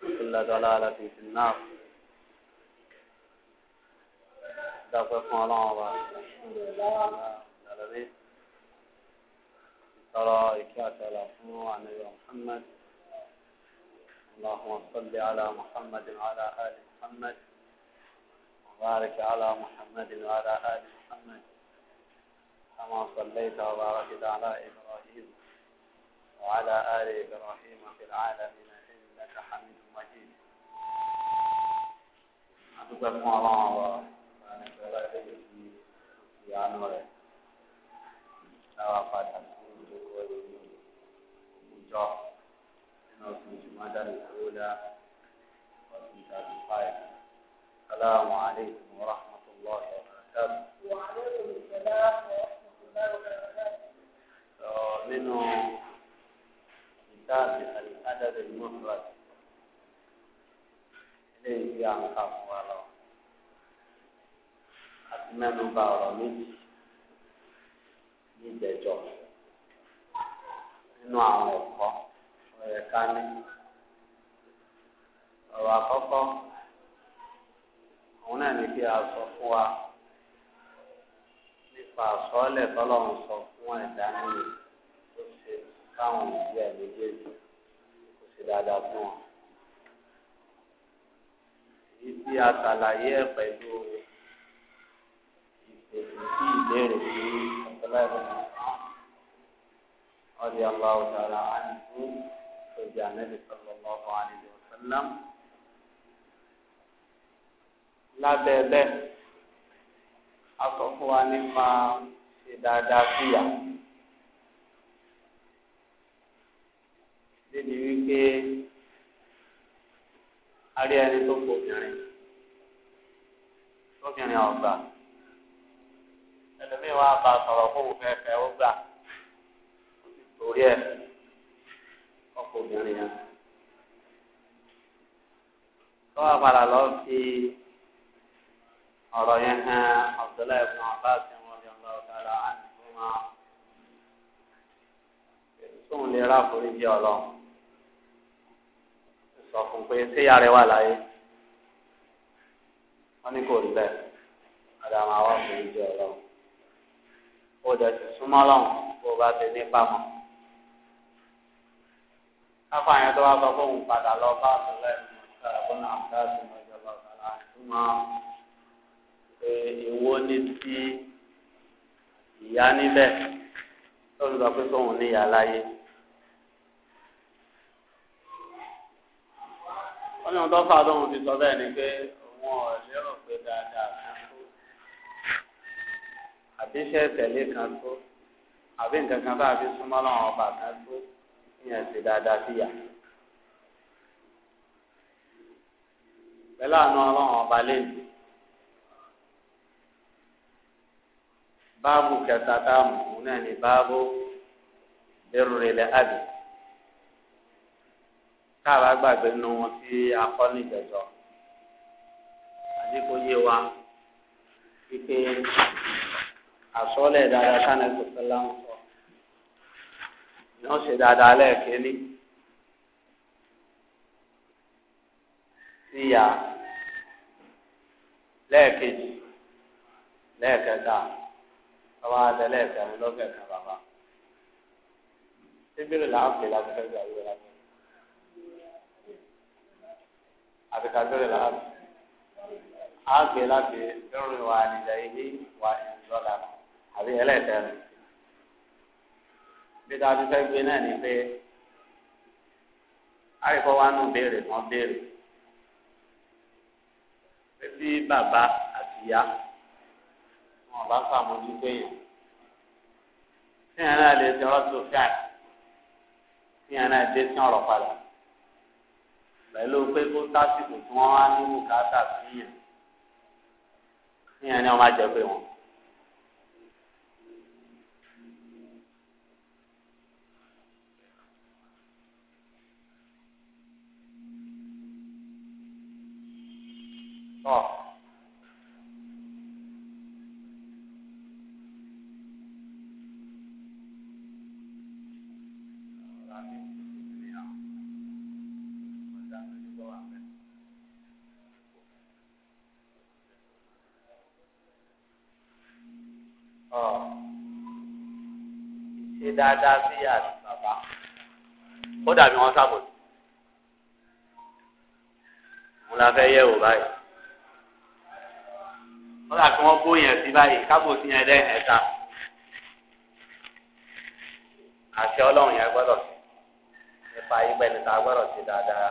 كل دلالة في النار dàgbẹ́ fún ọlọ́run ọba ìdàlẹ́rí ìtọ́rọ ìkí اللهم صل على محمد وعلى آل محمد وبارك على محمد وعلى آل محمد كما صليت وباركت على إبراهيم وعلى آل إبراهيم في العالمين إنك حميد مجيد أتوقع مولانا وأنا سألا إليه في عنوره Àwọn apáta tó ń dókòó nínú ìjọ nínú ọdún Jùmọ́dá ní Kúrúdá ọdún tàbí fáìlì. السلام عليكم ورحمة الله وبركاته. وعليكم السلام ورحمة الله وبركاته. nínú ìtàbí àdàbẹ̀ ìmọ̀fúrasì ṣe ìdí àwọn kàfún wa lọ àti mẹ́nu bà ọ̀rọ̀ méjì ní ìjẹjọ nínú àwọn ẹ̀kọ́ ọ̀rẹ́ ká ní ọ̀rọ̀ àkọ́kọ́ òun náà ní kí a sọ fún wa nípa àsọọ́lẹ̀ tọ́lọ́run sọ fún ẹ̀dá nínú tó ṣe káwọn ìdí ẹ̀ méjèèjì kò sí dáadáa fún wọn ìfi àtàlàyé ẹ̀ pẹ̀lú ìfèsì sí ìbéèrè sí ọ̀pọ̀lọpọ̀ ọ̀dì aláwọ̀ tààrà àdìgbò ọ̀dì ànẹ́bí sallallahu alaihi wasallam. lábẹ́ bẹ́ẹ̀ a sọ fún wa nípa ṣe dáadáa síyà. débi wípé arí ẹni tó kọ obìnrin obìnrin ọgbà ẹlòmíì wà bá sọ̀rọ̀ kó wò fẹ́fẹ́ ó gbà torí ẹ ọkọ obìnrin yẹn tó wà padà lọ fi ọ̀rọ̀ yẹn hàn Abdullahi ibn Abbas ti wọn bí ọlọ́wọ́ tààrà àti fún wa. Sóun lè rà foríjì ọlọ́run pé séyà rẹ wà láyé wọn ní kò rí bẹ́ẹ̀ ọ̀dà àwọn àwọn ọkùnrin jẹ ọlọ́run ó dẹ̀ sì súnmọ́ lọ́hùn bó bá ti ní pamọ́ káfá yẹn tó wá sọ pé òun padà lọ bá àtúnlẹ̀ ìmọ̀ọ́sàbọ̀nà àbúrásì ìmọ̀ọ́jọba ọ̀sàlà ìtumọ̀ pé ìwọ ní ti ìyá níbẹ̀ tó ń sọ pé sóun níyà láyé. wọ́n ní wọ́n tó fà lóhùn fi sọ bẹ́ẹ̀ ni pé wọn ò lérò pé dáadáa kan tó àbí iṣẹ́ tẹ̀lé kan tó àbí nǹkan kan bá a fi súnmọ́ lọ́wọ́ ọba kan tó ìyẹn sì dáadáa sí yà. pẹ̀lú ọlọ́run ọba lẹ́nu. báàbù kẹta táàmù náà ni báàbù bẹ́rù rẹ̀ lẹ́ táàbà gbàgbé nu wọn tí a kọ́ níjẹ̀jọ́ àdékòyé wa wípé àsọ́lẹ̀ dáadáa sáni tòkè láwùjọ yóò ṣe dáadáa lẹ́ẹ̀kẹ́ni síyà lẹ́ẹ̀kejì lẹ́ẹ̀kẹta ọba adé lẹ́ẹ̀kẹrin lọ́kẹ̀kẹ bàbá. Ebile la ń pè láti fẹ́ gbàgbé láti. àbíkájọ́rẹ̀ làwọn àgbẹ̀ láti rírun wa nìjà ilé wa ìjọba àbí ẹlẹ́ẹ̀kẹrin bí ká fífẹ́ gbé náà ni pé àríkọ́ wa nù béèrè kan béèrè pé bí bàbá àti ìyá wọn bá sàmójútó èèyàn tí yẹn náà lè ti ọ̀rọ̀ tó fíà tí yẹn náà dé sí ọ̀rọ̀ padà pẹ̀lú pé kó tásìkò tí wọ́n á ní bùkátà síyàn síyàn ni wọ́n máa jẹ pé wọn. Oh. dáadáa sí ìyá àti bàbá ó dàbí wọn sábò mo la fẹ́ yẹ̀ wò báyìí wọn là kí wọn bó yẹn sí báyìí kábò yẹn lẹ́yìn ẹ̀ta àṣẹ Ọlọ́run yẹn gbọ́dọ̀ sí nípa ìgbẹ níta gbọ́dọ̀ sí dáadáa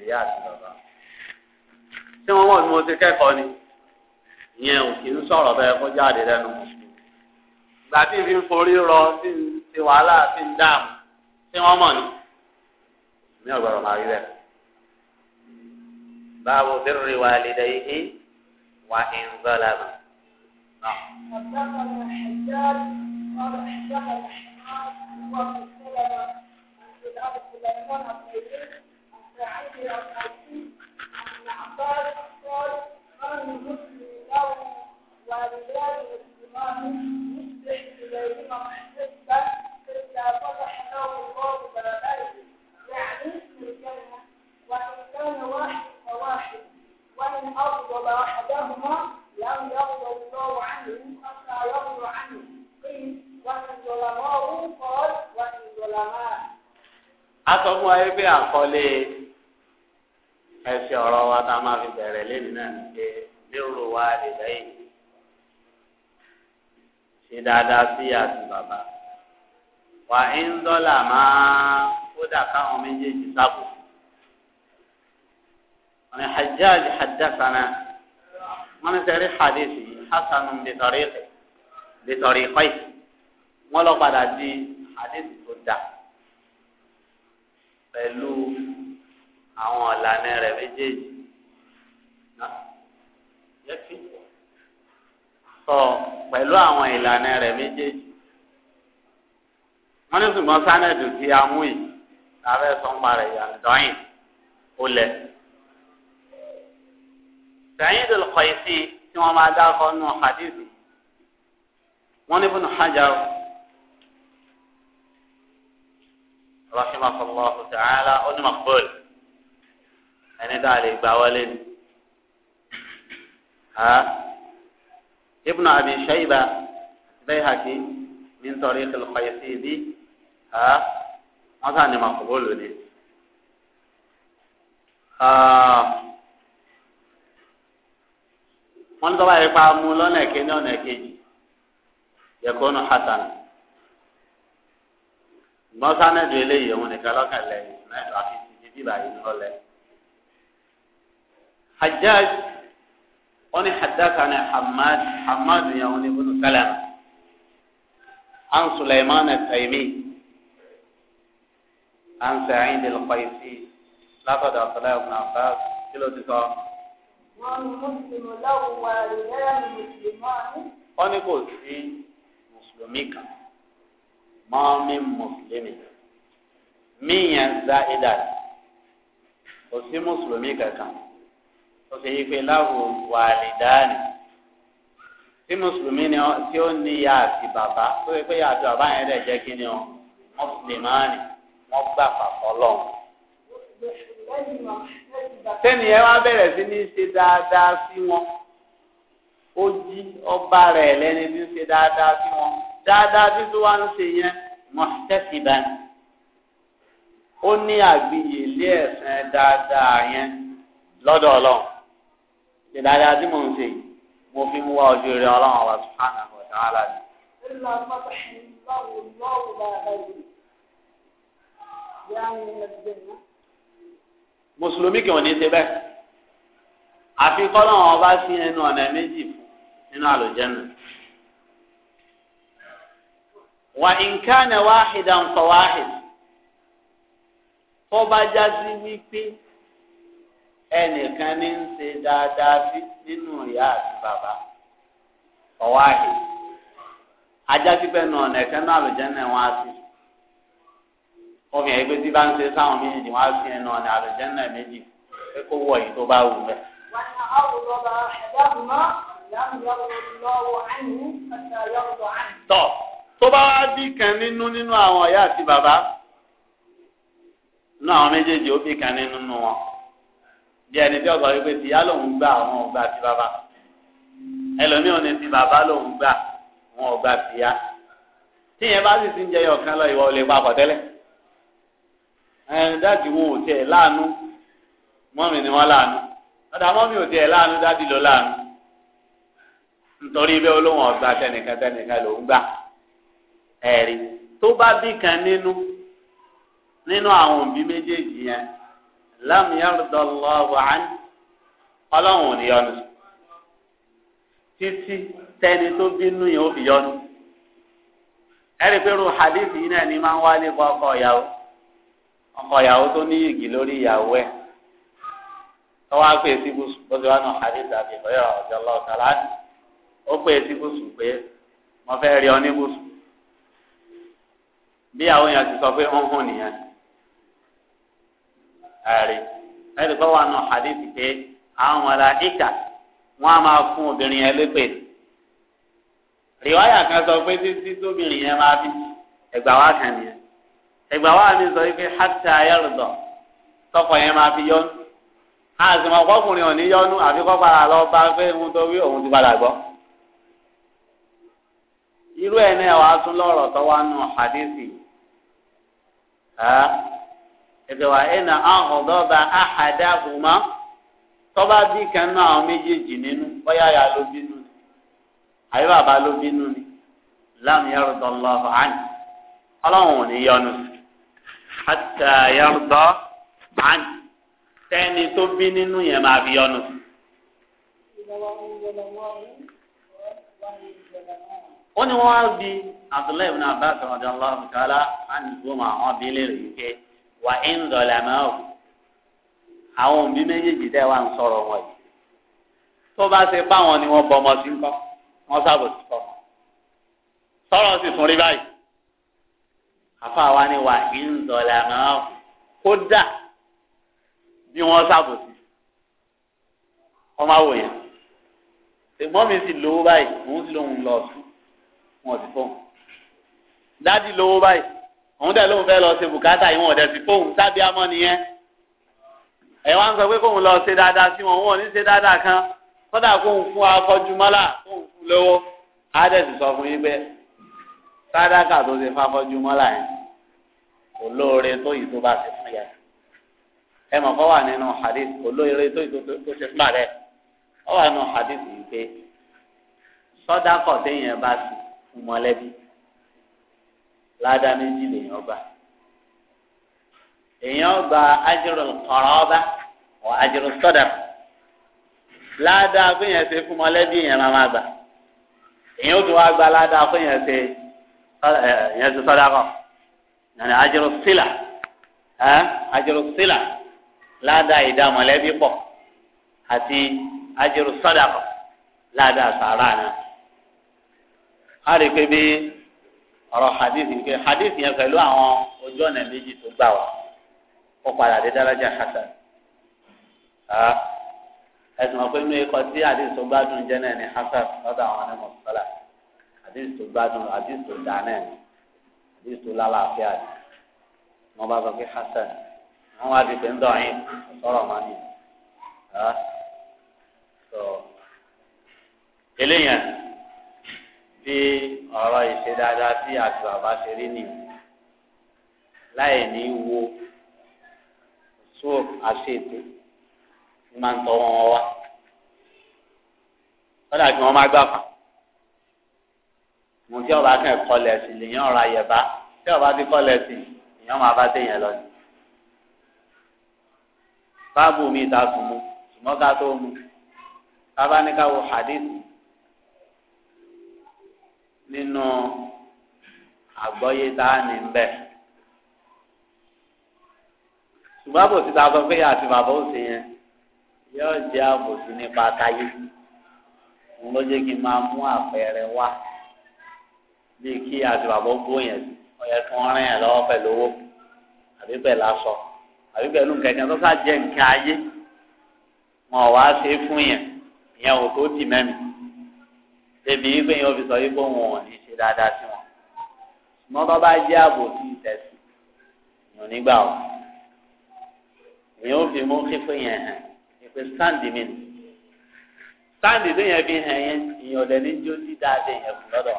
ìyá àti bàbá tí wọn mọ ní mo ti kẹ́kọ̀ọ́ ni ìyẹn ò kì í sọ̀rọ̀ bẹ́ẹ̀ kó jáde lẹ́nu làbí fi ń forí rọ tí ń ṣe wàhálà tí ń dààmú tí wọ́n mọ̀ ní. mi ò gbọ́dọ̀ máa rí bẹ́ẹ̀. báwo bẹ́rẹ̀ wà lè dẹ ihe wà ń gbọ́dọ̀ mọ́. حدثنا الحجاج قال حدثنا حماد عن ابي سلمه عن سليمان بن يزيد عن سعيد الانصاري عن عباس قال قال المسلم له ولله الاسلام atọ fún wa yìí pé àkọlé ẹsẹ ọ̀rọ̀ wa tá máa fi bẹ̀rẹ̀ lẹ́nu náà ní pé lérò wa lè dáadáa sí àti bàbá wà ń dọ́là máa kódà káwọn méjèèjì sábò wọn ni hajjaj hajjasana wọn ni sẹ́rí hadith hasanu bitori kọ́ì wọn lọ padà di hadith tó dà pẹ̀lú àwọn ọ̀lànà rẹ̀ méjèèjì. Yẹ́fì sọ pẹ̀lú àwọn ìlànà rẹ̀ méjèèjì wọ́n ní ṣùgbọ́n sánẹ́dù tí a mú yìí lábẹ́ sọ́npa rẹ̀ yàtọ̀yìn ó lẹ̀. sẹ́yìn tó lọ́kọ̀ yìí sí tí wọ́n máa dákọ̀ nù hadithi wọ́n ní bùnú hajar rahimahullah ta'ala ó makbul ẹni tá lè gbà wọlé ni ibnu abi shayba bayhaqi min tariq al-qaysibi ha wọ́n sàn ní màkúbó lónìí wọ́n ní tọ́ba yẹn pa mu lọ́nà ẹ̀kẹ́ ní ọ̀nà ẹ̀kejì yẹ̀kọ́nù hasan ṣùgbọ́n sánẹ́dù eléyìí òun nìkan lọ́kàn lẹ́yìn sánẹ́dù àfi ti di bíbá yìí lọ́lẹ̀. hajjaj wọ́n ní hadathana hamad hamad yẹn wọ́n ní ibùdó sálàmù an suleiman taimi an sa'id al-qaisi látọ̀dọ̀ abdullahi ibn abbas kí ló ti sọ. wọ́n mùsùlùmí láwùn wà lẹ́yìn mùsùlùmí. wọ́n ní kò sí mùsùlùmí kan mọ́mí mùsùlùmí míyàn záidà kò sí mùsùlùmí kankan ó ṣe yí pé láwo wàlìdáàni tí mùsùlùmí ni tí ó ní ìyá àti bàbá tó yẹ pé àti bàbá yẹn dẹ̀ jẹ́ kí ni ọ mùsùlùmáàni wọ́n gbà pàpọ̀ lọ́wọ́. sẹ́ni ẹ wá bẹ̀rẹ̀ sí ní ṣe dáadáa sí wọn ó jí ọba rẹ̀ lẹ́ni tí ṣe dáadáa sí wọn dáadáa tí tó wá ń ṣe yẹn mọ̀tẹ́síbẹ́ni ó ní àgbìyèlé ẹ̀sìn dáadáa yẹn lọ́dọ̀ ọlọ́run ìdájọ́ tí mò ń ṣe mo fi mú wá ojú rẹ ọlọ́run ọba subhanahu wa ta'ala ni. mùsùlùmí kì í wọ́n ní ṣe bẹ́ẹ̀ àfi kọ́lọ́run ọba sí ẹnu ọ̀nà méjì nínú àlùjẹ́nu. wà nǹkan ẹ̀ wáhìdà nǹkan wáhìd tó bá já wípé. ẹnìkan ní ń ṣe dáadáa nínú ìyá àti bàbá ọ̀wáhì ajá pípẹ́ nu ọ̀nà ẹ̀kẹ́ náà àlùjẹ́nà wọn á sí obìnrin ẹgbẹ́ tí bá ń ṣe sáwọn méjì wọn á sí ẹnu ọ̀nà àlùjẹ́nà méjì pé kó ọ bụ tó bá wù tọ́ tó bá wá bí kan nínú nínú àwọn ọ̀yá àti bàbá nínú àwọn wọn. bí ẹni tí ọgbà wípé tìyá lòun gbà àwọn ọgbà ti bàbá ẹlòmíràn ni ti bàbá lòun gbà àwọn ọgbà tìyá tíyẹn bá sì ti ń jẹyọ kan lọ ìwọ ò lè pa àpọ̀tẹ́lẹ̀ ẹn dáàdi wọn ò tiẹ̀ láàánú mọ́mì ni wọ́n láàánú ọ̀dà mọ́mì ò tiẹ̀ láàánú dáàdi ló láàánú nítorí bẹ́ẹ̀ olóhùn ọgbà tẹnìkan tẹnìkan lòun gbà ẹ̀rí tó bá bí kan nínú nínú àwọn òbí méjèèjì yẹn lam yarda Allahu an ọlọ́run ò ní yọnu títí tẹni tó bínú yẹn ó fi yọnu ẹ̀rí pé ru hadith yìí náà ni máa ń wálé fún ọkọ ìyàwó ọkọ ìyàwó tó ní igi lórí ìyàwó ẹ̀ tọ́wọ́ á pè sí gúúsù bó ti wá náà hadith àbí ìfọyọ̀ ọ̀jọ̀ lọ́ọ̀ tàlá ó pè sí gúúsù pé mo fẹ́ rí ọ ní gúúsù bí àwọn èèyàn ti sọ pé ń nìyẹn ẹ̀rí ẹ̀rí kọ́ wà nù hadithi pé àwọn màláíkà wọn a máa fún obìnrin yẹn lépè rìwáyà kan sọ pé títí tóbìnrin yẹn máa bí ẹgbà wá kan nìyẹn ẹgbà wá mi sọ pé hàtà ayélujára tọkọ yẹn máa fi yọnu àzìmọ̀ ọkọkùnrin òní yọnu àfi kọ́ lọ bá pé ohun tó wí òun ti padà gbọ́ irú ẹ̀ náà wàá tún lọ́rọ̀ tó wá nù hadithi ìgbéwà ẹ̀nà àhùndọ́ba àhàdàhùmá tọ́ba bí kan náà àwọn méjèèjì nínú bóyá ya ló bínú ni àbí bàbá ló bínú ni láàmì yàrá lọ́wọ́ àní ọlọ́run ò ní yọnu àtà yàrá àní tẹ́ni tó bí nínú yẹn máa fi yọnu. ó ní wọ́n á bi Abdullahi ibn Abbas radiyallahu ta'ala anhu àwọn abilé rẹ̀ yìí kẹ́ wà ń dọ̀là máa àwọn òbí méjèèjì tẹ́ wà ń sọ̀rọ̀ wọn yìí tó bá ṣe báwọn ni wọ́n bọmọ sí ńkọ́ wọ́n sábò sí kọ́ sọ̀rọ̀ sì tún rí báyìí àfa wa ni wà ń dọ̀là máa kódà bí wọ́n sábò sí ọmọ àwòyàn ṣùgbọ́n mi sì lówó báyìí òun sì lóun lọ sùn wọn sì fọ́ dádì lówó báyìí òun dẹ̀ lóun fẹ́ lọ ṣe bùkátà yìí wọn ò dẹ̀ sí fóun sábẹ́ amọ́ nìyẹn ẹ̀ wá ń sọ pé kóun lọ ṣe dáadáa sí wọn wọn ò ní ṣe dáadáa kan kódà kóun fún afọ́júmọ́là kóun fún lówó á dẹ̀ sì sọ fún yín pé sádàkà tó ṣe fáfọ́júmọ́là yẹn kò lóore tó yìí tó bá ṣe fún yẹn ẹ mọ̀ kọ́ wà nínú hadith kò lóore tó yìí tó ṣe fún bàrẹ̀ ọ wà nínú hadith yìí pé sọ́dákọ̀ téèyàn bá sì fún mọ́lẹ́bí. lada méjì lèèyàn gbà èèyàn gba ajrul qaraba ọ ajrul sadaqa ládá fẹ́yàn ṣe fún mọ́lẹ́bí yẹn máa gbà èèyàn tún gba ládá fẹ́yàn ṣe yẹn ṣe kọ, yàní ẹ àti ọ̀rọ̀ hadithi pé hadithi yẹn pẹ̀lú àwọn ojú ọ̀nà méjì tó gbà wá ó padà dé dáradà hasan ẹ̀sùn ọ̀pẹ inú ikọ̀ tí hadithi tó gbádùn jẹ́ náà ni hasan lọ́dọ̀ àwọn ọ̀nà mọ̀sálà hadithi tó gbádùn hadithi tó dá náà ni hadithi tó lálàáfíà ni wọ́n bá sọ pé hasan wọ́n wá di pé ń dọ̀yìn sọ̀rọ̀ mọ́ ni eléyàn bí ọ̀rọ̀ ìṣe dáadáa tí àti bàbá ṣe rí nìyí láì ní wo sọ àṣetò ní máa ń tọ́ wọn wá kọ́dà kí wọ́n má gbà fà mo tí ọba kan kọlẹ̀ sí lèyàn ọ̀rọ̀ àyẹ̀bá tí ọba ti kọlẹ̀ sí lèyàn máa bá téèyàn lọ ni. báàbù mi ta sùn mu ṣùgbọ́n ká tó mu bàbá ní ká wo hadith nínú àgbọ́yé tá a ní bẹ́ẹ̀. ṣùgbọ́n àbòsí tá a sọ pé àti bàbá òsè yẹn yóò jẹ́ àbòsí nípa táyé òun ló jẹ́ kí n máa mú àpẹẹrẹ wá bíi kí àti bàbá bó yẹn sí ọ̀yẹ́ kí wọ́n rìn yẹn lọ́wọ́ pẹ̀lú owó àbí pẹ̀lú aṣọ àbí pẹ̀lú kẹ̀kẹ́ tó sá jẹ́ nǹkan ayé wọn ò wá ṣe é fún yẹn ìyẹn ò tó dì mẹ́mi ebi yìí pé yẹn fi sọ yìí pé wọn ò ní ṣe dáadáa sí wọn ṣùgbọ́n bá bá jẹ́ ààbò sí ìtẹ̀sí yàn nígbà o èyàn ò fi mú kíkún yẹn hàn ìpè sáǹdì mi nì sáǹdì tó yẹn fi hàn yẹn ìyàn ọ̀dẹ̀ ní jó sí dáadáa yẹn kù lọ́dọ̀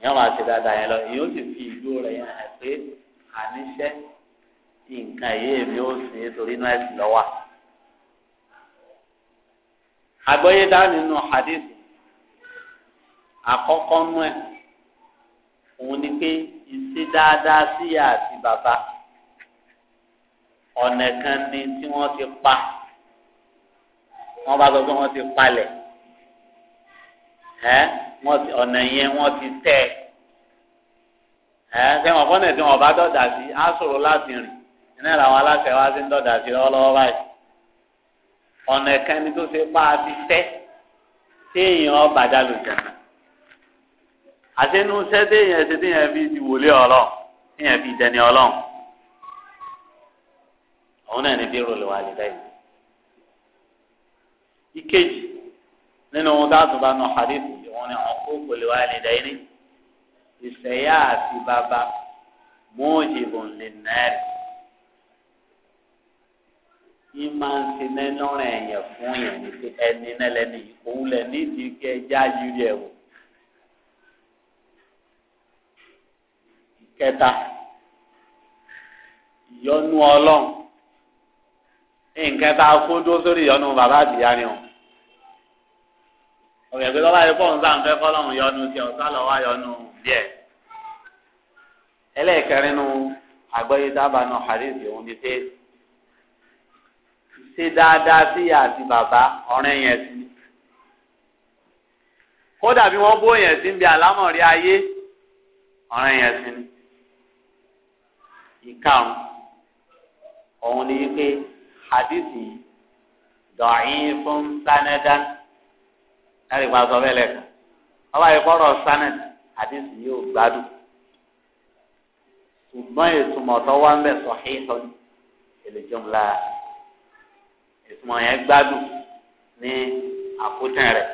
èyàn máa ṣe dáadáa yẹn lọ èyàn ó sì fi ìlú rẹ̀ yẹn hàn pé àníṣẹ́ nǹkan yìí èmi ó sì é náà ẹ̀sìn lọ́wọ́ àgbọ́yé dá nínú hadith àkọ́kọ́ nú ẹ̀ òun ni pé ìṣe dáadáa sí ìyá àti bàbá ọ̀nà kan ni tí wọ́n ti pa wọ́n bá sọ pé wọ́n ti palẹ̀ ẹ́ ọ̀nà yẹn wọ́n ti tẹ̀ ẹ́ sẹ́wọ̀n fọ́nà tí wọ́n bá dọ̀dà sí á ṣòro láti rìn iná làwọn aláṣẹ wa ti ń dọ̀dà sí lọ́wọ́lọ́wọ́ báyìí ọ̀nà kan ni tó ṣe pa á ti tẹ́ téèyàn ọ̀bàdà lòjàmá àtẹnu sẹ́dẹ̀ yẹn ṣe téèyàn fi di wòlé ọlọ́run téèyàn fi dẹni ọlọ́run òun náà ní bí rọlẹ̀ wà lẹ́yìn báyìí. ìkejì nínú ohun dáàtò bá nù hadith yìí wọn ni ọkọ òkòlè wà lẹ́yìn ní ìṣẹ̀yà àti bàbá mọ́ọ̀jìbùn lè náírà yín máa ń ti nẹ́nọ́rẹ̀ yẹn fún yẹn ní ẹni nẹ́lẹ́ni òun lẹ̀ nídìí kí ẹ já yúrí kẹta ìyọnu ọlọ́run nǹkan tá a kó dó sórí ìyọnu bàbá àdìyá ni o ọ̀rẹ́ pé lọ́wọ́ ayé pọ́ùn sáà ń fẹ́ fọ́lọ́run yọnu tí ọ̀sán lọ́wọ́ yọnu díẹ̀ ẹlẹ́ẹ̀kẹrin nu àgbọ̀yé dábàá nu àríṣì òun ni pé ṣe dáadáa sí ìyá àti bàbá ọ̀rẹ́ yẹn sí kódà bí wọ́n bó yẹn sí ń bí àlámọ̀rí ayé ọ̀rẹ́ yẹn sí ni ìkarùn òun ni wípé hadithi dọ̀yìn fún sanadan láti máa sọ bẹ́ẹ̀ lẹ́ka ọba ìkọ́rọ̀ sanad hadithi yóò gbádùn ṣùgbọ́n ìtumọ̀ tó wá ń bẹ̀ sahihun al-jumla ìtumọ̀ yẹn gbádùn ní àkótán rẹ̀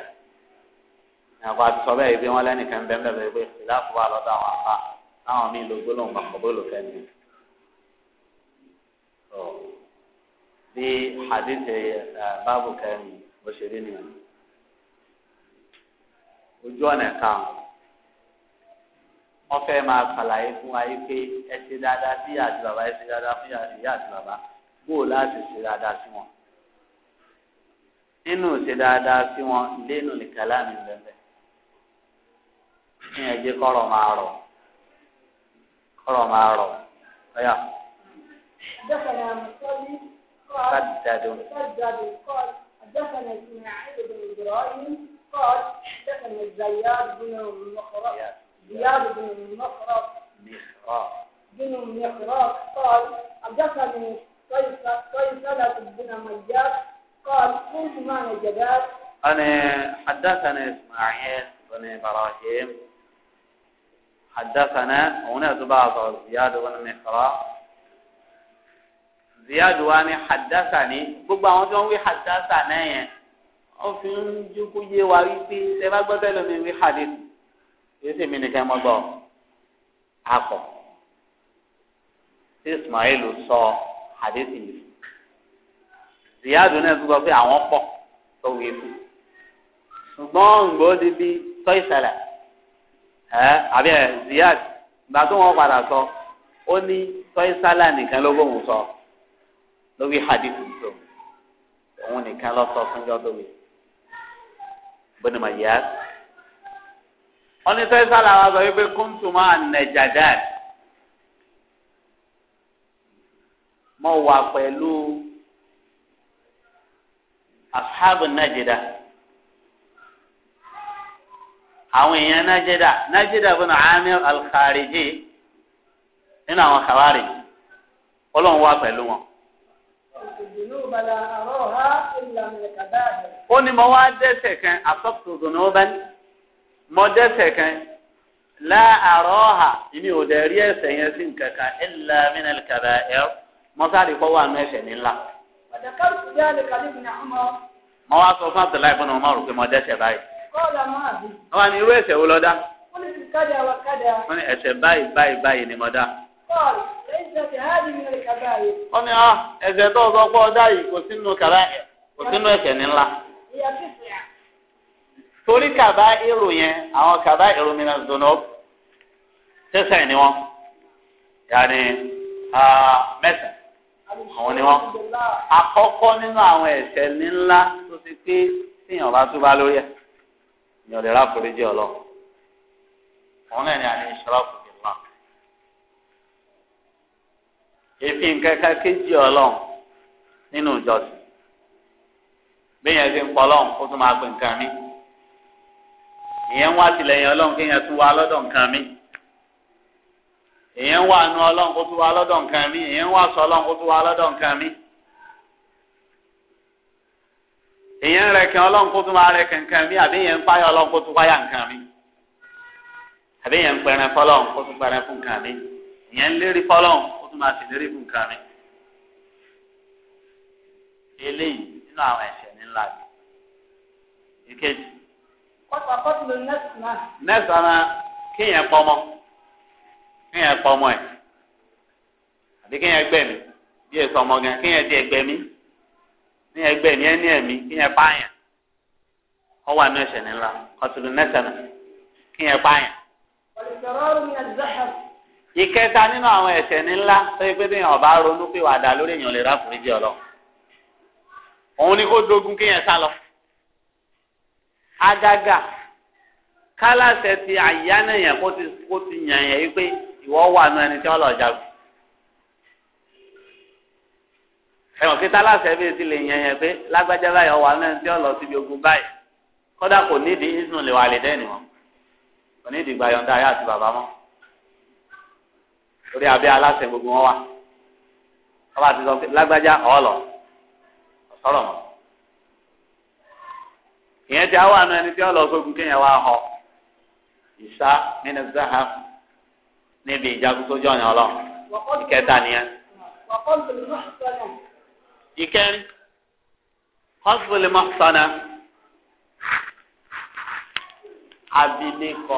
nàkó àti sọ bẹ́ẹ̀ yìí pé wọ́n lẹ́nìkan bẹ́ẹ̀ bẹ́ẹ̀ bẹ́ẹ̀ pé ìlà àfọwọ́ àlọ́dọ̀ àwọn àfa táwọn míì ló gbólóhùn gbàgbọ́ lò fẹ́ẹ́ nìyẹn. di hadithe eh, babu kan bashirini ojo na kan Ọ fe ma falaye fun aye pe e dada si ati baba e dada fun ati ya ati baba bo la se se dada si won inu se dada si won lenu ni kalami nbe ni e je koro ma aro koro ma aro oya دخل مصلي قال سدد سدد قال حدثنا اسماعيل بن ابراهيم قال حدثنا الزياد بن المخرق زياد بن المخرق مخرق بن المخرق قال حدثني قيصر بن مجاد قال قلت ما نجدات أنا حدثنا إسماعيل بن إبراهيم حدثنا هنا بعض زياد بن مخرق ziyadu wa ni hadasa ni gbogbo àwọn tí wọ́n wí hadasa náà yẹn wọ́n fi ń jókòó yé wa wípé ṣe bá gbọ́dọ̀ lómi wí hadith yóò sì mí nìkan mọ́ gbọ́ akọ tí Ismail sọ hadith yìí ziyadu náà gbọ́ pé àwọn pọ̀ tó wí fún ṣùgbọ́n ǹgbọ́ bí tọ́ ìṣẹ̀lẹ̀ ẹ̀ àbí ẹ̀ ziyad ìgbà tó padà sọ ó ní tọ́ ìṣẹ̀lẹ̀ nìkan ló gbóhùn sọ. So lórí hadithu tó òun nìkan lọ sọ fún yọdọ mi bóni ma yá wọn ní sẹ́yìn sálà wa sọ wípé kúntùmá nàìjàdán mo wà pẹ̀lú ashabu najida àwọn èèyàn najida najida bin amir alkhariji nínú àwọn khawarij ọlọ́run wà pẹ̀lú wọn ó ní mo wá dẹ́ṣẹ̀ kan asọ́tùtù ní ó bá ní mo dẹ́ṣẹ̀ kan láàárọ̀ ọ̀hà ìní ò dẹ̀ rí ẹ̀ṣẹ̀ yẹn sí nǹkan kan ẹ̀là mìíràn kàdà ẹ̀ mọ́sáàdì kọ́ wà ní ẹ̀ṣẹ̀ nílá. mo wá sọ fún Abdullahi bọ́nà ọmọ rò pé mo dẹ́ṣẹ̀ báyìí. wọ́n ní irú ẹ̀ṣẹ̀ wo lọ́dá. wọ́n ní ẹ̀ṣẹ̀ báyìí báyìí báyìí ni mo dá wọ́n ní ẹsẹ̀ tó sọ pé ọdá yìí kò sínú kàrá kò sínú ẹ̀ṣẹ̀ ńlá. torí kàbá èrò yẹn àwọn kàbá èrò mi náà dùnú tẹ́sẹ̀ ni wọ́n yàní mẹ́sàn àwọn ni wọ́n. àkọ́kọ́ nínú àwọn ẹ̀ṣẹ̀ ńlá tó ti pé tíyàn bá túbá lórí ẹ̀ ìyàn ráforíjì ọlọ́run náà ni àní ìṣọ́rọ́fù. èéfì nǹkan kan kéjì ọlọ́run nínú ìjọsìn bẹ́ẹ̀ ti ń pọ̀ ọlọ́run kó tún máa pè nǹkan mi ìyẹn ń wá tìlẹ́yìn ọlọ́run kéèyàn tún wá lọ́dọ̀ nǹkan mi èyàn wà nù ọlọ́run kó tún wá lọ́dọ̀ nǹkan mi èyàn wà sọ ọlọ́run kó tún wá lọ́dọ̀ nǹkan mi èyàn rẹ̀kẹ̀ ọlọ́run kó tún wá rẹ̀kẹ̀ nǹkan mi àbí èyàn ń páyà ọlọ́run kó tún páyà nǹkan mi àbí èyàn ń pẹ̀rẹ̀ fọlọ́run kó tún pẹ̀rẹ̀ fún nǹkan mi èyàn ń lérí fọlọ́run tún máa ṣèlérí fún nǹkan mi eléyìí nínú àwọn ẹ̀ṣẹ̀ ńlá mi ìkejì. kọ́tà kọ́tà ló nẹ́sàn-án. nẹ́sàn-án kéèyàn pọmọ kéèyàn pọmọ ẹ̀ àbí kéèyàn gbẹ̀mí bí èso ọmọ gan kéèyàn di ẹgbẹ̀mí ní ẹgbẹ̀mí ẹni ẹ̀mí kéèyàn pààyàn ọwọ́ àánú ẹ̀ṣẹ̀ ńlá kọ́tà ló nẹ́sàn-án kéèyàn pààyàn. ọ̀lẹ́sọ̀rọ̀ mi àti ìkẹta nínú àwọn ẹ̀ṣẹ̀ ní ńlá sọyìn pé bẹyàn ọba ronú pé wàdà lórí èèyàn lè ráfùrí jẹ Ọlọ́run òun ni kó dogun kéèyàn sá lọ àgàgà kálàṣẹ ti àyánà yẹn kó ti kó ti yàn yẹn wípé ìwọ wà nù ẹni tí wọn lọ jagun ẹwọn kí tálàṣẹ bíi ti lè yàn yẹn pé lágbájá báyìí ọwọ àwọn ẹni tí wọn lọ síbi ogun báyìí kódà kò nídìí ìsùn lè wà lè dẹ́ni wọn kò nídìí gbàyọ̀ǹda ayé àti bàbá mọ́ torí abẹ́ aláṣẹ gbogbo wọn wà wọ́n bá ti sọ pé lágbájá ọ̀ọ́lọ̀ ọ̀sọ́rọ̀ mọ́ ìyẹn ti àwọn àna ẹni tí ọ̀lọ́ sógun kéèyàn wá họ ìṣá nínú záhà níbi ìjagun jọyàn ọlọ ìkẹta nìyẹn. ìkẹrin hosbúlì mọ́sánà abilékọ.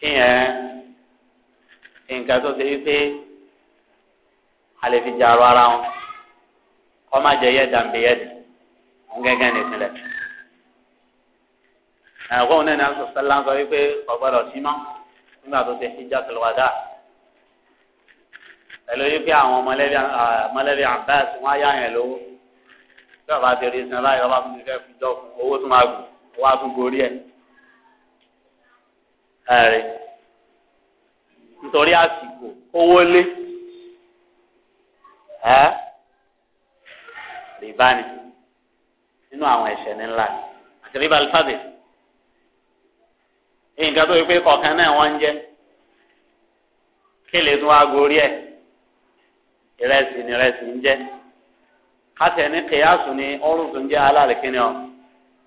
kíyẹn nǹkan tó ṣe wípé alẹ́ fi jà arọ ara wọn kọ́ má jẹ yẹ dàmbé yẹ dì wọn gẹ́gẹ́ ní ìpínlẹ̀. ẹ̀kọ́ òun náà ní sọ́lá ń sọ wípé ọ̀gbọ́dọ̀ sí mọ́ nígbà tó ṣe hijjatul wada pẹ̀lú wípé àwọn mọ̀lẹ́bí Abbas wọn á yá yẹn lówó tí ọba ti rí sinmi báyìí ọba tó ti fẹ́ fi jọ fún owó tó máa gùn owó á tún gorí ẹ̀ ẹ̀rí nítorí àsìkò owó lé ẹ́ rìbá ni nínú àwọn ẹ̀ṣẹ̀ ní ńlá àti rìbá alifábẹ̀ nǹkan tó yẹ pé kọ̀ọ̀kan náà wọ́n ń jẹ́ kéle tún wá gorí ẹ̀ ìrẹsì ni ìrẹsì ń jẹ́ kátẹ̀ ní kìyàsù ni ọ̀rùn tó ń jẹ́ alálẹ̀ kíni ọ̀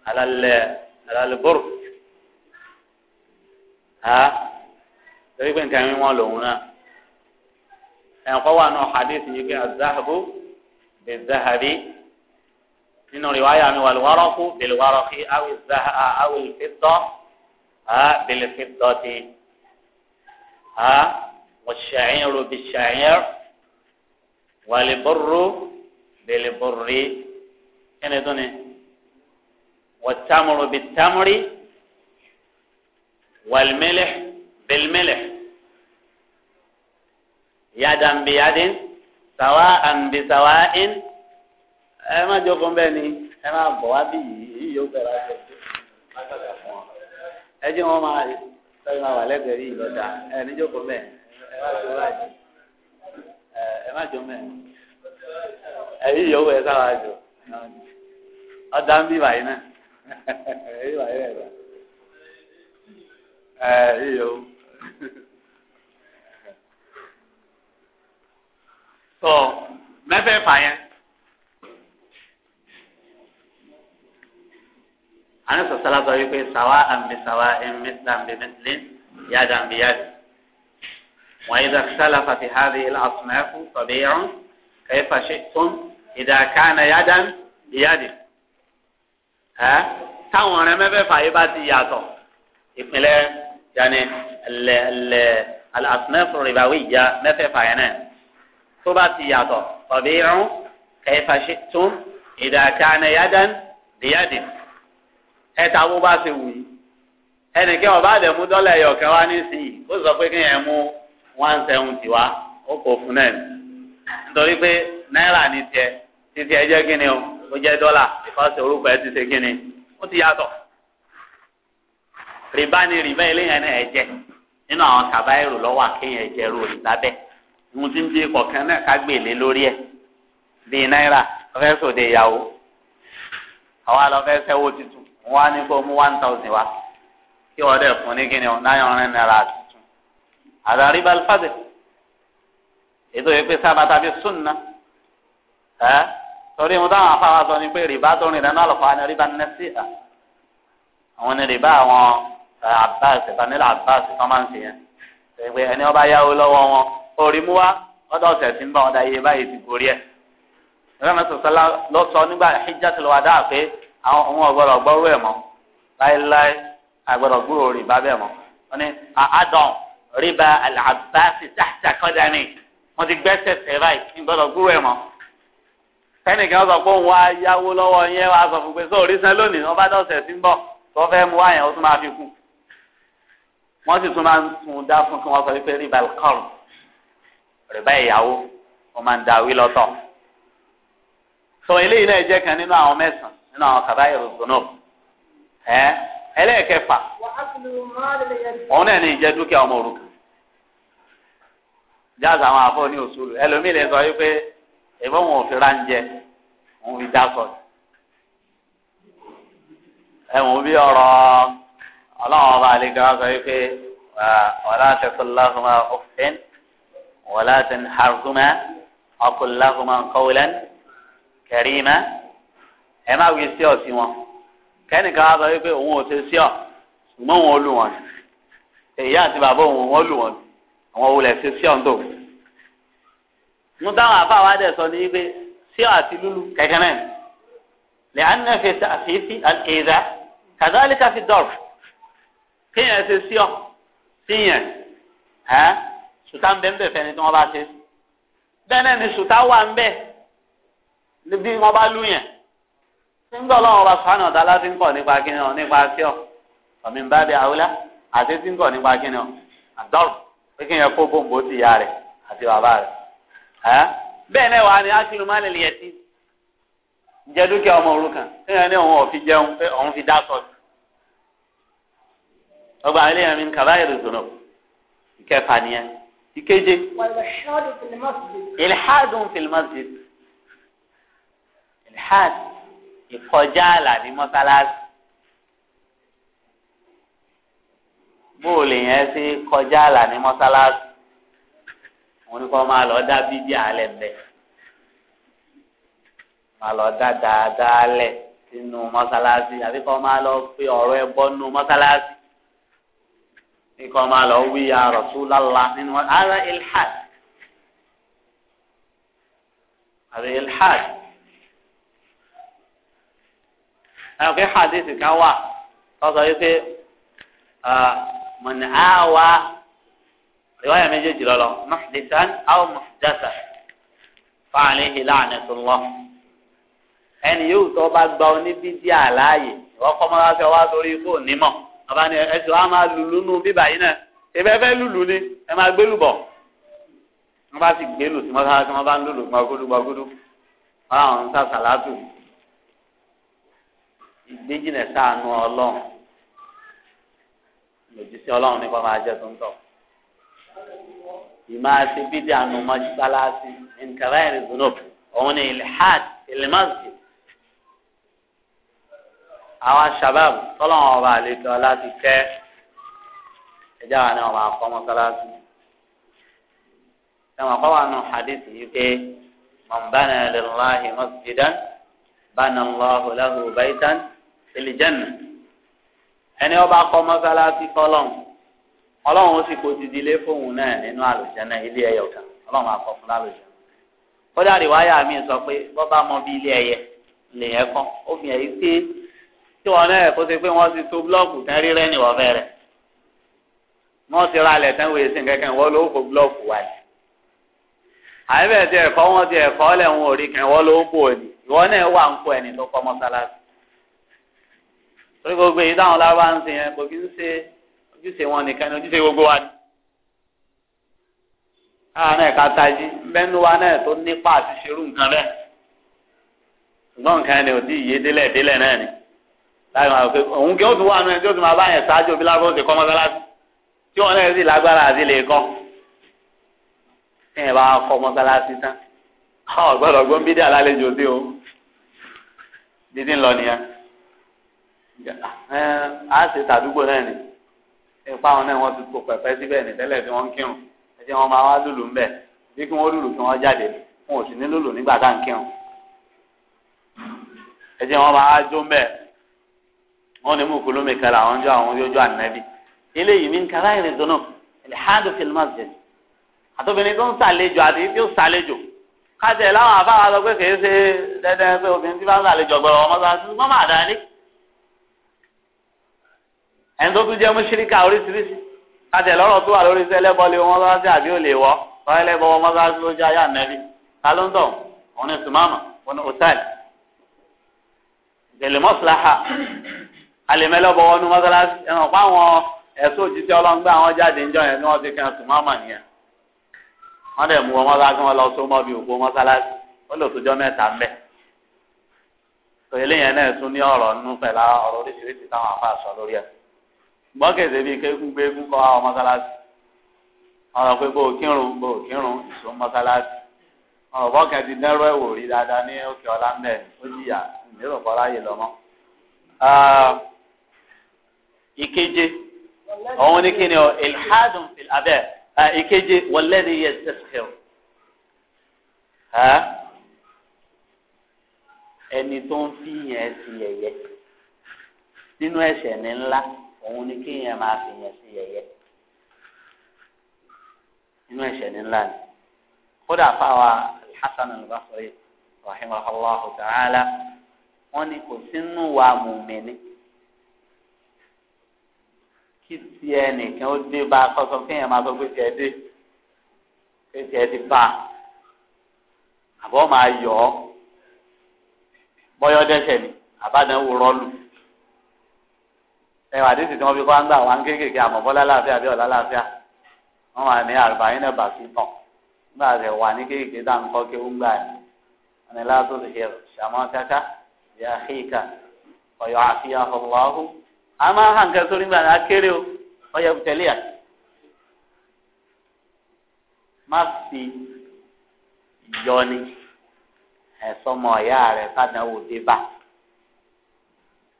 alálẹ̀ alálẹ̀ bọ́rù ha torí pé nǹkan mímọ́ lòun náà ẹ̀ǹkọ́ wà náà hadith yìí pé azahabu bẹ zahabi nínú riwaya mi wà lùwárọ́kù bẹ̀lùwárọ́kì awi zaha awi fitọ́ ha bẹ̀lẹ̀ fitọ́ ti ha wàṣẹ̀yìnrù bí ṣẹ̀yìnr wàlìbọ̀rù bẹ̀lẹ̀bọ̀rì ẹni tó ni wàtàmùrù bí tàmùrì. والملح بالملح yadambiyadin بيد سواء بسواء má جوكم بني bẹ ni ẹ má bọ̀ wá bí yìí yìí yóò bẹ̀rẹ̀ àjọ ẹ jẹ́ wọn máa sọ́yìn máa wà lẹ́gbẹ̀ẹ́ yìí lọ́dà ẹ ní jókòó ẹ má jó báyìí ẹ má jó mẹ́ ẹ yìí yóò bẹ̀rẹ̀ sáwà ń bí báyìí náà ẹ yìí náà ẹ yíyọ o tọ mẹfẹẹfà yẹn àwọn sọsọlá sọ wípé sàwa àmì sàwa ẹmẹsìlá àmì mẹsìlẹ yáda àmì yáda وإذا اختلفت هذه الأصناف طبيعا كيف شئتم إذا كان يدا بيد ها táwọn ọ̀rẹ́ mẹ́fẹ̀ẹ̀fà yìí bá ti yàtọ̀ yanni lẹ lẹ alasunẹfu ribawi ya mẹ́fẹ̀ẹ̀fà yẹn náà tó bá ti yàtọ̀ ọbẹ irun kẹfà tún ìdàkànnẹ yadan bíyàdìn ẹta wo bá ṣe wù yìí ẹnìkẹ́ ọba àdẹ̀mú dọ́là ẹ̀yọ̀ kan wá nísìnyí ó sọ pé kéèyàn mú one seventy wá ó kò fún náà nítorí pé náírà ní tiẹ̀ títí ẹ jẹ́ kíni o ó jẹ́ dọ́là ìfọ́sẹ̀ orúkọ ẹ ti ṣe kíni ó ti yàtọ̀ rìbá ni rìbá eléyàn náà ẹ jẹ nínú àwọn kàbáyèrò lọ́wọ́ àkéyàn jẹ rò lábẹ́ mo ti ń bí kọ̀ọ̀kan náà ká gbèlé lórí ẹ̀ bíi náírà ọ̀fẹ́ sòde ìyàwó àwa lọ sẹ́wó tuntun wọn á ní kó mú one thousand wá kí wọ́n dẹ̀ fún ní kíni náírà ọ̀rẹ́ náírà tuntun àdá rìbá alifásẹ̀ ètò yìí pé sábà tàbí súnà ẹ́ torí mo táwọn afáwa sọ ni pé rìbá tó rìn lẹ́nu àlọ́kọ́ á ní rìbá nẹ́sì Abbas Banil Abbas tó máa ń ṣe yẹn pé ẹni ọba yáwó lọ́wọ́ wọn orí mú wá ọdọ ọ̀sẹ̀ tí ń bọ̀ ọ̀dà iye báyìí ti gorí ẹ̀. ìrọ̀lẹ́ sọ̀sọ́lá lọ sọ nígbà Hijjatul Wada pé àwọn òun ọ̀gbọ́dọ̀ gbọ́rú ẹ̀ mọ́ láéláé àgbọ̀dọ̀ gbúrò rìbá bẹ́ẹ̀ mọ́. wọ́n ní àádọ́n rìbá Al-Abbas tahta qadami wọ́n ti gbẹ́sẹ̀ tẹ̀ báyìí ń gbọ́dọ̀ gbúrò ẹ̀ mọ́ kẹ́nìkan sọ pé òun wá yáwó lọ́wọ́ yẹn wá sọ fún pé sọ òrìṣẹ́ lónìí ọba dọ̀sẹ̀ tí ń bọ̀ tó fẹ́ mú wáyẹn ó tún máa fi kún wọ́n sì tún máa ń tún dá fún kí wọ́n sọ wípé ribal kọ́ọ̀rù rìbá ìyàwó wọ́n máa ń da wí lọ́tọ̀. sọ eléyìí náà jẹ́ kan nínú àwọn mẹ́sàn-án nínú àwọn kàbáyèrò zònó ẹ ẹlẹ́ẹ̀kẹfà òun náà ní ìjẹ́ dúkìá ọmọ òrukàn jáàsì àwọn àfọ ní òṣùlù ẹlòmíì lè sọ wípé ìbọn wọn ránjẹ òun fi dá sọ ẹ̀wọ̀n bí ọ̀rọ̀ ọlọ́run ọba àlejò wa sọ wípé wàlá tẹkọláhùmá ọ̀fẹ́n wàlá tẹnhàrùmá ọkọláhùmá kọ́wulẹ́n kẹrìmá ẹ má wí sí ọ̀sìn wọn kẹ́nìkan wa sọ wípé òun ò ṣe sí ọ̀ ṣùgbọ́n òun ò lù wọ́n èyí àti bàbá òun wọ́n lù wọ́n àwọn olè ṣe sí ọ̀ǹdọ̀ mo dáhùn àbá wa dẹ̀ sọ ní pé sí àti lulu kẹ̀kẹ́ náà lẹ́yìn àti náà fi àfihàn àti èdè kàdálíkà fi dọ̀rọ̀. kéèyàn ṣe sí ọ síyàn ẹ sùtá ń bẹ ń bẹ fẹni tí wọn bá ṣe bẹ́ẹ̀ náà ni sùtá wà ń bẹ bí wọn bá lù yẹn nígbà Ọlọ́run ọba sùhánà ọdá láti ń kọ nípa kíni ọ nípa sí ọ ọmọ ìbá bẹ àwùlá àti tí ń kọ nípa kíni ọ àdọrù pé kíyàn kó bòǹbò ti ìyá rẹ àti bàbá rẹ ẹ bẹ́ẹ̀ náà wà ní akílù má lè lè yẹtí jẹ dúkìá ọmọ òrukàn kíyàn ní òun ò fi jẹun pé òun fi dá sọ ọgbà ilé yẹn mi ń kàbá ìrù zùnú ìkẹfà nìyẹn ìkeje. ilhadun fil masjid ilhad ìkọjá àlà ní mọ́sálásí. bóòlù yẹn ṣe kọjá àlà ní mọ́sálásí wọn ni kò máa lọ dá bíbí àlẹ́ bẹ́ẹ̀ máa lọ dá dáadáa lẹ̀ sínú mọ́sálásí àbí kò máa lọ fi ọ̀rọ̀ ẹ bọ́ nínú mọ́sálásí ikọ̀ máa lọ wí ya Rasulullah nínú ara ilhad àbí ilhad ẹ̀rọ pé hadithi kan wà tọ́sọ yìí pé mọ̀nà àwa riwaya méjèèjì lọ́lọ́ muhdithan aw muhdathan fa'alayhi la'natullah ẹni yóò tọ́ bá gba oníbídìí àlàyé ìwọ́n kọ́ mọ́ra fẹ́ wá sórí ikú onímọ̀ bàbá ni ẹsùn á máa lùlù nù bíbà yìí náà ìfẹ́ fẹ́ lùlù ni ẹ máa gbé lùbọ̀ wọ́n bá sì gbé lù sí mọ́tàlá tí wọ́n bá ń lùlù gbàgúdú gbàgúdú wọ́n àwọn ń ta sàlátù ìgbéjìnà sáànù ọlọ́run lòdìsí ọlọ́run nípa máa jẹ́ tó ń tọ̀ ìmọ̀ àti bídìí ànú mọ́ṣáláṣí nkàrà ìrìnsùnú òun ni ilhad ilmazid àwọn shabab tọ́lọ́wọ́n ọba àlejò aláti kẹ́ ẹjọ́ àwọn ni wọ́n máa kọ́ mọ́sálásí. ẹ̀wọ̀n kọ́ wà nù hadith yìí pé man bana lillahi masjidan bana Allahu lahu baytan fil janna. ẹni ọba kọ́ mọ́sálásí fọlọ́n ọlọ́run ó sì kó ti dilé fóun náà nínú àlùjánnà ilé ẹyọ kan ọlọ́run àkọ́ fún àlùjánnà. kódà rìwáyà mi sọ pé bọ́ bá mọ bí ilé ẹyẹ lèyẹn kan ó fi hàn yí pé tí wọn náà kó ṣe pé wọn ti to búlọ́ọ̀kù tán rírẹ́ ní ọ̀fẹ́ rẹ̀ wọn ti ra alẹ̀ tán wòye sí kẹ̀kẹ́ wọn ló kó búlọ́ọ̀kù wá yìí àyẹ̀bẹ̀ ti ẹ̀fọ́ wọn ti ẹ̀fọ́ lẹ̀ wọn ò rí kẹ̀ wọn ló bò ní ìwọ náà wà ń kó ẹni tó kọ́ mọ́sálásí torí gbogbo èyí táwọn lábá ń sìn yẹn kò kí ń ṣe ojúṣe wọn nìkan ni ojúṣe gbogbo wa ni káà náà ká tají mbẹ́nu wa náà tó nípa àti ṣerú nǹkan rẹ̀ ṣùgbọ́n nǹkan ni ò tí ì yé délẹ̀ délẹ̀ náà ni láì máa fẹ́ òun kí ó tún wà nù ẹ tí ó tún máa bá yẹn ṣáájú òbí lábọ́ ṣe kọ́ mọ́sálásí tí wọn náà sì lágbára àti lè kọ́ ẹ bá kọ́ mọ́sálásí tán ọ gbọ́dọ̀ gbọ́n bídí alálejò sí o dídí ńlọ nìyẹn ẹ á ṣe tàdúgbò náà ni ipa wọn náà wọn ti kó pẹpẹ síbẹ̀ ní tẹ́lẹ̀ tí wọ́n ń kírun ẹjẹ wọn máa wá lùlù ńbẹ bí kí wọ́n lùlù kí wọ́n jáde wọn ò sì ní lùlù nígbà tá à ń kírun ẹjẹ wọn máa wá jó ńbẹ wọn ni mú kulómi kala àwọn jọ àwọn yóò jọ ànábì eléyìí mi ń kala ìrìn dùnú ìlhádù fil masjid àtòbìnrin tó ń sàlejò àti tí ó sàlejò kájẹ láwọn àbáwá sọ pé kìí ṣe dandan pé obìnrin tí bá ń sàlejò gbọrọ ọmọ sọ àti mọ́mọ́ àdáni ẹni tó tún jẹ́ mùṣírikà oríṣiríṣi kájẹ lọ́rọ̀ tó wà lórí iṣẹ́ ẹlẹ́bọ̀lé wọn sọ àti àbí òlè wọ́ sọ ẹlẹ́bọ̀ wọn sọ àti lójú ayé ànábì kálọ́ńtọ̀ òun ni sùmámà òun ni òtẹ́ẹ̀lì alẹ́mẹ́lẹ́ bọ̀wọ́ ní mọ́sálásí ẹ̀ràn pa àwọn ẹ̀sùn òjíṣẹ́ ọlọ́ngbà àwọn jáde ńjọ yẹn ni wọ́n ti kẹ́ sùn mọ́mọ́ nìyẹn wọ́n dẹ̀ mú wọn mọ́sálásí wọn lọ sọ mọ́ bí òkú mọ́sálásí ó lò tójọ́ mẹ́ta ń bẹ̀. tó eléyẹn náà tún ní ọ̀rọ̀ nínú pẹ̀lá ọ̀rọ̀ oríṣiríṣi táwọn afá sọ lórí ẹ̀ gbọ́kèdè bíi kékun gbé kún kọ́ àwọn mọ́sálásí ọ̀rọ̀ pé bó kírun bó kírun ìṣó mọ́sálásí ọ̀rọ̀ bọ́kẹ́ ti dẹ́rọ ìkeje òun ni kí ni ọ ilhadun fil abẹ ìkeje walladhi yastashir ẹni tó ń fi yẹn sí yẹ̀yẹ́ nínú ẹ̀ṣẹ̀ ní ńlá òun ni kí yẹn máa fi yẹn sí yẹ̀yẹ́ nínú ẹ̀ṣẹ̀ ní ńlá ni kódà fáwa Hasan al-Basri ta'ala wọn ni kò sínú wa mùmíní kí ti ẹnìkan ó dé bá a kọ́ sọ kéèyàn máa sọ pé tiẹ̀ dé pé tiẹ̀ ti bá a àbọ̀ máa yọ̀ ọ́ bọ́yọ́ dẹ́sẹ̀ ni àbádàn wò rọ́ọ̀lù ẹ̀wà àdéhùn tí wọ́n fi kọ́ ń gbà wá ń kéékèèké àmọ́ bọ́lá láàfíà bí ọ̀lá láàfíà wọ́n wà ní àrùbáyín náà bà nígbà rẹ̀ wà ní kéékèèké dá ń kọ́ kí ó ń gbà ní ọ̀nà ìlà tó ti ṣe ṣàmọ́ kíákíá ìyá àkíkà ọ̀yọ́ àfíà ọ̀lọ́hùn. a máa hàn kẹ́ sórí gbàdá kéré o ọyẹ ya à má fi yọni ẹ̀sọ́mọ ọ̀yá rẹ sádánwò dé bá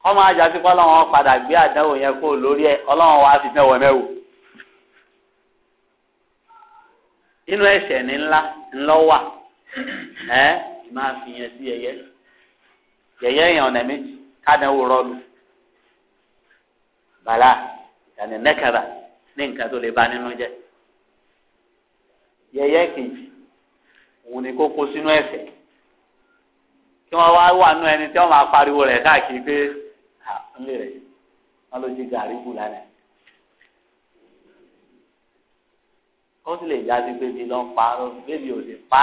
kọ́mọ ajá sí kọ́ padà gbé àdánwò yẹn kó lórí ẹ̀ ọlọ́wọ́ wa fi mẹ́wọ̀ mẹ́wò inú ẹ̀ṣẹ̀ ní ńlá ńlọ wà máa fi yẹn sí yẹyẹ yẹyẹ yẹn ọ̀nà méjì kádánwò Bala, ìyàní nẹ́kàrà ní nǹkan to le ba n'inu je yeye kejì òun ni kókó sínú ẹ̀ṣẹ̀ kí ma wá wà nú ẹni tí wọ́n máa pariwo rẹ̀ káàkiri pé àkúnlé rẹ̀ wọ́n ló jí gàrí bù lánàá. ó sì lè jáde pé ibi ló ń pa ó ò lè pa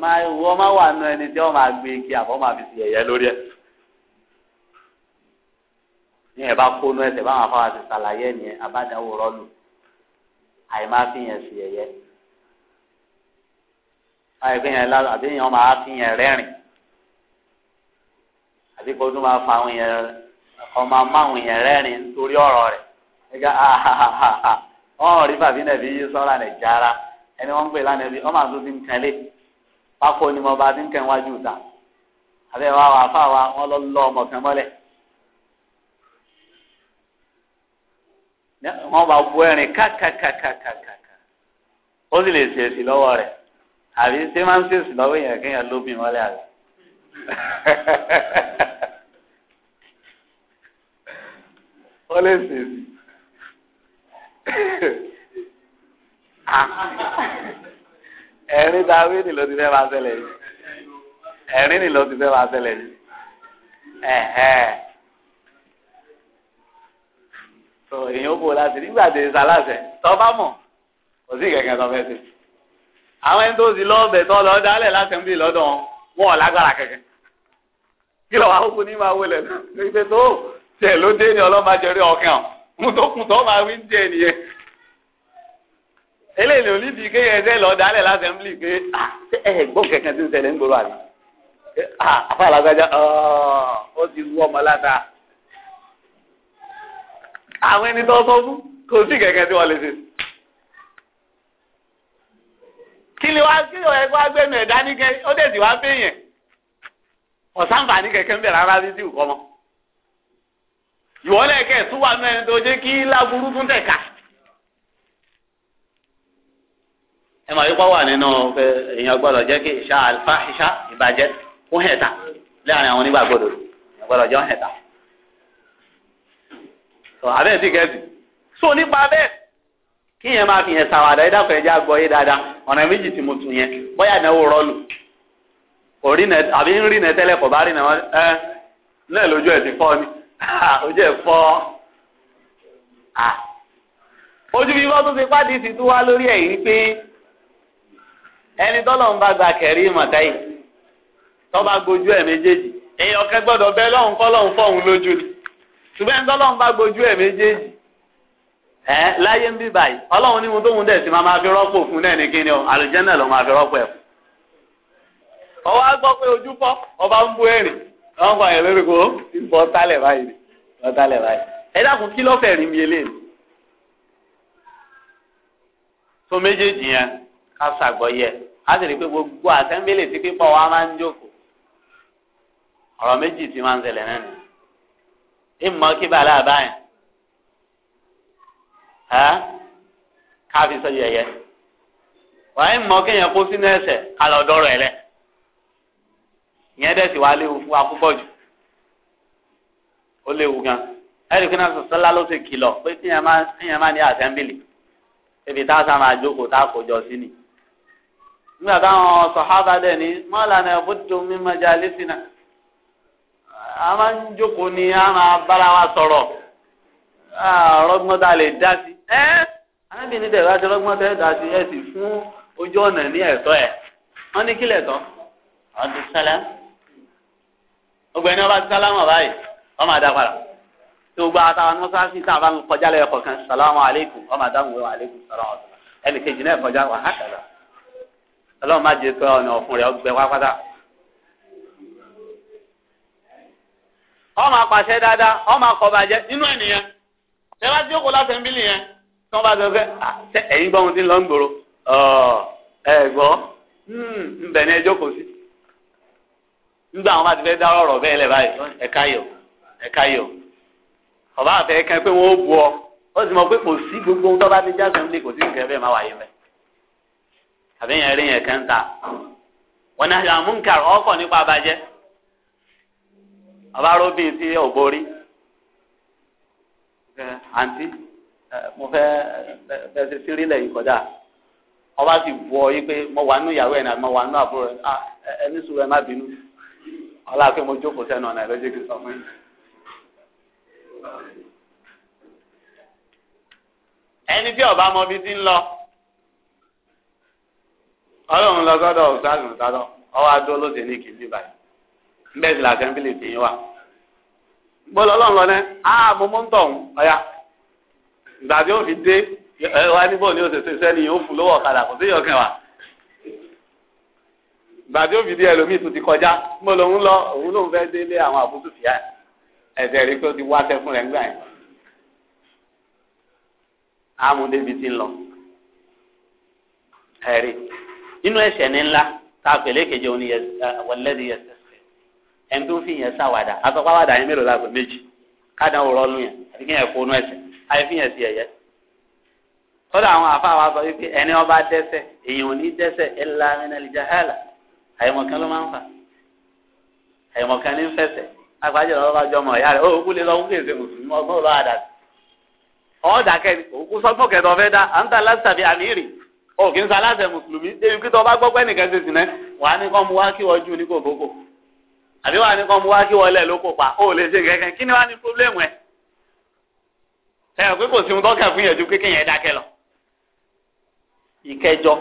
náà wọ́n máa wà nú ẹni tí wọ́n máa gbé kí àbọ̀ máa fi sí yẹ̀yẹ́ lórí ẹ̀. ní ẹ̀ bá kó nú ẹsẹ̀ báwọn afáwọn ti ṣàlàyé nìyẹn àbádáwò rọ́ọ̀lù àìmá fi yẹn sí ẹ̀yẹ báyìí pé yẹn lálọ́ àbí yẹn máa fi yẹn rẹ́rìn àbí kó tún máa fa àwọn yẹn ọmọ máwọn yẹn rẹ́rìn nítorí ọ̀rọ̀ rẹ̀ ẹ̀ka ahahaha wọ́n rí bàbí nàbí yí sọ́ra rẹ̀ jára ẹni wọ́n ń lánàá bí ọmọ àtúntì ń kẹ́lé pákó ni mo bá ti ń kẹ́ wájú ta àbẹ́ wa wà fáwa wọ́n lọ́ lọ́ ọmọ kan wọn bá bu ẹrin kàkàkàkàkà ó sì lè ṣèṣì lọ́wọ́ rẹ̀ àbí ṣé máa ń ṣèṣì lọ́wọ́ yẹn kéèyàn ló bí mọ́lẹ̀ àbí. ó lè ṣèṣì. ẹ̀rín dáwé ni ló ti fẹ́ máa ṣẹlẹ̀ yìí ẹ̀rín ni ló ti fẹ́ máa ṣẹlẹ̀ yìí tó èèyàn bò láti nígbà tẹ̀ sàlàsẹ̀ tó bá mọ̀ kò sí kẹ̀kẹ́ tó fẹ́ ṣe. àwọn ẹni tó ti lọ́ọ̀bẹ̀ tó lọ dálẹ̀ láti ń bì lọ́dọ̀ wọn ò lágbára kẹ̀kẹ́. kí lọ́wọ́ àwọn òkùnrin máa wọlé lórí tó tiẹ̀ ló dé ní ọlọ́mọdé rí ọkàn mú tó kù tó máa wí ń jẹ nìyẹn. eléyìí ò ní bí kéèyàn ẹsẹ̀ lọ dálẹ̀ láti ń bì pé ẹ gbọ́ kẹ̀kẹ́ tí ń ṣẹlẹ̀ ń gbòòrò àná. àfàlàgbájá ó ti wú ọmọ látà àwọn ẹni tó sọ fún kò sí kẹ̀kẹ́ tí wọ́n lè ṣe. kí ni wàá kí ọ̀rẹ́ wá gbẹ̀mí ẹ̀dá ní kẹ́ ó tẹ̀sí wá pé yẹn ọ̀sánfà ní kẹ̀kẹ́ ń bẹ̀ rárá sí tí ò kọ́ mọ́. ìwọ́lẹ̀ kẹ̀ tún wà nú ẹni tó jẹ́ kí láburú tún tẹ̀ ká. ẹ máa yípa wà nínú èèyàn gbọ́dọ̀ jẹ́ kí ìṣá àlùfáà ìṣá ìbàjẹ́ fún hẹ̀ta láàrin àwọn onígbàgbọ́dọ̀ ìyàn jẹ́ hẹ̀ta. abẹ́ ti gẹ̀ẹ́sì so nípa bẹ́ẹ̀ kí yẹn máa fi yẹn sawa ẹ dákọ̀ ẹjẹ́ àgbọ̀ yé dáadáa ọ̀nà méjì tí mo tún yẹn bóyá ìnáwó rọ́ọ̀lù òrìnà àbí ń rìnà tẹ́lẹ̀ kọ̀ bá rìnà wọn ẹ náà lójú ẹ̀ ti fọ́ ni ojú ẹ̀ fọ́ ojú bí wọ́n tún ti pàdé ti wá lórí ẹ̀ yìí gba kẹ̀rí tọ́ bá ẹ̀ méjèèjì èèyàn bẹ́ẹ̀ lọ́hùn ni. ṣùgbọ́n ẹni mba bá gbojú ẹ̀ ẹ láyé ń bí báyìí ọlọ́run ní mo tó hun dẹ̀ sí máa fi rọ́pò fún náà ní kíni o àlùjẹ́nà fi rọ́pò ẹ̀ fún. ọwọ́ pé ojú fọ́ ọba ń bú ẹ̀rìn wọ́n fa ẹ̀rọ rẹ̀ kó tálẹ̀ báyìí tálẹ̀ báyìí ẹ dákun kí rí mi eléyìí. tó méjèèjì yẹn ká ṣàgbọ́yẹ sì rí pé gbogbo àtẹ́ńbélé ti pípọ̀ máa ìmọ̀ kí bàálà báyìí ẹ káfí sọ yẹyẹ wà á ìmọ̀ kéèyàn kó sínú ẹsẹ̀ kálọ̀ ọ̀dọ́rọ̀ ẹ̀ lẹ̀ ìyẹn dẹ̀ sì wá léwu fún wa púpọ̀ jù ó léwu gan ẹ̀rì kí náà sọ̀sọ́ lá ló ti kìlọ̀ pé kíyàn máa ní àtẹ́ńbìlì ibi tá a sá máa jókòó tá a kò jọ sí ni nígbà táwọn sọ̀hábà dẹ̀ ní mọ́lá náà bó dùn mímọ́ jalisi a máa ń jókòó ni a máa bára wa sọ̀rọ̀ rọ́gbọ́n lè dá sí ẹ́ arábìnrin tẹ̀ bá ti rọ́gbọ́n tẹ̀ dá sí ẹ̀ sì fún ojú ọ̀nà ní ẹ̀tọ́ ẹ̀ wọ́n ní kílẹ̀ tán ọdún sálá ọgbẹ́ni ọba ti báyìí wọ́n máa dá padà tí gbogbo àtàwọn a bá ń kọjá lẹ́yìn kọ̀ọ̀kan sàlámù aleykum wọ́n máa dáhùn aleykum sàlámù ọ̀sán ẹnì kejì náà kọjá ọ ma pàṣẹ dada, ọ ma kọ̀ bàjẹ́ nínú ènìyàn ṣé bá tí wọ́n bá sọ pé ẹ̀yin gbọ́n tí ọ lọ ń gbòòrò hmm, ní sí nígbà wọn bá ti fẹ́ dá ọ̀rọ̀ bẹ́ẹ̀ báyìí ẹ̀ka ẹ̀ka ọba pé ó bu ọ ó sì mọ̀ pé kò sí gbogbo ohun tó bá ti já sẹ́ńdé kò sí nǹkan bẹ́ẹ̀ má wáyé mẹ́ àbí yẹn rí yẹn kẹ́ńtà wọn náà yà ọba robin ti ò àǹtí mo fẹ́ bẹ́sẹ̀ sírí lẹ́yìn kọjá ọba ti bu ọ yí pé mo wà nínú ìyàwó ẹ̀ náà mo wà nínú àbúrò ẹ̀ ah, ẹni sùúrù ẹ má bínú ọlá pé mo jókòó sẹ́nu ọ̀nà sọ fún ẹni tí ọba mọ ti ń lọ ọlọ́run lọ sọ́dọ̀ bẹ́ẹ̀ la làkàn bí lè tì yín wá lọ ní ah mo mú ń tọ̀ ọ̀hún ọ̀yà ìgbà ó fi dé ni ó ṣe ṣe sẹ́ni fún kò sí wa ó fi dé ẹlòmíì tún ti kọjá mo lòun lọ òun lòun fẹ́ délé àwọn fìyà rí pé ó ti fún ti ń lọ ní ńlá pèlè kejì òun ni ẹni tó fi yẹn ṣàwàdà àtọ́pá wàdà yẹn mélòó lágbo méjì káàdà wò rọ́ọ̀lù yẹn àti kéèyàn kó nú ẹ̀sẹ̀ àyè fi yẹn sí ẹ̀yẹ. kódà àwọn àfáà wa sọ ẹni ọba dẹ́sẹ̀ èèyàn ò ní dẹ́sẹ̀ ẹ̀la mẹ́nàlìjà hàlà àyèmọ̀kan ló máa ń fà ní ọmọ ìyá ó ọ̀ọ́dà kẹ́ni òkú fẹ́ dá à àbí wà ní kan mú wá kí wọlé ló kópa ó lè ṣe gẹ́gẹ́ kí ni wàá ní pọ́blẹ́mù ẹ ẹ ò pé kò sí ohun tọ́kàn fún yẹn ju kékeré yẹn dákẹ́ lọ. ìkẹjọ.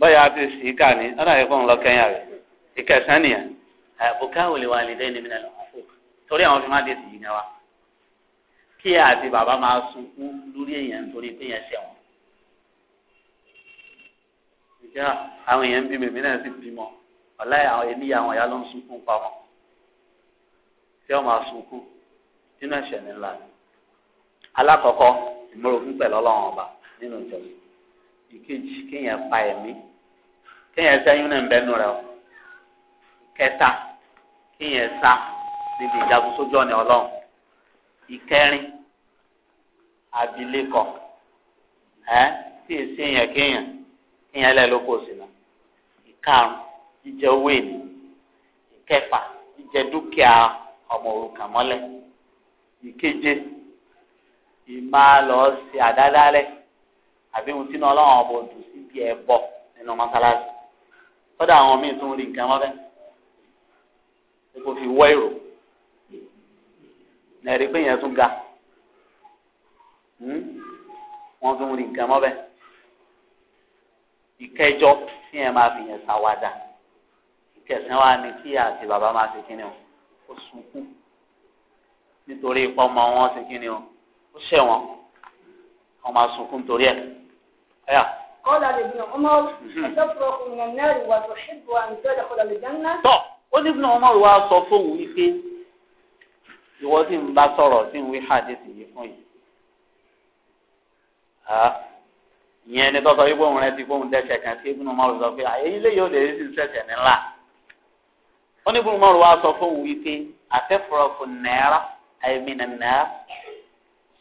bọ́yá a ti sì í kà ní ọ̀nà àyẹ̀kọ́ ń lọ kẹ́yìn rẹ̀ ìkẹsàn nìyẹn bùkáwò lè wà lédè ní mílẹ̀ lọ́wọ́ torí àwọn fi máa dé sí yìí náà wá kí àti bàbá máa sunkún lórí èèyàn nítorí pé yẹn ṣẹ̀wọ̀n yá àwọn èèyàn ń bímọ èmi náà sì bímọ ọ̀la èmi àwọn ìyá ló ń sunkún pa wọn tí wọ́n máa sunkún nínú ẹ̀ṣẹ̀ ńlá ni alákọ̀ọ́kọ́ ìmúrogún pẹ̀lú ọlọ́run ọba nínú ìjọsìn ìkejì kéèyàn pa ẹ̀mí kéèyàn sẹ́yìn náà ń bẹ́nu rẹ̀ kẹta kéèyàn sá níbi ìjagun sójú ọ̀nà ọlọ́run ìkẹrin abilékọ ẹ tí èsì èèyàn kéèyàn kínyẹn lẹ ló kó sínú ìkarùn jíjẹ owó èlé ìkẹfà jíjẹ dúkìá ọmọ òrukàn mọ́lẹ̀ ìkeje ìmáa lọ sí àdádálẹ̀ àbí ohun sínú ọlọ́run ọbọ òdù síbi ẹbọ nínú mọ́sálásí kódà àwọn míín tún rí nǹkan mọ́bẹ́ kó fi wọ́ èrò nẹ̀rí pé yẹn tún ga hmm? wọ́n tún rí nǹkan mọ́bẹ́ ìkẹjọ tí yẹn máa fi yẹn ṣàwádà ìkẹsàn wa ni tí àti bàbá máa ṣe kíni o ó sunkún nítorí ipa ọmọ wọn ṣe kíni o ó ṣẹ wọn wọn máa sunkún nítorí ẹ. قال ابن عمر تفرق من النار وتحب أن تدخل الجنة. tọ́ ó ní ibn Umar wá sọ fóun wípé ìwọ sì ń bá sọ̀rọ̀ sí ń wí hadith yìí fún yìí ìyẹn ni tọ́sọ yìí bóun rẹ ti bóun dẹ́sẹ̀ kan sí ibùnú mọ́rù sọ pé àyè ilé yóò lè rí sí sẹ̀sẹ̀ ní ńlá. ó ní ibùnú mọ́rù wa sọ fóun wípé àtẹ́fọ̀rọ̀fọ̀ náírà àìmínà náírà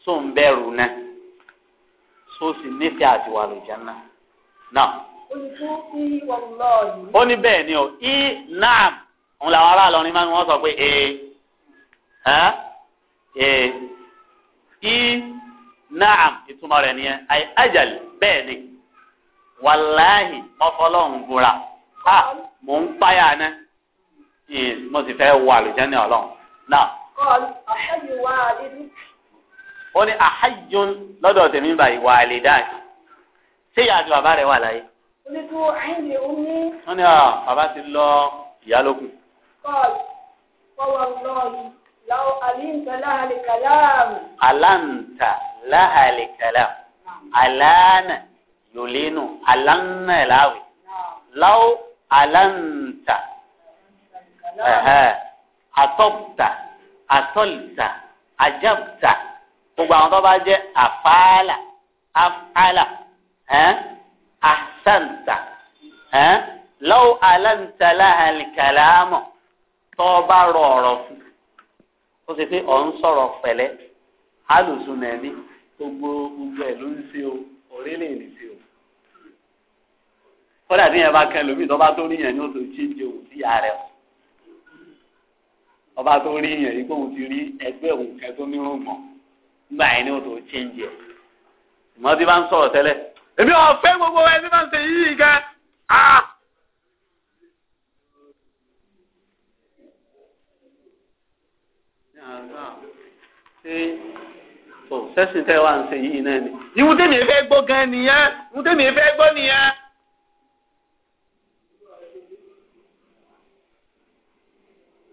sóun bẹ̀rù náà sóun sì nífẹ̀ẹ́ àti wà lójà náà. náà ó ní bẹ́ẹ̀ ni o i naam òun làwọn ará lọrin máa ń wọ́n sọ pé ee ee i naam ìtumọ̀ rẹ̀ nìyẹn àyè ajali bẹ́ẹ̀ ni wàláhì mọ́fọ́lọ́hún búra ha mò ń páyà ná mo sì fẹ́ wọ àlùjánnà ọlọ́run náà. kọ́ọ̀lù àhẹ́yù wá àlejò. ó ní àhẹ́yù lọ́dọ̀ tèmi ń ìwà àlèdáàkì ṣé ìyá àti bàbá rẹ̀ wà láyé. olùkọ́ àyìn omi. wọ́n ní bàbá ti lọ ìyá kọ́ọ̀lù fọwọ́ lọ́ọ̀lù láwọn àlíǹtà láàrin kàláàmù. àlàǹtà láhàlì kẹlẹ àlànà yòlénu àlànà ìlàwì láwù àlàǹtà àtọ́bùtà àtọ́lìtà àjàbùtà gbogbo àwọn tó bá jẹ́ àfàálà àfàálà àṣàǹtà láwù àlàǹtà láhàlì kàlámọ̀ tó bá rọ ọ̀rọ̀ fún ó sì pé ọ̀ ń sọ̀rọ̀ pẹ̀lẹ́ alùsùn nàbí gbogbo gbogbo ẹ̀ ló ń ṣe o orílẹ̀-èdè ṣe o kódà tí yẹn bá kẹ́ lómi tó bá tó rí yẹn ní oṣù chíńjì òun sí ààrẹ o ọba tó rí yẹn yìí pé òun ti rí ẹgbẹ́ òun kẹ́ tó ní rúgbọ̀n nígbà yẹn ní oṣù chíńjì ẹ̀ ìmọ̀ tí bá ń sọ̀rọ̀ tẹ́lẹ̀ èmi ò gbogbo ẹ tí bá ń ṣe yìí gan ṣé tó sẹ́sìn tẹ́ wà ń ṣe yìí náà ni. ìwú tèmi fẹ́ gbọ́ gan nìyẹn ìwú tèmi fẹ́ gbọ́ nìyẹn.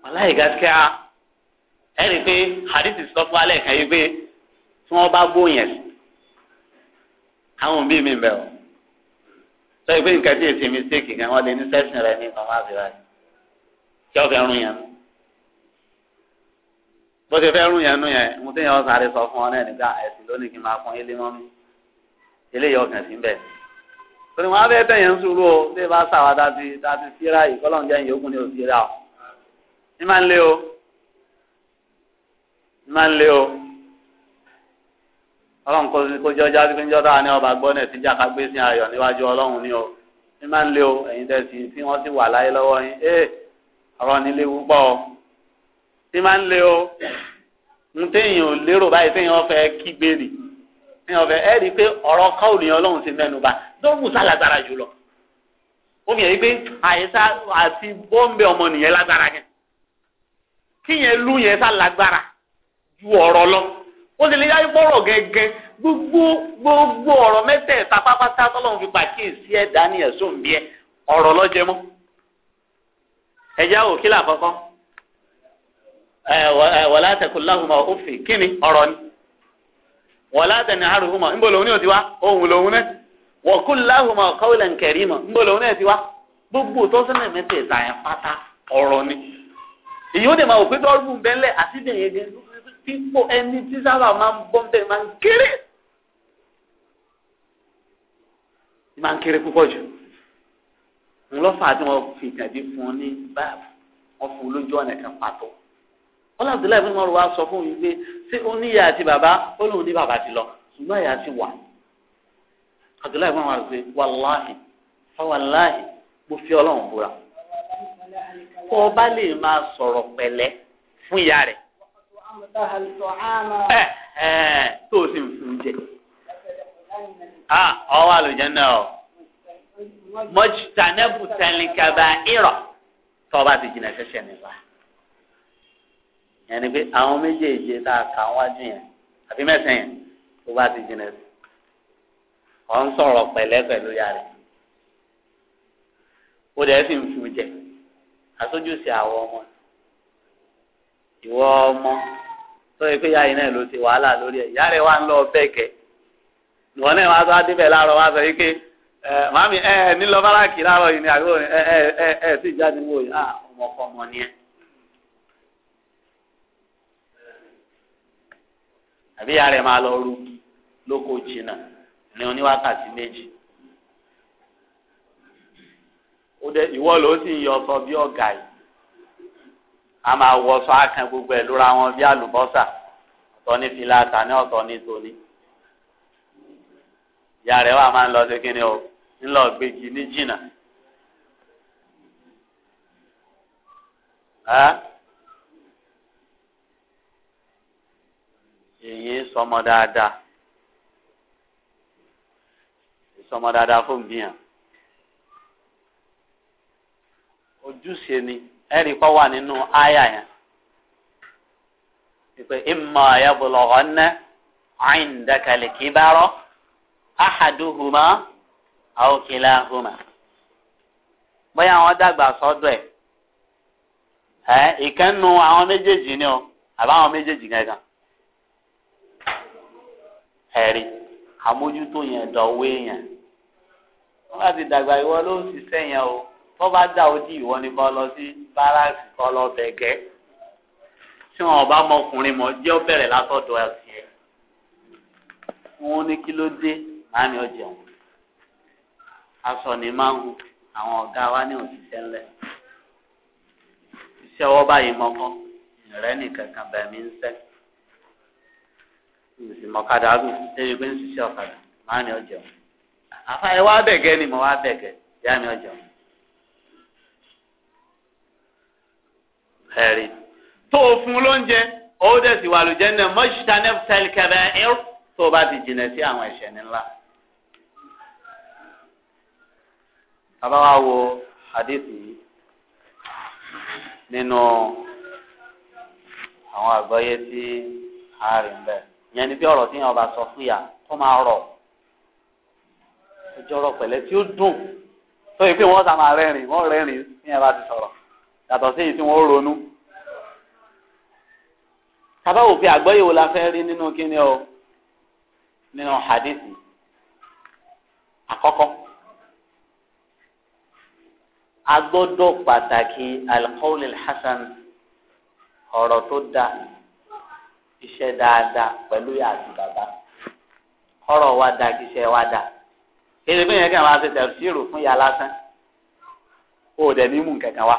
wàláyé gàtíkà ẹ pé hadithi sọ fún alẹ́ kan yìí pé tí wọ́n bá gbóyè sí àwọn òbí mi bẹ̀ wọ́n sọ pé nǹkan tí èsì mistake kan wọ́n lè ní sẹ́sìn rẹ ní kàn máa fi ra ẹ̀ kí yẹn nù bó ṣe fẹ́ rún yẹn nú yẹn mo ti yàn ọ́ sáré sọ fún ọ náà nígbà ẹ̀sìn lónìí kí n máa pọn ilé mọ́mí eléyìí ọkàn sí bẹ́ẹ̀ torí wọn á fẹ́ tẹ̀yẹ̀ ń sùúrù o bí ẹ bá sàwọn dáti dáti síra yìí kọ́lọ́n jẹ́ ìyókù ní òsì rà o ní máa ń lé o ní máa ń lé o ọlọ́run kò kó jẹ́ ọjà pípé ń jọ́dá ní ọba gbọ́ náà ti gbé sí ayọ̀ níwájú ọlọ́run ni o ní máa ń tí máa ń lé o ń téèyàn ò lérò báyìí téèyàn fẹ́ kígbe nì téèyàn fẹ́ ẹ rí i pé ọ̀rọ̀ káwùlì ọlọ́run ti mẹ́nu bá dóòmù sá lágbára jùlọ ó fi hàn yí pé àyíṣà àti bọ́m̀bẹ ọmọ nìyẹn lágbára yẹn kíyẹn lú yẹn sá lágbára ju ọ̀rọ̀ lọ ó sì lè yá ìgbọ́rọ̀ gẹ́gẹ́ gbogbo gbogbo ọ̀rọ̀ mẹ́tẹ̀ẹ̀ta pápátá tọ́lọ́run fi pàkíyèsí ẹ̀dá ní ẹ̀sùn bíẹ́ ọ̀rọ̀ lọ́jẹ́ ẹ̀já òkìlà kọ́kọ́ wọlá tẹkùláhùmá òfin kíni ọ̀rọ̀ ni wọlá tẹni àrùhùmá ńbọ lòun ní òtiwá òun lòun náà wọkùláhùmá kọwìlẹ nkẹrìmọ ńbọ lòun náà tiwá gbogbo tó sẹlẹ mẹtẹ ẹta yẹn pátá ọ̀rọ̀ ni èyí ó dẹ máa wò pé dọ́ọ̀rù bẹ́ńlẹ̀ àti bẹ̀yẹn gẹ pípọ̀ ẹni tí sábà máa ń bọ́ bẹ́ẹ̀ máa ń kéré máa ń kéré púpọ̀ jù ńlọ́fà tí wọ́n fi tàbí fún ní wọn láti láì fún mọ́rùn wa sọ fún mi pé ṣé ó ní ìyá àti bàbá ó lóun ní bàbá ti lọ ṣùgbọ́n ìyá ti wà àdúrà ìfún àwọn àgbẹ̀ wàláhì fáwàláhì mo fi ọlọ́run búra kó o bá lè máa sọ̀rọ̀ pẹ̀lẹ́ fún ìyá rẹ̀ tó o sì ń fún jẹ ọwọ́ àlùjànnà o mọ̀jìtànẹ́bù tẹ̀lé kaba ìrọ̀ tó ti jìnnà ṣẹ̀ṣẹ̀ nípa yẹn ni pé àwọn méjèèjì tá a kà wájú yẹn àbí mẹ́sàn yẹn tó bá ti jìnnà sí ọ̀ ń sọ̀rọ̀ pẹ̀lẹ́ pẹ̀lú ya rẹ̀ ó dẹ̀ sì ń fi jẹ aṣojú sí àwọn ọmọ ìwọ ọmọ tó yẹ pé ya yìí náà ló ti wàhálà lórí ẹ̀ ìyá rẹ̀ wà ń lọ bẹ́ẹ̀kẹ́ ìwọ náà wàá tó adébẹ̀ láàárọ̀ wàá sọ wípé ẹ màmí ẹ ẹ nílọ báràkì láàárọ̀ yìí ni àbí ẹ ẹ ẹ sì jáde wò yìí ah, ọmọkọ ọmọ ni ẹ. àbí ìyá rẹ̀ máa lọ rú lóko jìnnà ní oníwákàtí méjì ó dé ìwọ ló sì ń yọ ọsọ bí ọ̀gá yìí a máa wọ ọsọ akàn gbogbo ẹ̀ lóra wọn bí àlùbọ́sà ọ̀tọ̀ ní fìlà àtàní ọ̀tọ̀ ní tòní ìyá rẹ̀ wà máa ń lọ sí kíni o ńlọ gbégi ní jìnnà. èyí sọmọ dáadáa sọmọ dáadáa fún mi hàn ojúṣe ni ẹ̀rí kọ́ wà nínú àyà yẹn ìpè ìmọ̀ ayébùlọ̀họ́ ná àyìndàkàlẹ̀ kíbárọ̀ àhàdùhùmá àwòkìláhùmá bóyá àwọn dàgbà sọ́dọ̀ ẹ̀ ìkànnù àwọn méjèèjì ni o àbáwọn méjèèjì gangan. ẹ̀rí àmójútó yẹn dọ̀wé yẹn wọ́n bá ti dàgbà ìwọ ló ń ṣiṣẹ́ yẹn o tó bá dà ó di ìwọ ni kọ́ lọ sí báràkì kọ́ lọ bẹ̀gẹ́ tí wọn bá mọkùnrin mọ jẹ́ ó bẹ̀rẹ̀ látọ̀dọ̀ ẹ̀sìn ẹ̀ wọn ní kí ló dé láàmì ọ̀jẹ̀wọ̀n aṣọ ni máa ń hu àwọn ọ̀gá wa ní òṣìṣẹ́ ńlẹ̀ iṣẹ́ ọwọ́ báyìí mọ́kọ́ ìrẹ́ nìkan kan bẹ̀mí ń sẹ́kù ìmọ̀kadà gùn débi pé ń ṣiṣẹ́ ọ̀kadà máa ní ọjọ́ àfa ẹ wá bẹ̀gẹ́ ni mo wá bẹ̀gẹ́ yá ní ọjọ́ ẹ̀rí tó o fún lóúnjẹ ó dẹ̀ sì wà lóúnjẹ náà mọ́ṣítà nẹ́fẹ̀sẹ̀lì kẹfẹ́ ẹ̀rọ tó o bá ti jìnà sí àwọn ẹ̀ṣẹ̀ ńlá. bàbá wa wo àdéhùn yìí nínú àwọn àgbọ́yé tí a rìn bẹ́ẹ̀ ìyẹn ni bí ọ̀rọ̀ tí yẹn ọba sọ fún yà kó máa rọ̀ ìjọ rọ pẹ̀lẹ́ tí ó dùn tó yẹ pé wọ́n sá máa rẹ́rìn wọ́n rẹ́rìn ní ẹ bá ti sọ̀rọ̀ yàtọ̀ sí èyí tí wọ́n ronú. tábà wò pé àgbọ́yé wo la fẹ́ rí nínú kíni o nínú hadithi àkọ́kọ́ agbọ́dọ̀ pàtàkì alqawlil hasan ọ̀rọ̀ tó dáa. iṣẹ́ dáadáa pẹ̀lú ìyá àti bàbá ọ̀rọ̀ wa da kí iṣẹ́ wa da yẹn kí àwọn aṣèṣe fún ìyá lásán Ó dẹ̀ ní mú kankan wa.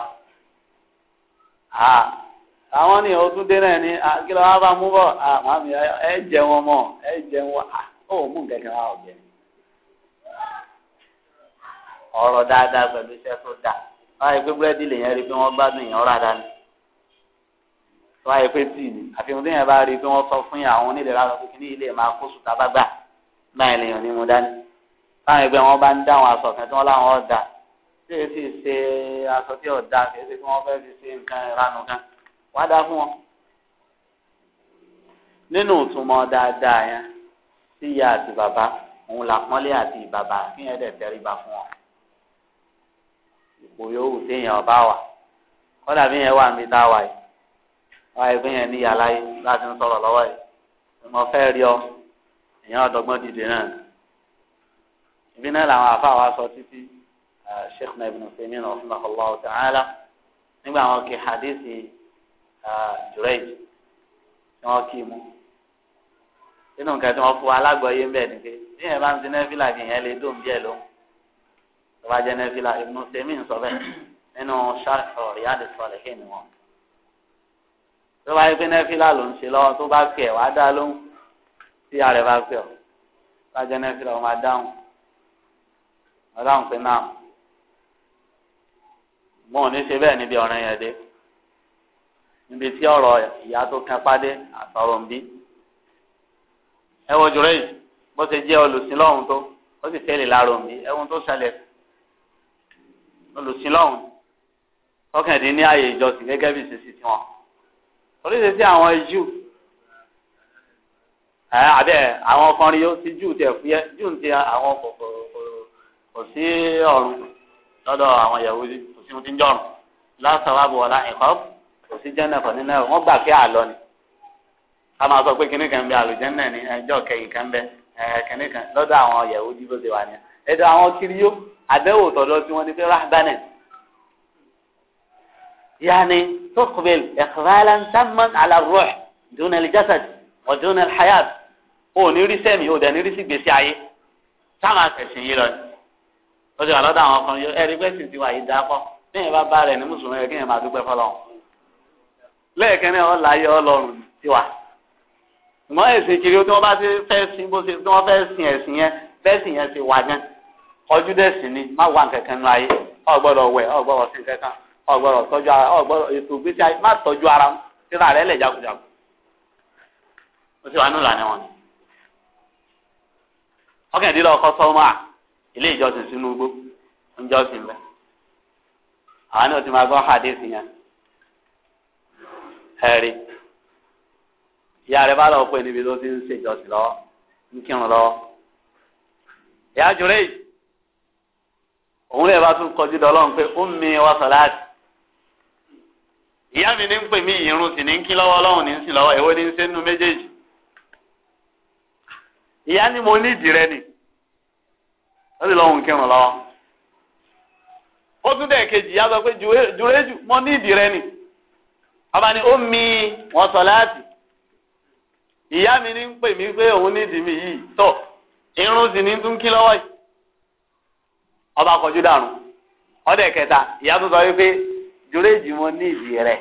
àwọn ní ọdún náà ní kí ló wá bá mú bọ̀ màmí ẹ jẹun ọmọ ẹ jẹun ó mú wa ọ̀rọ̀ dáadáa pẹ̀lú iṣẹ́ tó báyìí pé búrẹ́dì rí wọ́n gbádùn tó ayé pé tíì ni àfihàn téèyàn bá rí i pé wọ́n sọ fún àwọn onídẹ̀ẹ́rẹ́ aṣọ kékeré ilé máa kó sùtà bá gbà náà ènìyàn ní mo dání táwọn ẹgbẹ́ wọn bá ń dá àwọn aṣọ kan tí wọ́n láwọn ọ̀dà tí èyí sì ṣe aṣọ tí ọ̀dà kì í ṣe tí wọ́n fẹ́ fi ṣe nǹkan ìranù kan wá dá fún wọn. nínú ìtumọ̀ dáadáa yẹn sí ìyá àti bàbá òun làpọ́nlé àti ìbàbà kí yẹn dẹ̀ tẹríba fún wọn. ipò yòówù téèyàn bá wà kọ́dà bí wáyé fún yẹn níyà láyé láti ń sọ̀rọ̀ lọ́wọ́ yìí mo fẹ́ rí ọ èèyàn ọ̀dọ́gbọ́n dìde náà ibi náà làwọn àfáà wa sọ títí sheikh na ibn Uthaymeen rahimahullahu ta'ala nígbà wọn kì hadithi Jurayj tí wọn kì í mú nínú nǹkan tí wọn fún alágbọ̀ọ́yé ń bẹ̀ ni bí yẹn bá ń sin nẹ́fìlà kì yẹn lè dùn díẹ̀ ló tó bá jẹ́ nẹ́fìlà ibn Uthaymeen sọ bẹ́ẹ̀ nínú sharh Riyadus Salihin wọn tó bá yẹ pé nẹ́fìlà ló ń ṣe lọ́wọ́ tó bá fi ẹ̀ wá dá lóhùn tí ààrẹ bá fi ọ̀ bájẹ́ nẹ́fìlà wọn máa dáhùn wọn dáhùn pé náà wọn ò ní ṣe bẹ́ẹ̀ níbi ọ̀ràn yẹn dé níbi tí ọ̀rọ̀ ìyá tó kan pàdé àtọ̀rọ̀ ń bí ẹ wo jùlọ yìí bó ṣe jẹ́ olùsìn tó ó sì fẹ́lẹ̀ láàrọ̀ mi ẹ̀wọ̀n tó ṣẹlẹ̀ olùsìn lọ́hùn tọkàndínní ààyè ìjọsìn gẹ́gẹ́ bí ìṣesí tiwọn oríṣiríṣi àwọn jù àbẹ àwọn ọkùnrin yóò ti jù tẹ fúyẹ jù ti àwọn kò sí ọrùn lọ́dọ̀ àwọn yahoo kò sí ohun tí ń jọrùn lásàwábù ọlá ẹkọ kò sí jẹnẹfọ nínú ẹ wọn gbà pé àlọ ni a máa sọ pé kíní kan bẹ àlùjẹnẹ ní ẹjọ́ kẹyìn kan bẹ kíní kan lọ́dọ̀ àwọn yahoo bó ti wà ní ẹ̀dọ̀ àwọn kiriyó àbẹ̀wò tọ̀dọ̀ tí wọn ti fẹ rábánẹ يعني تقبل إقبالا تاما على الروح دون الجسد ودون الحياة ó ní rí sẹ́mi ó dẹ̀ ní rí sí gbèsè ayé sáwọn akẹ̀sìn yìí lọ ni ó ti wà lọ́dọ̀ àwọn ọkùnrin yóò ẹ̀rí gbẹ̀sìn ti wà yìí dápọ̀ bẹ́ẹ̀ bá bá rẹ̀ ní mùsùlùmí rẹ̀ kí yẹn máa dúpẹ́ fọlọ́run lẹ́ẹ̀kẹ́ náà ọ̀ láyé ọlọ́run ti wà mọ́ ẹ̀sìn kiri tí wọ́n bá ti fẹ́ sin bó ṣe tí wọ́n fẹ́ sin ẹ̀sìn yẹn bẹ́sìn yẹn ti wà gan ọjú dẹ̀sìn ni má wà nǹkankan nínú ayé ò gbọ́dọ̀ wẹ̀ ò gbọ́dọ̀ sin kankan ọgbọ́dọ̀ tọ́jú ara ọgbọ́dọ̀ ètò gbèsè má tọ́jú ara síra rẹ̀ lẹ̀ jagunjagun ó sì wà nù lànà wọn. ọkàndínlẹ̀ ọkọ sọ́mọ́ ilé ìjọsìn sínú igbó ń bẹ́ẹ̀ àwọn náà ti máa gbọ́ hadith yẹn ẹ̀rí ìyá bá lọ́ọ́ pé níbi tó ti ń lọ́wọ́ ń kírun lọ́wọ́ ìyá jùlẹ̀ òun lè bá tún kọjú pé ó mi wá ìyá mi ní ń pè mí ìrun sì ní ń kí lọ́wọ́ ọlọ́run ní ń sìn lọ́wọ́ ní ń ṣe nínú ìyá ni mo ní ìdìrẹ́ ni ó sì lọ́hùn kírun lọ́wọ́ ó tún dẹ̀ kejì ìyá sọ pé jùrẹ́jù e-, mo ní ìdìrẹ́ ni ọba ni ó mi wọn sọ láti ìyá mi ní ń pè mí pé irun sì ní tún kí lọ́wọ́ yìí ọba kọjú dànù ọdẹ kẹta ìyá sọ jùrẹ́jì mo ní ìdí rẹ̀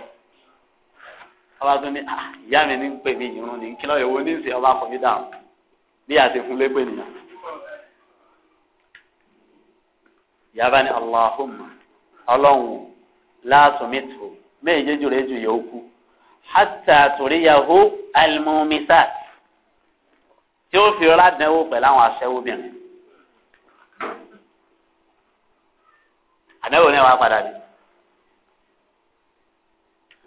ọba tó ní ah, ìyá mi ní ń pè mí irun ní kí lọ́ọ̀yẹ̀ wo ní ìsìn ọba kò ní dàrú bí àti fún lépè nìyàn. ìyá bá ní Allahumma ọlọ́run láàtúmítù méje jùrẹ́jù yóò kú hàtà àtúríyàwó àlùmọ́mísàt tí ó fi ọlá dánwò pẹ̀lú àwọn aṣẹ́wóbìnrin. àdéhùn náà wàá padà dé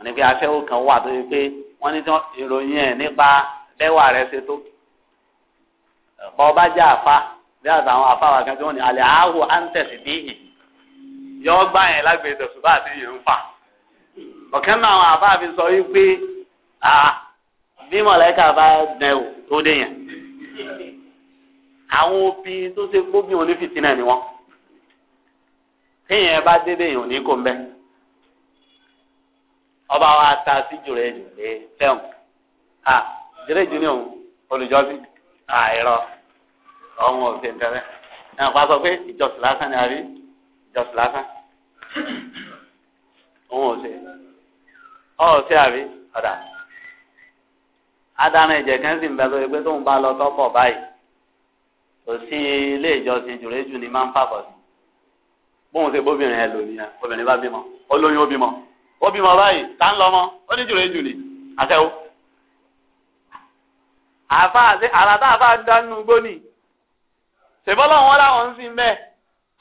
àní pé kan wà tó yẹ pé wọ́n ní ìròyìn ẹ̀ nípa bẹ́wà rẹ̀ ṣe tó bọ́ bá jẹ́ àfa bí àtàwọn afáwà kan tí wọ́n ní alẹ́ àáwò àǹtẹ̀sì bíyì yọ gbà yẹn lágbèdè ṣùgbọ́n àti yìí ń fà ọ̀kẹ́ náà àwọn afá fi sọ wípé bí mọ̀lẹ́kà bá dẹ̀ wò tó dé yẹn àwọn obìnrin tó ṣe gbóbi òní fìtínà ni wọ́n téèyàn bá dédé yìí òní kò ń bẹ́ẹ̀ ọba wa ta sí jùlẹ̀ jùlẹ̀ fẹ́hùn à jùlẹ̀ jùlẹ̀ òun olùjọ́sìn àìrọ ọ̀hún ọ̀sẹ̀ ntẹ̀rẹ̀ náà wọ́n sọ pé ìjọsìn lásán ni a rí ìjọsìn lásán òun ọ̀sẹ̀ ọ̀sẹ̀ àrí ọ̀dà adáná ìjẹ̀ kan ń bẹ lórí pé tóun bá lọ tọ́pọ̀ báyìí kò sí ilé ìjọsìn jùlẹ̀ jù ni máa ń fàbọ̀ bóun ṣe bóbìnrin ẹ lò nìyẹn obìnrin bá bímọ olóyún ó bímọ ó bímọ báyìí tá ń lọmọ ó ní jùlọ jùlọ àtẹwò. àfa àti àrà tá a fa dánú gbóni ṣèbọ́lọ́ wọn láwọn ń sìn bẹ́ẹ̀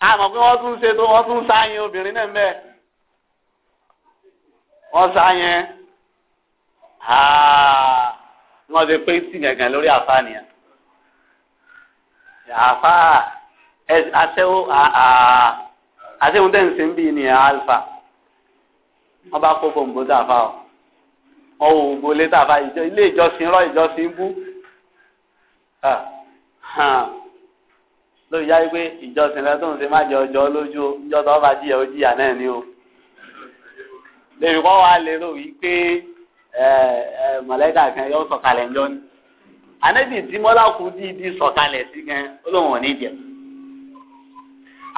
àmọ́ pé wọ́n tún ṣe tó wọ́n tún sáyẹn obìnrin náà bẹ́ẹ̀ wọ́n sáyẹn wọ́n ti pé sí gàngàn lórí àfa nìyẹn àfa àtẹwò àtẹwò tẹ̀ ń sìn bí ni alfa wọ́n bá kó bòǹbò tàfà o wọ́n wò ó gbolé tàfà ilé ìjọsìn rọ ìjọsìn bú lórí yá wípé ìjọsìn rẹ tó ń ṣe má jẹ ọjọ́ lójú ìjọ tó bá jìyà ó jìyà náà ni o lèmi kọ́ wa lérò wípé mọ̀lẹ́kà kan yóò sọ̀kalẹ̀ ńjọ́ ni ànábì tí mọ́lákù dídí sọ̀kalẹ̀ sí gan ó lóun ò ní jẹ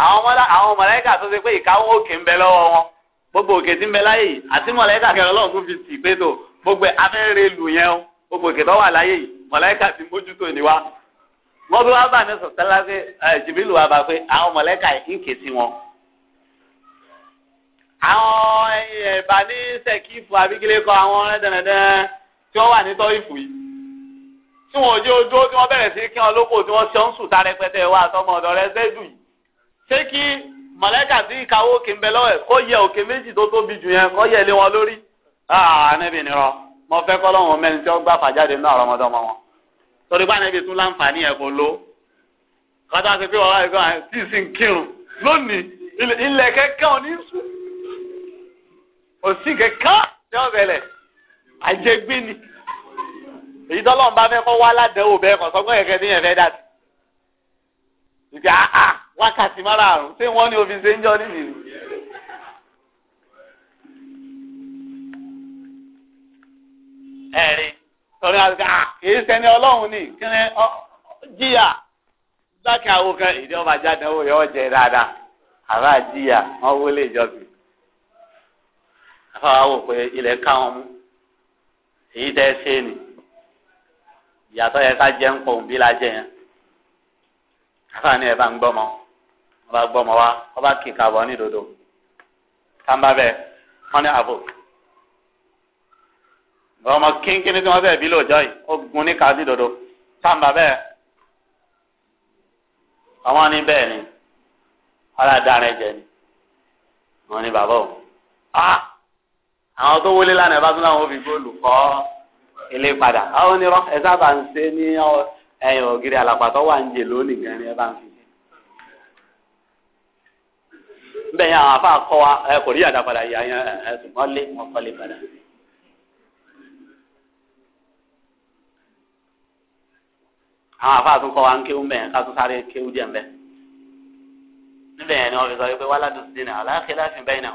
àwọn mọ́lá àwọn mọ̀lẹ́kà tó ṣe pé ìkáwọ́ òkè ń bẹ lọ́wọ́ wọn gbogbo òkè tí ń bẹ láyé yìí àti mọ̀lẹ́kà kẹrẹ ọlọ́run tún fi tì pé tó gbogbo afẹ́rẹ́ lu yẹn o gbogbo òkè tó wà láyé yìí mọ̀lẹ́kà ti mójútó ni wa wọ́n bí wàá bà ní sọ̀tẹ́lá pé jìbìlù wa bá pé àwọn mọ̀lẹ́kà ń ké sí wọn. àwọn ẹ̀bà ní sẹ́kífù abígilé kọ àwọn ẹ̀dẹ̀nẹ̀dẹ̀ tí wọ́n wà ní tọ́ìfù yìí tí wọ́n jẹ́ ojú tí wọ́n bẹ̀rẹ̀ sí kí wọn lóko tí wọ́n ṣe ń sùn tá rẹpẹtẹ mọ̀lẹ́kà tí ìkàwé òkè ń bẹ lọ́wọ́ ẹ̀ kó yẹ òkè méjì tó tóbi jù yẹn kó yẹ lé wọn lórí. Ah, ànẹ́bì ni rọ mo fẹ́ kọ́ lọ́wọ́ mẹ́rin tí ó gbà fàjáde náà rọmọdọ́ mọ́ wọn. torí bá ànẹ́bì tún láǹfààní ẹ̀ kò ló. kọ́tà ti pé wàhálà ìgbà tí ì sì ń kírun lónìí ilẹ̀ kẹ́kẹ́ òní sùn. òsì kẹ́kẹ́ tí ó bẹ̀lẹ̀ àjẹgbé ni. èyí tọ́lọ́ a àá ah, wákàtí márààrún ṣé ya ní òfin ṣe ń jọ nìyí. ẹ̀rí sọ̀rọ̀ àgbà kìí sẹ́ni ọlọ́run ní kíni jíyà lákì àwo kan ọba jáde owó yọ jẹ dáadáa àbá jíyà ya wọlé ìjọsìn afọwọ́ ilẹ̀ káwọn ya jẹ ya àfààní ẹ bá ń gbọmọ wọn bá gbọmọ wa wọn bá kì kàbọ ní dodo kàmbá bẹ wọn ní àbò ọmọ kínkínní tí wọn fẹẹ bí lóòjọ́ yìí ó gun ní kàdí dodo kàmbá bẹ àwọn ní bẹ́ẹ̀ ni aládàárín jẹ ni wọn ní bàbá òun a àwọn tó wọlé lánàá bá tún láwọn fi góòlù kọ ilé padà àwọn onírọ́ ẹ sábà ń ṣe ní ọ ẹ̀yìn ògiri àlàpàtọ wà ń jè lónìí gan ni ẹ bá ń fi bẹ́ẹ̀ yẹn àwọn afa kọ́ wa ẹ kò rí àdàpadà yà yẹn ẹ ṣùgbọ́n lé wọn kọ́ lé padà. àwọn afa tún kọ́ wa ń kéwú mẹ́ẹ̀ ká tún sáré kéwú díẹ̀ mẹ́ẹ̀. níbẹ̀ yẹn ni wọ́n fi sọ pé wàhálà dùn sí ní àlá khilafi bayna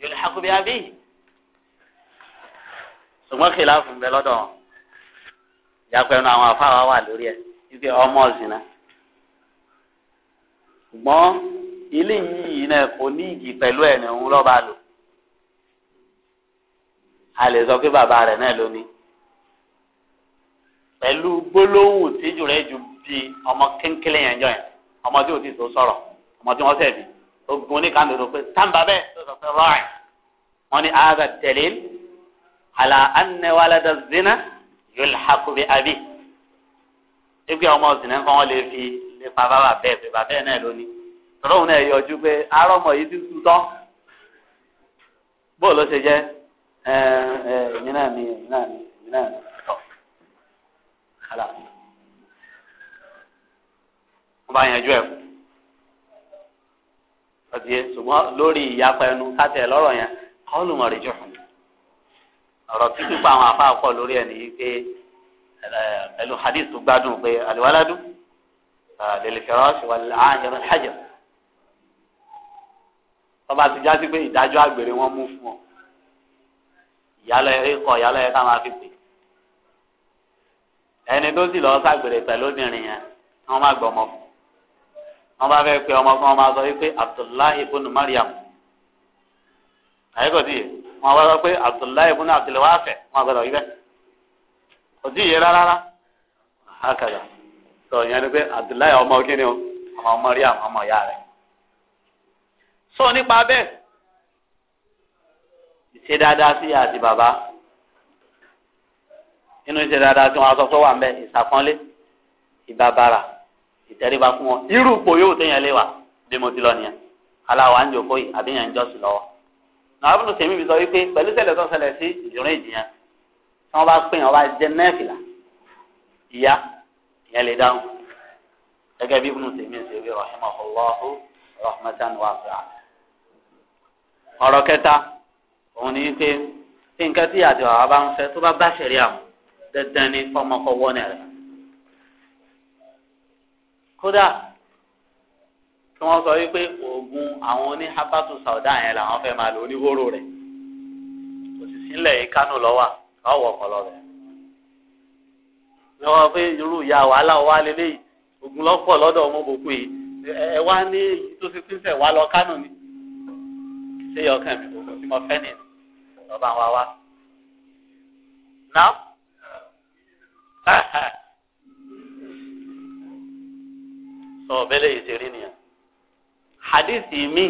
yòlù hakubi abi. ṣùgbọ́n khilafi ń bẹ lọ́dọ̀ yàpẹ̀nu àwọn afáwa wà lórí ẹ̀ wípé ọmọ ọ̀sìnà ṣùgbọ́n ilé yìí náà kò ní ìgì pẹ̀lú ẹ̀ ní òun lọ́ba lò a lè sọ pé bàbá rẹ̀ náà ló ní pẹ̀lú gbólóhùn tíjú rẹ̀ ju bí ọmọ kéńkélé yẹn jọ yẹn ọmọ tí o ti tó sọ̀rọ̀ ọmọ tí wọ́n sẹ̀ bí ogun oníkanu ló pé tàǹbà bẹ́ẹ̀ tó sọ pé yulhaqu bi abi ẹgbẹ́ ọmọ ọ̀sìn náà kàn wọ́n lè fi lè fa bàbá bẹ́ẹ̀ pé bàbá ẹ̀ náà lónìí tọ́lọ́ òun náà yọjú pé arọ́mọ yìí ti tu tán bóòlù ó ṣe jẹ́ ẹ ẹ ìyẹn náà ni ìyẹn náà ni ìyẹn náà ni tọ́ kálá wọ́n bá yanjú ẹ̀ fún ọtí ṣùgbọ́n lórí ìyapa ẹnu kátẹ lọ́rọ̀ yẹn kọlùmọ rẹ ọ̀rọ̀ títí pa àwọn afá pọ̀ lórí ẹ̀ nìyí pé pẹ̀lú hadith tó gbádùn pé àlùwaládù lèlè fẹ́ràn ṣùgbọ́n àyẹ̀rọ hajj tọ́ba ti jásí pé ìdájọ́ àgbèrè wọn mú fún ọ ìyálọ ẹ̀ kọ ìyálọ ẹ̀ ká máa fi pè ẹni tó sì lọ́ọ́ ṣàgbèrè pẹ̀lú obìnrin yẹn wọ́n má gbọ́ ọmọ fún wọ́n bá fẹ́ pe ọmọ fún wọn sọ wípé Abdullahi ibn Mariam àyẹ̀kọ̀ sí yìí. wọn wá sọ pé abdullahi ibùnú abdulwafẹ wọn gbọ́dọ̀ yí bẹ kò rárá akàdà sọ yẹn ni pé abdullahi ọmọ kíni o àwọn ọmọ rí àwọn ọmọ ìyá rẹ̀ sọ nípa bẹ́ẹ̀ ìṣe dáadáa sí àti bàbá inú ìṣe dáadáa sí wọn sọ pé wà ń bẹ ìbàbàrà ìtẹríba fún wọn irú ipò yóò lé wa bí mo ti lọ nìyẹn aláwa ń jòkó yìí àbí yẹn ń àwọn abúlé tèmi fi sọ wípé pẹ̀lú ṣẹlẹ̀ tó ṣẹlẹ̀ sí ìrìn ìjìyàn tí wọ́n bá pín ọba jẹ nẹ́ẹ̀fìlà ìyá ìyẹn lè dáhùn gẹ́gẹ́ bí ibùnú tèmi ṣe wí rahimahullahu rahmatan wasi'a. ọ̀rọ̀ kẹta òun ni wípé tí nǹkan tí àti bàbá bá ń fẹ́ tó bá bá ṣẹ̀rí àwọn dandan ni fọmọkọ wọ́n rẹ̀ kódà tí wọ́n sọ wípé oògùn àwọn oní hapatu sauda yẹn làwọn fẹ́ máa lò oníhóró rẹ̀ kò sì sílẹ̀ yìí kánò lọ́wà káwọ̀ ọ̀pọ̀lọ rẹ̀ lọ́wọ́ pé irú ìyá wàhálà wa lélẹ́yìí oògùn lọ́pọ̀ lọ́dọ̀ ọmọ bòkú yìí ẹ wá ní èyí tó ti pínṣẹ̀ wá lọ kánò ni ṣé yọkàn mi kò sí mọ fẹ́ nìyẹn lọ́ba wa wá. Now, sọ bẹ́lẹ̀ yìí ti rí nìyẹn hadithi mi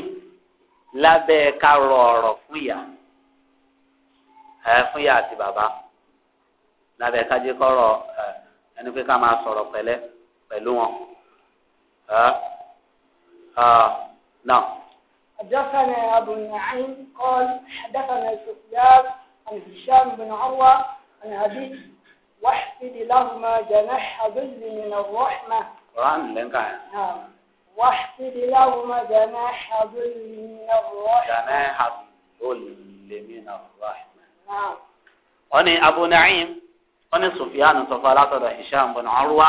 lábẹ́ ká rọ ọ̀rọ̀ fún ìyá ẹ fún ìyá àti bàbá lábẹ́ ká jẹ́ kọ́rọ̀ ẹ ẹni pé ká máa sọ̀rọ̀ pẹ̀lẹ́ pẹ̀lú wọn. نعم حدثنا أبو النعيم قال حدثنا سفيان عن هشام بن عروة عن أبي واحفظ لهما جناح ذل من الرحمة. قرآن لنكا. نعم. واحفظ لهما جناح ظل من الرحمة جناح ظل من الرحمة نعم وني أبو نعيم وني سفيان صفالات هشام بن عروة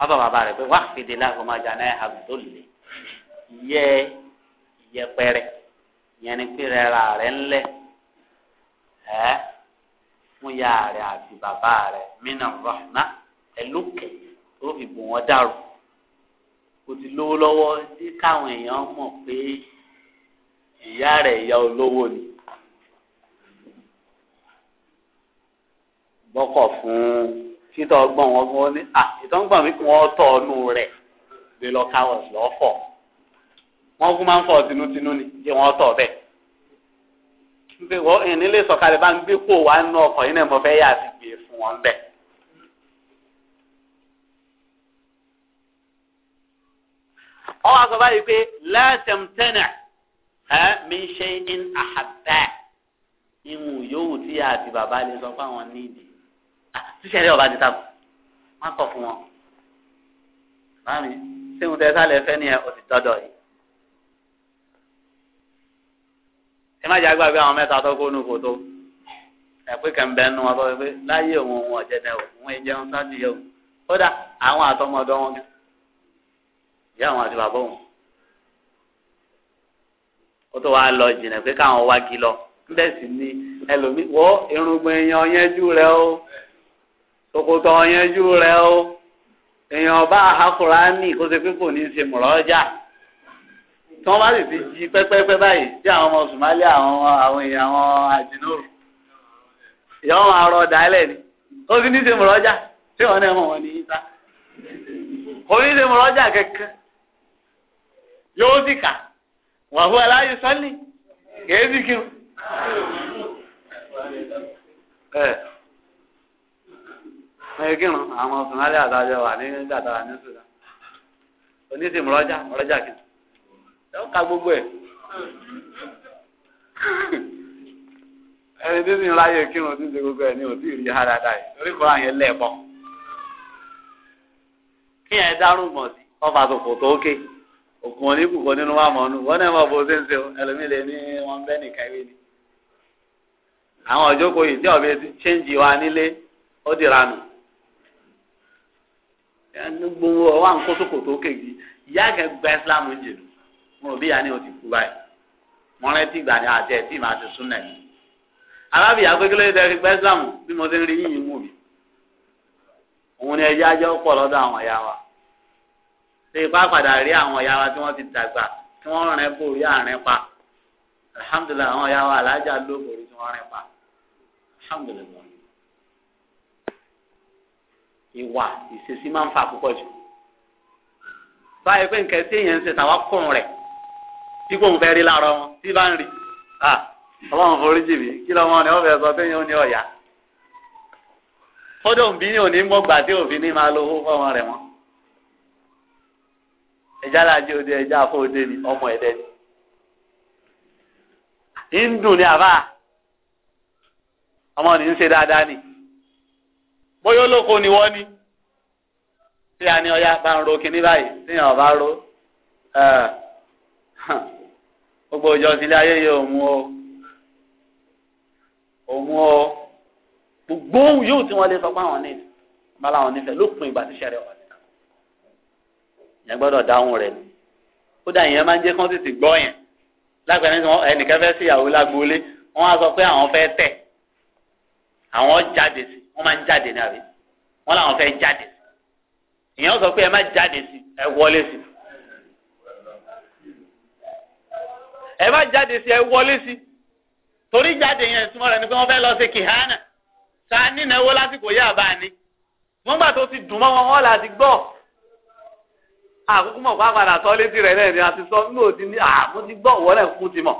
أبا بابا واحفظ لهما جناح الظل yẹ yẹpẹrẹ yẹn ni pé rẹra rẹ ńlẹ ẹ fún ya rẹ àti bàbá rẹ mínà rọhánà ẹlòkè tó fi bò wọn dàrú kò ti lówó lọ́wọ́ tí káwọn èèyàn mọ̀ pé ìyá rẹ̀ ìyá olówó ni. bọ́kọ̀ fún títọ́ ọgbọ́n wọn wọn ní à mi kún wọn tọ́ ọnù rẹ̀ lè lọ káwọ̀ lọ́fọ̀ wọn kún máa ń fọ tinútinú ni kí wọn tọ̀ bẹ́ẹ̀ nígbà wọ́n ìnílé sọ̀kalẹ̀ bá ń gbé kó wa nù ọkọ̀ yìí náà mo fẹ́ yà á ti gbé fún wọn bẹ́ẹ̀. ọwọ́ àṣọ báyìí pé látẹ̀mtẹ́nà ẹ́ mi ṣe in àhàbà ìhun yòówù tí ìyá àti bàbá lè sọ fún àwọn nídìí ṣíṣe ẹ̀rẹ́ ọba ti ta kù wọ́n kọ̀ fún wọn. bámi ṣé mo tẹ sálẹ̀ fẹ́ ni ẹ o ti tọ́dọ̀ yìí. ẹ má jẹ́ àgbàgbé àwọn mẹ́ta tó kó nu kòtó ẹ̀pẹ́ kẹ̀mbẹ́ wọn bọ́ pé láyé òun òun ọ̀jẹ̀ náà òun ẹ̀ jẹun sáájú yẹ̀wò kódà àwọn àtọmọdọ́ wọn gan ìyá àwọn àti bàbá òun ó tó wàá lọ jìnnà pé káwọn wá kí lọ níbẹ̀ sì ni ẹlòmíì wọ́ irùngbọ̀n èèyàn yẹnjú rẹ o ṣòkòtò yẹnjú rẹ o èèyàn bá àhákùránì kó ṣe pé kò ní í ṣe mọ̀rọ́jà tí wọ́n bá sì ti jí pẹ́pẹ́pẹ́ báyìí tí àwọn ọmọ Somalia àwọn àwọn èèyàn àwọn àjìnnòrò ìyá wọn máa dálẹ̀ ni ó sì ní í ṣe mọ̀rọ́jà tí wọ́n náà mọ̀ wọ́n ní í ta kò ní í ṣe mọ̀rọ́jà kẹ̀kẹ́. yóò sì ka wàhùn aláyé sọ́ọ̀lì kèé sì kírun. ẹ kírun àwọn ọ̀sùnmọ́lẹ́ àtàjọ wà ní dàtàrà ní sùdà onísìmù rọ́jà rọ́jà kìí yóò ka gbogbo ẹ̀ ẹni tí sì tí ṣe gbogbo ẹ ní òtí ìrìn ara dáì torí kọ́ àyẹn kí òkun oníbùkún nínú wa mọ̀ọ́nù wọ́n náà mọ̀ bó ṣe ń ṣe o ẹlòmíì lè ní wọn bẹ́ẹ̀ nìkan ìwé ni. àwọn òjókòó yìí tí ọ̀bẹ ti chẹ́ǹjì wa nílé ó dìra nù. gbogbo ọwọ́ à ń kó sókòtò kéèkì ìyá kẹ gba Islam ń jèrò mo rò bí ìyá ni o ti kú báyìí mo rántí ìgbà ni àti ẹtí màá ti sún nàìjíríà. arábìyá pé kí ló Islam bí mo ti ń rí yìnyín wù mí. òun ni ẹjẹ́ ṣe ipá padà rí àwọn ìyá wa tí wọ́n ti dàgbà tí wọ́n rìn bò àárín pa alhamdulilayi àwọn ìyá wa alájà lóko rí tí wọ́n rìn pa alhamdulilayi ìwà ìṣesí máa ń fa púpọ̀ jù báyìí pé nǹkan tí èèyàn ń ṣe tàwa kùn rẹ̀ tí kò ń fẹ́ rí láàárọ̀ wọn tí bá ń rí ọlọ́run forí jì mí kí lọ́mọ ni wọ́n fẹ́ sọ téèyàn ó ní ọ̀yà kódò ń bí ní òní mọ́gbà tí òfin ní máa lo owó fọ́mọ rẹ̀ mọ́ ẹja làjẹ òde ẹja afọ òde ni ọmọ ẹdẹ ni hindu ni àbá ọmọ ni ń ṣe ni bóyá olóko ni wọ́n ni tí a ní ọya bá ń ro kinní báyìí tíyàn ọba ro gbogbo ọjọ́ sílé ayé yìí òun o òun o gbogbo yóò tí wọ́n lè sọ pé àwọn nífẹ̀ẹ́ lópin ìgbà tí sẹ́rẹ̀ wà yẹn gbọ́dọ̀ dáhùn rẹ̀ ni kódà yẹn máa ń jẹ́ kán tètè gbọ́ yẹn lágbẹ̀rẹ̀ ní ẹnìkan fẹ́ sí ìyàwó lágboolé wọ́n á sọ pé àwọn fẹ́ tẹ̀ àwọn jáde sí wọ́n máa ń jáde ní àbí wọ́n làwọn fẹ́ jáde sí ìyẹn sọ pé ẹ má jáde sí ẹ wọlé sí ẹ má jáde sí ẹ wọlé sí torí jáde yẹn súnmọ́ rẹ̀ ni pé wọ́n fẹ́ lọ sí kìhánà sáà nínú ẹwọ́ lásìkò yá àbá ni wọ́n gbà tó ti dùn mọ́ wọn wọ́n là ti gbọ́ àkókò mọ̀ fún àpàdà sọ létí rẹ̀ náà ni a ti sọ nínú òdi ní àmú ti gbọ́ òwò náà kú ti mọ̀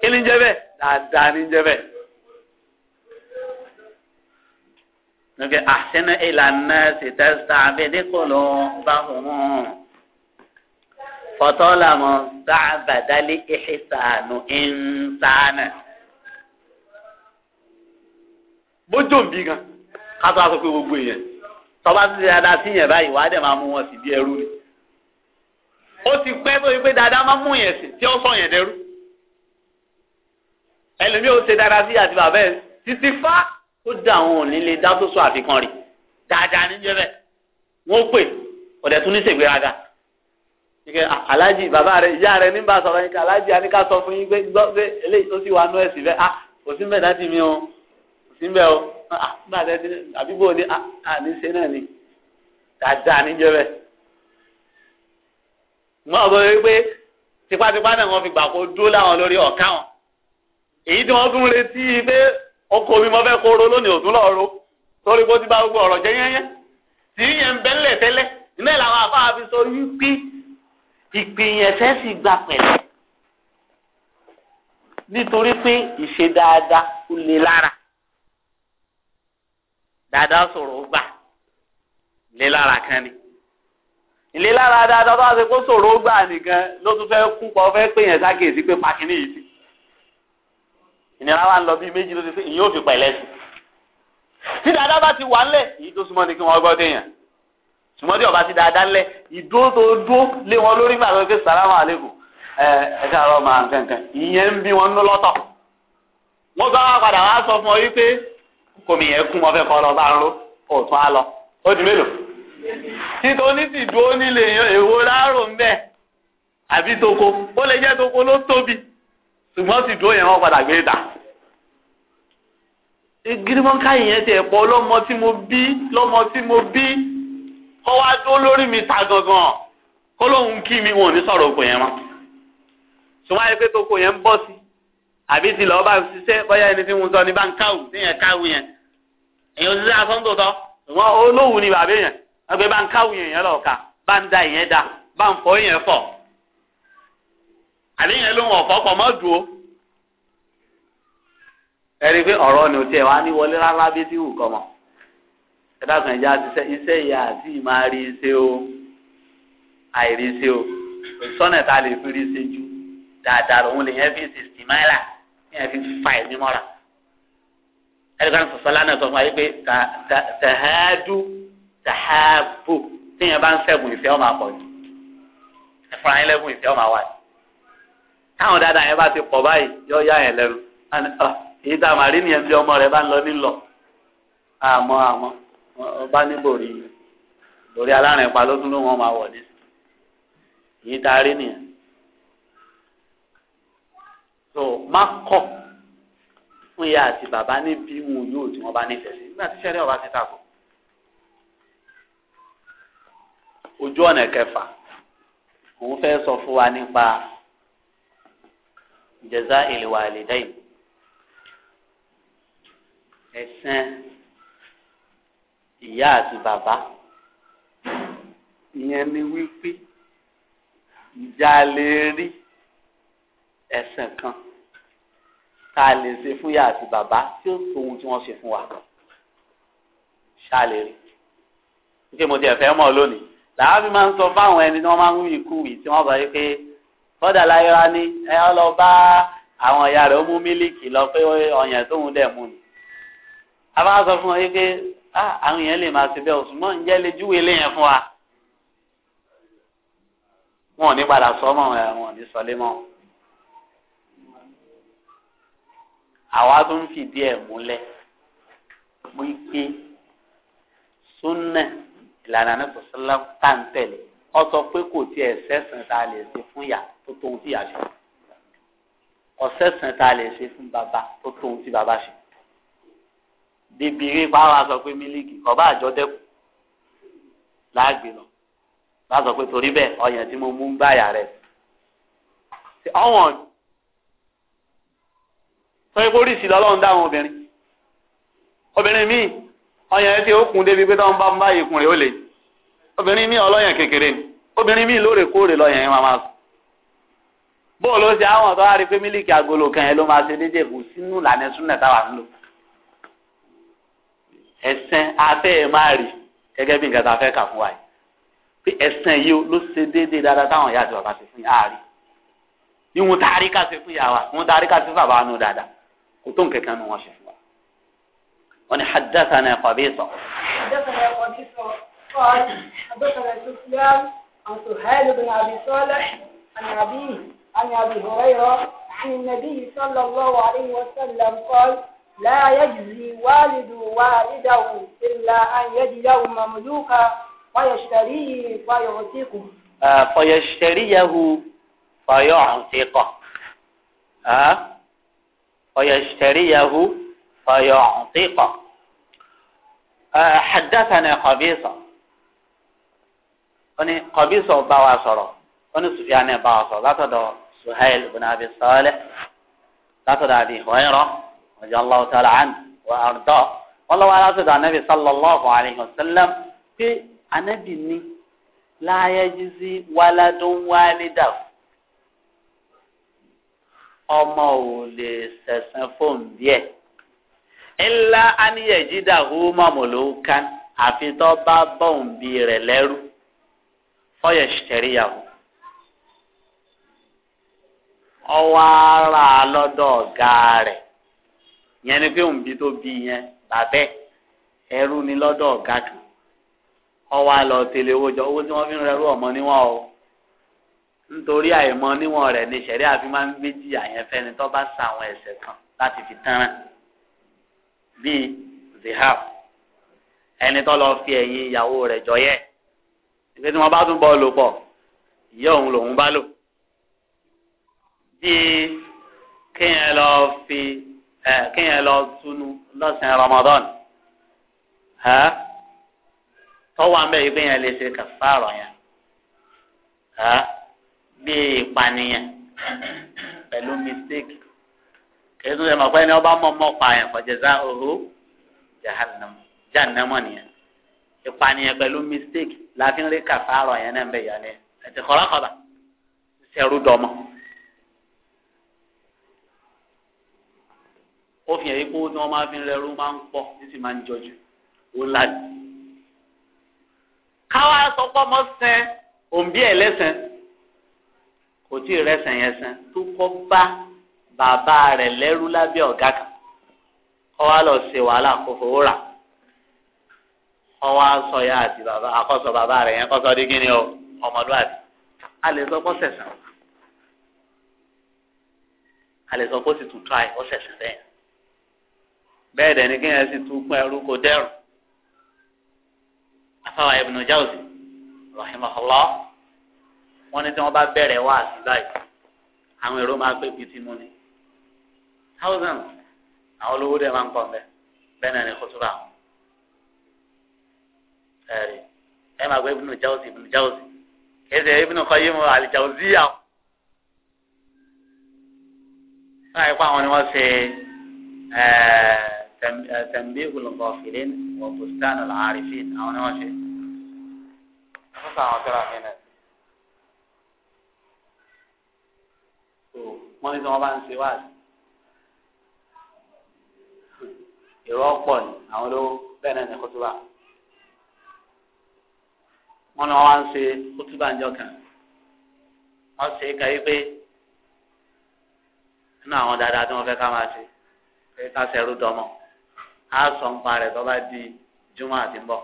kí ni jẹ́ bẹ́ẹ̀ dáadáa ni jẹ́ bẹ́ẹ̀. Nùkẹ́ àṣẹ́nà ìlànà ṣètẹ́sítà àbẹ̀dẹ́kọ̀ lọ bá wọn. Fọ̀tọ́lá mọ̀ sábàdálé ìṣẹ̀sànù ìǹsánà. Bójú òbí gan, ká tó a pé gbogbo èèyàn. Tọ́ba ti ṣe dáadáa sí yẹn báyìí, wàá dẹ̀ máa mú wọn sí bí ẹrú ni ó ti pẹ́ tó yẹ pé dáadáa máa mú yẹn sí tí ó sọ yẹn dẹrú ẹlòmíì ó ṣe dáadáa sí àti bàbá ẹ títí fá ó dá àwọn òní lè dá tó sọ àfikàn rè dáadáa níjẹ bẹ wọn pè ọdẹ tún ní ṣègbéraga ike ah, alájì bàbá rẹ ìyá rẹ nígbà sọ̀rọ̀ yín ká alájì aníká sọ fún yín pé gbọ́ pé eléyìí tó sì wà nú ẹ̀sìn bẹ́ẹ̀ ah kò sí mbẹ́ dájú mi o kò sí mbẹ́ o ah nígbà tẹ́tí àbíbò ni ah ní ṣe náà ni dáadáa níjẹ bẹ́ẹ̀ wọn bọ wípé tipátipá náà wọn fi gbà kó dúró láwọn lórí ọ̀ká wọn èyí tí wọn tún retí pé ọkọ mi mo fẹ́ kó ro lónìí òtún lọ́ọ́ ro torí bó ti bá gbogbo ọ̀rọ̀ jẹ́ yẹ́yẹ́ tí yẹn ń bẹ́lẹ̀ tẹ́lẹ̀ iná làwọn afáà fi sọ wípé ìpìyànfẹ́ sì gbà pẹ̀lẹ́ nítorí pé ìṣe dáadáa ó le lára dáadáa sọ̀rọ̀ ó gbà le lára kan ni. ìlélára dáadáa tó bá kó sòrò gbà nìkan ló tún fẹ́ kú pọ̀ fẹ́ pè yẹn sákèsí pé pàkínní yìí ìnira wa ń lọ bíi méjì ló ti fi ìyẹn ò fi pẹ̀lẹ́ sí tí dada bá ti wà ńlẹ̀ èyí tó súnmọ́ ni kí wọ́n gbọ́ ọba ti tó lé wọn lórí pé sàlámù ẹ ẹ máa ìyẹn ń bí wọn lọ́tọ̀ wọ́n gbọ́ wá sọ fún ọ yí pé kòmìyẹn títa onídìdú onílé yan èwo láàrò ń bẹ àbí toko ó lè jẹ́ toko ló tóbi ṣùgbọ́n ti dúró yẹn wọ́n padà gbé dà girimọ́ká yẹn ti ẹ̀pọ̀ lọ́mọ tí mo bí lọ́mọ tí mo bí kọ́ wá dó lórí mi ta gangan kó lóun kí mi wọn ò ní sọ̀rọ̀ oko yẹn mọ́ ṣùgbọ́n àyè pé toko yẹn ń bọ̀ sí àbí ti lọ́ọ́ bá ṣiṣẹ́ bóyá ẹni tí mo sọ ní bá ń káwù ní yẹn káwù yẹn èyàn ò ṣiṣẹ́ ẹgbẹ́ bá ń káwọn èèyàn lọ́ọ̀ka bá ń da ìyẹn da bá ń fọ ìyẹn fọ àníyàn ló ń ọ̀fọ́ pọ̀ mọ́ dùn ó ẹ̀rí pé ọ̀rọ̀ ni ò tiẹ̀ wá ní wọlé rárá bí tí wù kọ́ mọ́ ẹ dákun ẹ̀já ti iṣẹ́ ìyá àti ìmáa rí iṣẹ́ o àìrí iṣẹ́ o sọ́nà tá a lè fi rí iṣẹ́ ju dáadáa lòun lè yẹn fi sixty náírà yẹn fi fa ẹ̀mí mọ́ra ẹ̀rí e kan sọ̀sọ́ lánàá sọ fún wa yìí pé tàhádùú tàhábù téèyàn bá ń sẹ́gun ìfẹ́ ọmọ àpọ̀ jù ẹ̀fọn ayé lẹ́gùn ìfẹ́ ọmọ àwa yìí táwọn dáadáa yẹn bá ti pọ̀ báyìí yọ yá yẹn lẹ́nu ah, èyí tá a máa rí nìyẹn bí ọmọ rẹ bá ń lọ nílọ àmọ́ àmọ́ ọba níbò rí lórí alárìn pa lọ́dún ló wọ́n máa wọ̀ ní èyí tá a rí nìyẹn tó má kọ̀ fún ìyá àti bàbá níbi wọn yóò tí wọ́n bá nífẹ̀ẹ́ sí nígbà tí sẹ́rẹ́ ọba ti ta ojú ọ̀nà kẹfà òun fẹ́ sọ fún wa nípa jaza'il walidayn ẹ̀sìn ìyá àti bàbá ìyẹn ni wípé ìjà lè rí ẹ̀sìn kan tá a lè ṣe fún ìyá àti bàbá tí ó tó ohun tí wọ́n ṣe fún wa ṣáà lè rí. nígbà mo ti ẹ̀fẹ́ mọ̀ lónìí làábí máa ń sọ fáwọn ẹni tí wọ́n máa ń wí ìkúwì tí wọ́n sọ yìí pé bọ́dà láyọ́ra ní ẹ ọ lọ bá àwọn ìyá rẹ̀ ó mú mílíkì lọ pé ọyàn tóun dẹ̀ mú ni. a sọ fún ọ pé àwọn èèyàn lè máa ṣe bẹ́ẹ̀ oṣù mọ́ ǹjẹ́ lè júwèé léyìn fún wa. wọn ò ní padà sọ mọ́ wọn ò ní sọ lé mọ́. àwa tó ń fìdí ẹ̀ múlẹ̀ wípé súnnà ìlànà anábì sọlá tá ń tẹ̀lé ọ sọ pé kò tiẹ̀ sẹ́sàn tá a lè ṣe fún ìyá tó tó ohun tí ìyá ṣe ọ̀sẹ̀sàn tá a lè ṣe fún bàbá tó tó ohun tí bàbá ṣe bìbìrì pàrọ̀ sọ pé mílíkì ọba àjọ dẹ́kun láàgbé lọ bá sọ pé torí bẹ́ẹ̀ ọyàn tí mo mú ń gbàyà rẹ̀ ọ̀wọ̀n sọ pé oríṣi lọ́lọ́run dáhùn obìnrin obìnrin míì ọyàn ẹ ti ó kun débi pé táwọn bá ń bá ikùn rẹ̀ ó le obìnrin mi ọlọ́yàn kékeré ni obìnrin mi lóòrèkóòrè lọ́yàn yẹn máa máa sùn bóòlù ó ṣe àwọn tó wá rí pé mílíkì agolo kan yẹn ló máa ṣe déédéé kò sínú ìlànà súnà táwa ń lò ẹ̀sìn afẹ́ ẹ̀ máa rì gẹ́gẹ́ bí nǹkan tá a fẹ́ kà fún wa yìí pé ẹ̀sìn yìí ló ṣe déédéé dáadáa táwọn ìyá àti bàbá ṣe fún yàrá rí ìwọ̀n tá a rí ká ṣe fún وانا حدثنا قبيصة حدثنا قبيصة قال حدثنا سفيان عن سهيل بن أبي صالح عن أبيه عن أبي هريرة عن النبي صلى الله عليه وسلم قال لا يجزي والد والده إلا أن يجده مملوكا فيشتريه فيعتقه آه فيشتريه فيعتقه آه فيشتريه فيعطق آه، حدثنا قبيصة أني قبيصة بواسرة أني سفيان بواسرة لا تدع سهيل بن أبي صالح لا تدع أبي هريرة رضي الله تعالى عنه وأرضاه والله أنا أتدع النبي صلى الله عليه وسلم في أنبني لا يجزي ولد والده ọmọ ò lè sẹ̀sẹ̀ fóun ńlá aníyẹ̀jídà húmà mọ̀lọ́kàn àfi tó bá bọ̀n bí rẹ̀ lẹ́rú fọyẹ̀ ṣẹ̀ríyàwó. ọwọ́ ara lọ́dọ̀ ọ̀gá rẹ̀ yẹn ni pé tó bí yẹn bàbẹ́ ẹrú ni lọ́dọ̀ ọ̀gá kan ọwọ́ àlọ́ tẹ̀lé owó jọ owó tí wọ́n ọmọ níwọ̀n o nítorí níwọ̀n ni ṣẹ̀rí àfi máa ń gbé jìyà sa àwọn kan láti fi tán bíi zihab ẹni tó lọ fi ẹ̀yìn ìyàwó rẹ̀ jọyẹ́ ìpè tí wọ́n bá tún bọ́ lò pọ̀ ìyá òun lòun bá lò bíi kéèyàn lọ fi ẹ kéèyàn lọ túnú lọ́sàn-án Ramadan ẹ tọ́wọ́ àmì ẹ̀yìn kéèyàn lè ṣe kàfàrọ̀ yẹn ẹ bíi ìpànìyàn pẹ̀lú mistake kẹsùn ẹ̀ mọ̀pẹ́ ni ọba mọ̀ mọ̀ pa yẹn kọjá oho jahannamọ nìyẹn ìpànìyàn pẹ̀lú mistake láti rí kàfàrọ̀ yẹn náà ń bẹ̀ yọlẹ̀ ẹ̀tì kọ́lákọ́ba ṣẹ̀rú dọ́mọ. ó fi hàn yí pé ó ní wọ́n máa fi rẹrú máa ń pọ̀ ní máa ń jọjú ó ń káwá sọ pé ọmọ sẹ́n òǹbí ẹ̀ lẹ́sẹ̀n kò tí ì rẹ́sẹ̀n yẹn sẹ́n tó kọ́ bá bàbá rẹ̀ lẹ́rú lábẹ́ ọ̀gá kan kọ́ wa lọ ṣe wàhálà kó fowó rà kọ́ wa sọ ya àti bàbá akọ́sọ bàbá rẹ̀ yẹn kọ́sọ́ dí kíni o ọmọlúwàbí a lè sọ kó sẹ̀sán a lè sọ kó sì tún tíráì kó sẹ̀sán bẹ́ẹ̀ bẹ́ẹ̀ dẹ̀ ni kéèyàn sì tún pín ẹrú kó dẹ́rù afáwa Ibn Jawzi rahimahullah wọ́n ní tí wọ́n bá bẹ̀rẹ̀ wá àti báyìí àwọn èrò máa pé bìtì mú ni thousand àwọn olówó dẹ̀ máa ń pọ̀ mbẹ́ bẹ́ẹ̀ náà ni kótóbà wọn. ẹ̀rí ẹ máa gbé ibùnú jáwùsì ibùnú jáwùsì kẹsẹ̀ ibùnú kọ́yé mu àlìjáwùsì yà ó. báyìí pa àwọn ni wọ́n ṣe tẹ̀m̀bí ìgbìlùkọ̀ fìlín wọ bùsítánù làárífín àwọn ni wọ́n ṣe. wọ́n sọ àwọn tẹ́lá fún ẹ̀ wọ́n ní sọ wọ́n bá ń ṣe wáàsí. ìrọ́ pọ̀ ní àwọn olówó bẹ́ẹ̀ náà ní kótóbà wọn ni wọn wá ń ṣe kótóbà ńjọ kan wọn ṣe é ka yí pé nínú àwọn dáadáa tí wọn fẹ́ ká máa ṣe pé ká ṣẹrú dọmọ á sọ ń pa rẹ̀ tó bá di júmọ́ àti ń bọ̀.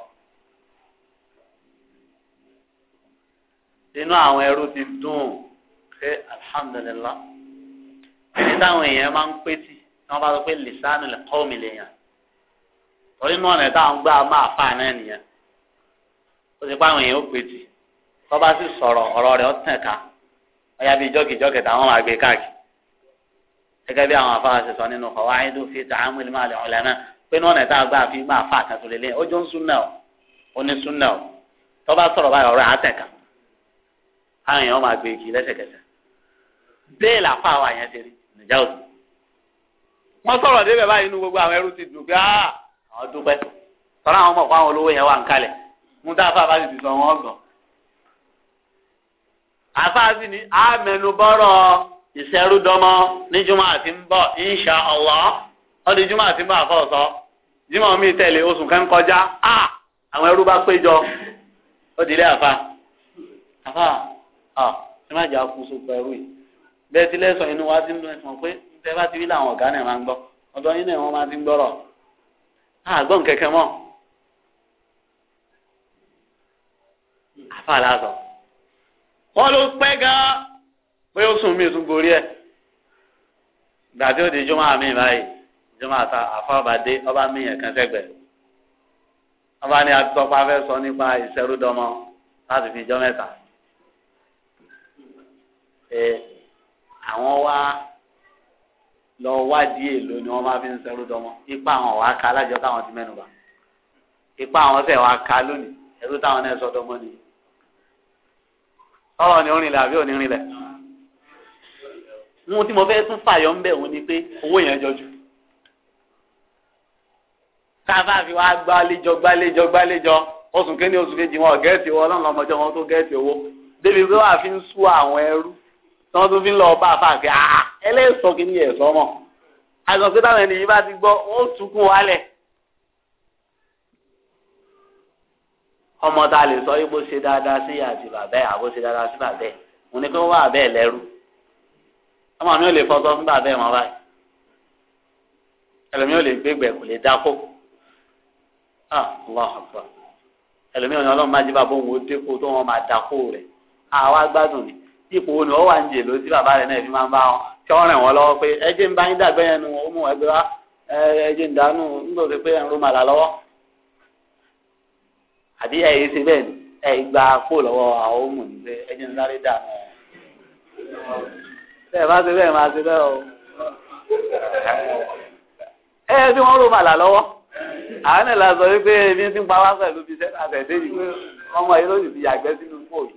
inú àwọn ẹrú ti dùn pé alhamdulilah ẹni táwọn èèyàn máa ń pé tí wọn bá sọ pé lisanu lè kọ́ mi torí náà ọ̀nà táwọn gbá máa fà náà nìyẹn ó ti pa àwọn èèyàn ó pètì tó bá sì sọ̀rọ̀ ọ̀rọ̀ rẹ̀ ó tàn ká ọ̀yà bíi jọ́kìjọ́kì táwọn máa gbé káàkiri gẹ́gẹ́ bí àwọn afárasẹ̀ sọ nínú ọ̀wá ayédó fi tààmù ìlú máa ọ̀lẹ́ náà pé náà ọ̀nà táwọn gbá fi máa fà kan tó lélẹ̀ ọjọ́ ń súnà ọ̀ ó ní súnà ọ̀ tó sọ̀rọ̀ báyọ̀ ọ̀rọ̀ àtẹ̀ká àwọn èèyàn máa gbé àwọn dúpẹ́ tọ́lá ọmọkwa ọmọ fún ihe olówó yẹn wà ń kalẹ̀ mú tá a fà bá ni a mẹnu bọrọ ìṣẹ́rúdọ́mọ ní jùmọ̀ àti insha Allah a àwọn ẹrú bá péjọ ó di ilé àfa àfa ọ ẹ má jà kú ẹrú yìí inú wa ti ń lọ pé ń ti rí làwọn ọ̀gá náà máa ń gbọ́ ọ̀dọ́ yín náà wọ́n àgbọn ah, kẹkẹ mọ àfa làásọ wọn ló pẹ́ gan pé ó sùn mí tún gorí ẹ gbàdé òde jọmọ àmì báyìí jọmọ àta àfa ọba mi yẹn kan sẹgbẹ ọba ni atọpa fẹ́ sọ nípa ìṣẹrúdọmọ láti fi jọ mẹ́ta àwọn wá lọ wádìí èlò ni wọ́n máa fi ń sẹ́rú dọ́mọ́ ipa àwọn wàá ka alájọ táwọn ti mẹ́nuba ipa àwọn fẹ́ wàá ka lónìí ẹ̀rú táwọn náà sọ dọ́mọ́ nìyí. ọ̀rọ̀ ni orin ilẹ̀ àbí òní rinlẹ̀ ohun tí mo fẹ́ tún fàyọ ń bẹ̀ wọ́n ni pé owó yẹn jọjú káfá fi wá gbálẹ́jọ gbálẹ́jọ gbálẹ́jọ oṣù kéde oṣù kejì wọn gẹ́ẹ̀tì owó ọlọ́run ọmọdé wọn tó gẹ́ẹ̀tì owó débi pé wàá fi ń sú àwọn ẹrú tí wọ́n tún fi ń lọ bá àfa ah, àgbẹ̀ ah, àà ẹlẹ́sọ̀ kí ni ẹ̀sọ́ mọ̀ àgbọ̀n pé táwọn ènìyàn bá ti gbọ́ wọ́n sunkún wálẹ̀ ọmọ ta lè sọ yìí bó ṣe dáadáa sí àti bàbá ẹ̀ àbó ṣe dáadáa sí bàbá ẹ̀ mo ní kí wọ́n wà bẹ́ẹ̀ lẹ́rú ọmọ mi ò lè fọtọ fún bàbá ẹ̀ mọ́ báyìí ẹlòmíì ò lè gbégbẹ̀ kò lè dáko ah ò ní ọlọ́run má jí bàbá òun ó dé kó tó wọn máa dáko rẹ̀ àwa gbádùn ni ipò wo ni wọ́n ń jè ló sí bàbá rẹ̀ náà fi máa ń bá wọn tí wọ́n rìn wọ́n lọ́wọ́ pé ẹjẹ́ ń bá yín dàgbẹ́ yẹn nu ó mú ẹgbẹ́ wá ẹjẹ́ ń dànù nítorí pé ẹ̀rù màlà lọ́wọ́ àbí ẹ̀yìn ṣe bẹ́ẹ̀ ẹ̀ gba kó lọ́wọ́ àwọn òmù ní pé ẹjẹ́ ń sáré dànù bẹ́ẹ̀ bá ṣe bẹ́ẹ̀ máa ṣe bẹ́ẹ̀ o ẹ bí wọ́n rò màlà lọ́wọ́ àwọn ẹ̀ la sọ wípé ebi ti ń pa wá pẹ̀lú bíi sẹ́ńtà tẹ̀dé yìí ọmọ yìí ló sì ti yàgbẹ́ sínú fóònù.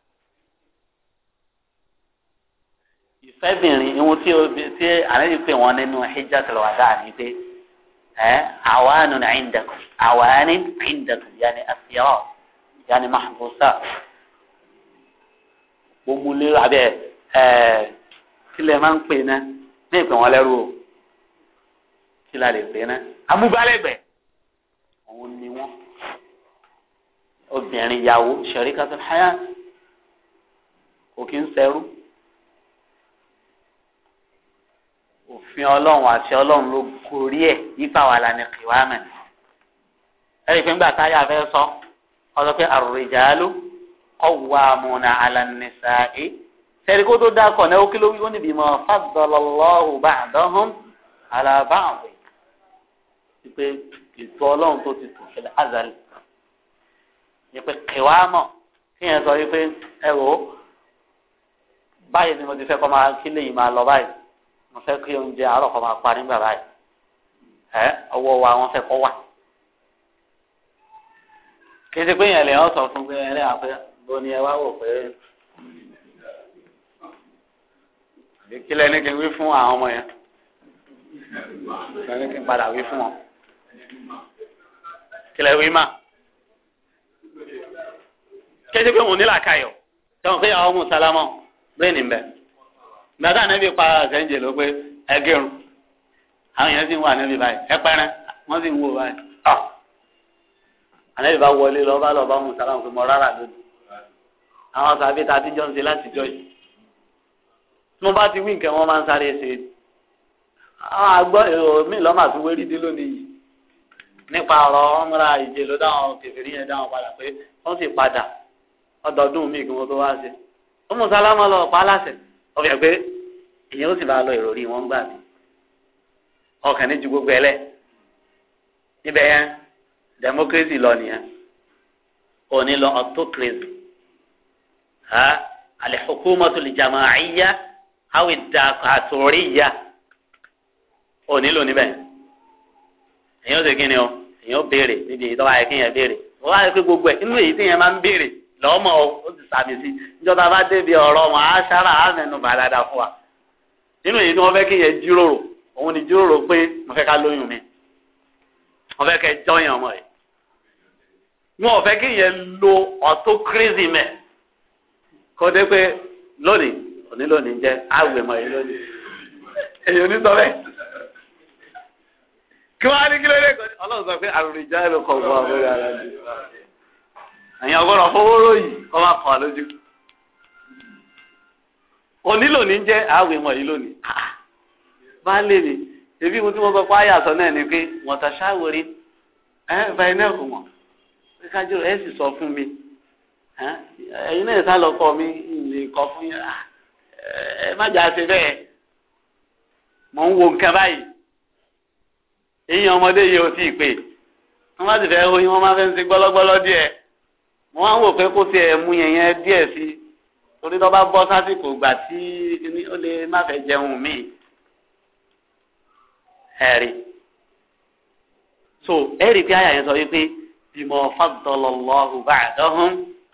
ìfẹ́bìnrin ihun tí àlejò pé wọ́n nínú hijjatul wadaa ni pé awanun indakum awanin indakum yanni asira yanni mahbusa gbogbolérò abẹ kílẹ̀ máa ń pè ná ní ìpè wọn lẹ́rú o kílẹ̀ lè pè ná amúgbálẹ́gbẹ̀ẹ́ òun ni wọ́n obìnrin ìyàwó sharikatul hayat kò kí ń òfin ọlọ́run àti ọlọ́run ló gorí ẹ̀ yípa wà lánàá kìwámẹ̀. ẹ̀rí fún gbà táyà fẹ́ sọ ọ sọ pé ar-rijalu qawwamuna 'ala an-nisa'i sẹ́rí kó tó dákọ̀ náà ó kí ló wí ó ní bima faddala Allahu ba'dahum 'ala ba'd wípé ètò ọlọ́run tó ti tò fẹ́lẹ́ azali wípé kìwámọ̀ kíyẹn sọ wípé ẹ wò ó báyìí ni mo ti fẹ́ kọ́ máa kí lèyìn máa lọ báyìí mo fẹ́ oúnjẹ àárọ̀ kọ́ máa parí nígbà báyìí ẹ ọwọ́ wa wọ́n fẹ́ kọ́ wà. kété pé yẹn lè sọ fún pé ẹ lè àpẹ bó ni ẹ wá wò pé kílẹ̀ ní kí n wí fún àwọn ọmọ yẹn ní kí n padà wí fún wọn kílẹ̀ wí mà kété pé mo ní làkàyọ̀ sọ fún yàrá ọmọ sálámọ̀ bẹ́ẹ̀ ni bẹ́ẹ̀ gbàtà níbi para sẹ́ńjẹ̀ ló pé ẹgẹrun àwọn yẹn sì ń wà níbi báyìí ẹpẹrẹ wọn sì ń wò báyìí ọ ah! ànábì bá wọlé lọ bá lọ bá musa láwọn fún mọ rárá lónìí àwọn sàbí ta tíjọ ń ṣe láti jọ yìí tí mo bá ti wí nǹkan wọn máa ń sáré ṣe àwọn àgbọ̀ èrò mi lọ́mà tó wérí dé lónìí yìí nípa ọ̀rọ̀ ọmọra ìjẹ ló dáhùn kẹfìrí yẹn dáhùn padà pé wọ́n sì padà ọdọọdún mi kí wọ́n tó wá ṣe ó musa láwọn lọ pa á láṣẹ. ó fi hàn pé ìyẹn ó sì bá lọ ìròrí wọn gbogbo ẹlẹ níbẹ̀ ya democracy lọ lọ autocracy ha alihukumatu lọ o èyàn ó béèrè níbi ìtọ́wá yẹ kí yẹn béèrè wọ́n á ya gbogbo ẹ̀ inú èyí tí ya ma n lọ́mọ ó ti sàmì sí níjọba bá débi ọ̀rọ̀ wọn á ṣára á mẹ́nu bà dáadáa fún wa nínú èyí ni wọ́n fẹ́ kí yẹn jíròrò òun ni jíròrò pé mo fẹ́ ká lóyún mi mo fẹ́ kẹ́ jọyàn ọmọ yìí wọn ò fẹ́ kí yẹn lo ọ̀tún kírísì mẹ́ kó dé pé lónìí òní lónìí jẹ́ àwẹ̀ mọ̀ yìí lónìí èyí ò ní sọ bẹ́ẹ̀ kí wọ́n á ní kí lóde ọlọ́run sọ pé àrùn ìjà ẹ̀rọ kọ̀ọ̀kan àbúrò ara rẹ̀. ẹ̀yin ọgọ́rọ̀ fowó ròyìn kọ́ máa kàn án lójú. onílò ní jẹ́ àwìn wọ̀nyí lónìí. bá lè mi ebi mo tí mo sọ pé àyà sọ náà ni pé wọ́n ta ṣáwórí ẹ báyìí náà kò mọ̀ pé sì sọ fún mi ẹ̀yin náà sá lọ mi fún yín ah, má jà mo wá ń wò pé kó tiẹ̀ mú yẹn yẹn díẹ̀ sí i torí tó bá bọ́ sásìkò gbà tí ó lè má fẹ́ jẹun míì ẹ̀rí so ẹ̀rí pé àyà yẹn sọ wípé bímọ fàdọlọlọhùn bàdọhùn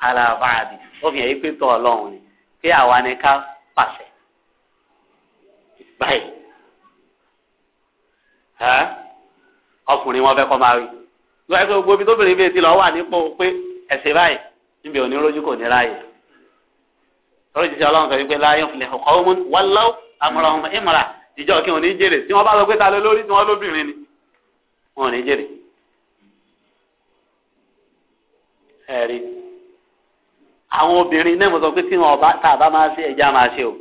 àlàbàdì ó fi hàn yín pé tọ Ọlọ́run ni pé àwa ni ká pàṣẹ báyìí ọkùnrin wọn fẹ́ kọ máa rí lọ́wọ́ ẹgbẹ́ gbogbo ibi tóbìnrin bíi ti lọ wà nípò pé ẹsẹ̀ báyìí níbi òní rojú kò ní ráàyè lórí jíjẹ ọlọ́run sọ wípé láyé ìfìlẹ̀ ọkọ̀ ọmọ wàláwù amúra ọmọ ìmọ̀ra ìjọ kí wọn ní jèrè tí wọn bá lọ pé ta ló lórí tí wọn lóbìnrin ni wọn ò ní jèrè. ẹ̀rí àwọn obìnrin náà mo sọ pé tí wọn ọba tá a bá máa ṣe ẹja máa ṣe o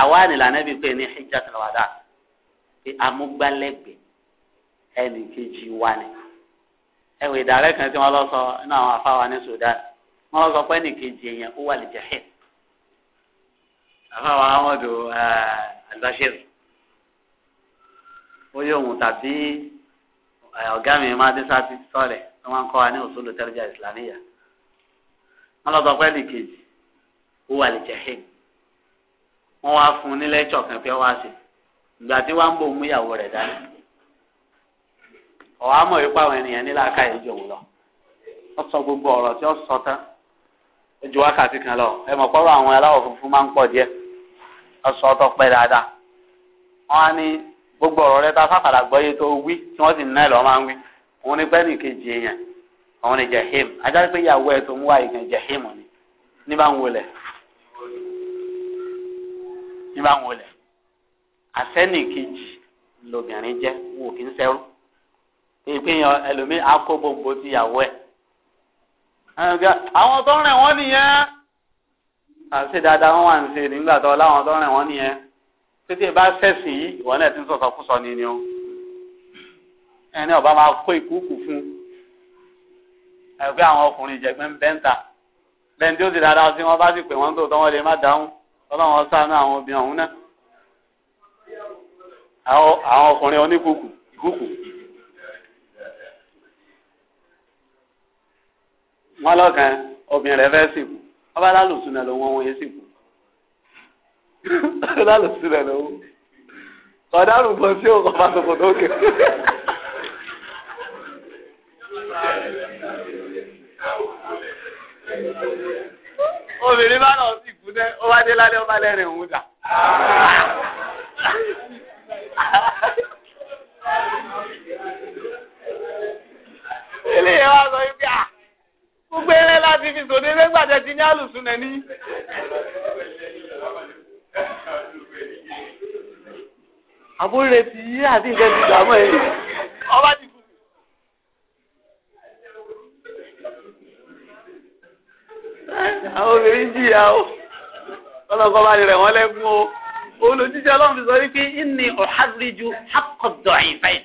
àwa nìlànà bíi pé ní hijab tàwádà pé amúgbálẹ́gbẹ̀ẹ́ ẹnì kejì wa ni. ẹwì ìdàrẹ́ kan tí wọn lọ sọ inú àwọn afáwa ní Sudan wọ́n lọ sọ pé nìkejì èèyàn ó wà lè jẹ́ hẹ́ẹ̀ afáwa amadu ó yóò tàbí mi ti sọ̀rẹ̀ wọ́n máa ń wa ní òṣèlú tẹ́lẹ̀jà ìsìlámíyà wọ́n lọ sọ pé nìkejì ó wà lè jẹ́ hẹ́ẹ̀ wọ́n wá fún un nílẹ̀ ìtsọ̀kan pé wọ́n á ṣe ìgbà bò mú ọ̀hà mọ̀ yípa àwọn ènìyàn nílà ká ìjọ òun lọ ó sọ gbogbo ọ̀rọ̀ tí ó sọ tán ó ju wákàtí kan lọ ẹ mọ̀ pọ́rọ̀ àwọn aláwọ̀ funfun máa ń pọ̀ díẹ̀ ó sọ ọtọ́ pẹ́ dáadáa wọ́n á ní gbogbo ọ̀rọ̀ rẹ ta fàkàlà tó wí tí wọ́n sì ná ẹ̀ lọ́ máa ń wí òun kejì èèyàn òun ajá pé ìyàwó ẹ̀ tó ń wá ni ní bá ń ní bá ń ìpínyàn ẹlòmíín akó gbogbo ti yàwó ẹ. àwọn tó rìn wọ́n nìyẹn àti dáadáa wọn wà ń ṣe nígbà tó láwọn tó rìn wọ́n nìyẹn títí bá sẹ̀sìn yìí ìwọ náà ti ń sọ̀sọ̀ kúsọ ni ni o ẹni ọba máa kó ìkúùkù fún ẹgbẹ́ àwọn ọkùnrin ìjẹ̀gbẹ́ ń bẹ́ńtà lẹ́ni tí ó ti dáadáa sí wọn bá sì pè wọ́n tó tọ́ wọn lè má dáhùn ọlọ́run ṣàánú àwọn obìnrin ọ̀hún náà àwọn ọkùnrin oníkùkù ìkùkù wọn lọkàn obìnrin rẹ fẹ́ sìnkú ọba lálùsùn náà ló wọn wọn yé sìnkú lálùsùn náà ló wọn ọ̀daràn kan tí ó kọfà tó kọtó kẹ. obìnrin bá lọ sí ìkúnlẹ̀ ó bá dé lálẹ́ ó bá lẹ́rìn òun dà. eléyìí wá sọ yìí pé à. Ah, gbogbo eré láti fi sòdé lẹ́gbàdẹ ti ní àlùsùn nẹ́ni. àbúrò ti yí àti nǹkan ti dààmú ẹ̀ ọba ti kú. àwọn obìnrin jìyà o ọlọ́kọ́ bá rẹ̀ wọ́n lẹ́gùn o olùjíjẹ́ ọlọ́run fi sọ wípé ìní ọ̀hádìjú hákọ̀dọ̀ àyìnfẹ́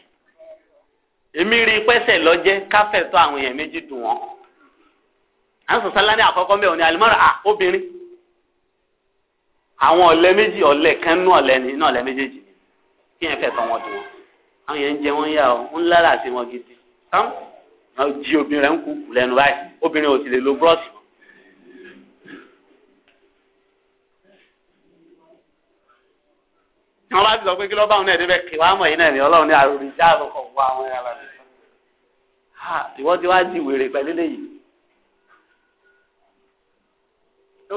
èmi rí pẹ́sẹ̀ lọ́jẹ́ káfẹ́ tó àwọn èèyàn méjì dùn wọ́n asọ̀sálá ní àkọ́kọ́ mẹ́wọ̀n ni alimọ́ra à obìnrin àwọn ọ̀lẹ́ méjì ọ̀lẹ́ kan nú ọ̀lẹ́ ní inú ọ̀lẹ́ méjèèjì kí yẹn fẹ́ tọ́ wọn dùn wọn àwọn yẹn ń jẹ wọn yá o ń lára àti wọn gidi tán wọn jí obìnrin rẹ ń kú kù lẹ́nu báyìí obìnrin ò sì lè lo búrọ́ọ̀sì mọ́. wọn bá ti sọ pé kí ló bá wọn náà débẹ̀ kí wàá mọ̀ yín náà ní ọlọ́run ní àròrìn jáàbọ̀ kọ̀ wọ àwọn ẹ̀rọ àlọ́ ìwọ́n ti wá di wèrè pẹ̀lú léyìí.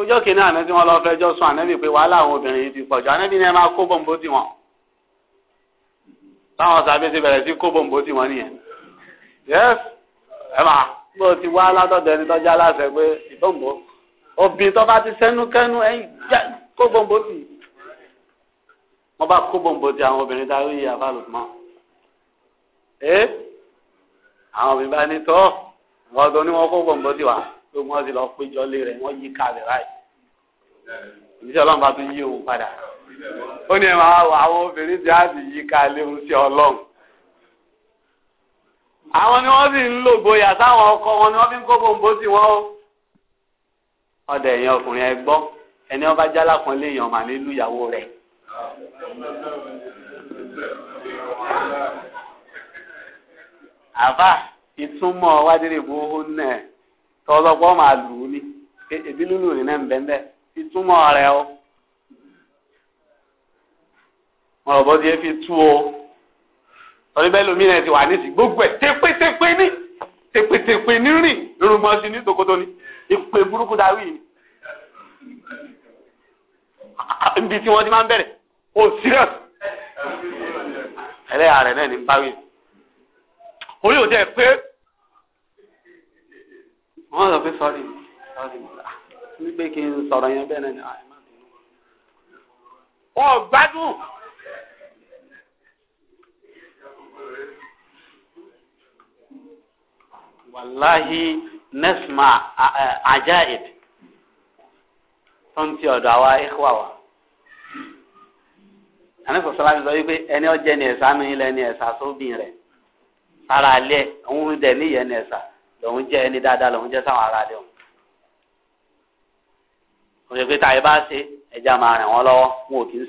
ọjọ́ kìíní àná tí lọ fẹjọ́ sùn ànábì pé wàhálà àwọn obìnrin yìí ti pọ̀ jù ànábì ni ẹ máa kó bòǹbò tì wọ́n táwọn sàbẹ̀ ti bẹ̀rẹ̀ sí kó bòǹbò tì wọ́n nìyẹn ẹ máa bó ti wá látọ̀dọ̀ ẹni tọ́jú aláṣẹ pé ìbòǹbò obìnrin tó bá ti sẹ́nukẹ́nu ẹ̀yìn já kó bòǹbò tì wọ́n bá kó bòǹbò tì àwọn obìnrin tá a rí yàrá lùmọ́ ẹ àwọn obìnrin bá ní tọ́ wọ́n tó ní wọ́n kó bòǹbò tì wá tó wọ́n sì lọ péjọ lé rẹ̀ wọ́n yí kalẹ̀ ráì ìdíjọ́ ọlọ́run bá tún yí òun padà ó ní àwọn obìnrin tí a sì yí kalẹ̀ òun sí ọlọ́run àwọn ni wọ́n sì ń lò gboyà sáwọn ọkọ wọn ni wọ́n fi ń kó bòǹbó sí wọn o ọdẹ èèyàn ọkùnrin ẹ gbọ́ ẹni ọba jálá kan léèyàn mà nílùú ìyàwó rẹ̀. àbá ìtumọ̀ wádìrí ìbò ó nẹ̀ tọ́sọ pé wọ́n máa lù ú ní ebi lulu ní náà bẹ́ẹ̀ ìtumọ̀ rẹ o wọn ò bọ́ sí efi tú o torí bẹ́ẹ̀ lómi náà ti wà ní ìsìn gbogbo ẹ̀ tépétépé ní tépétépé ní rìn irùngbọ̀n sí ní tòkótó ní ìpè burúkú darí ni níbi tí wọ́n ti máa ń bẹ̀rẹ̀ o serious ẹlẹ́yà rẹ̀ náà ní báwí orí òde pé wọ́n sọ pé sọ́ọ̀rì sọ́ọ̀rì wípé kí n sọ̀rọ̀ yẹn bẹ́ẹ̀ náà ni wọn ah, gbádùn. wàláhi nẹ́sìmà ajaib tó ń ti ọ̀dọ̀ àwa ikhwa wa. àníṣe sọ́lámi sọ wípé ẹni ọjẹ́ ni ẹ̀sà mi ilẹ̀ ni ẹ̀sà sóbìn rẹ̀ sára alẹ́ òun dẹ̀ níyẹn ni ẹ̀sà. lòun jẹ́ ẹni dáadáa lòun jẹ́ sáwọn ará lé òun ṣe pé ṣe ẹja máa rìn wọ́n lọ́wọ́ wọn ò kì í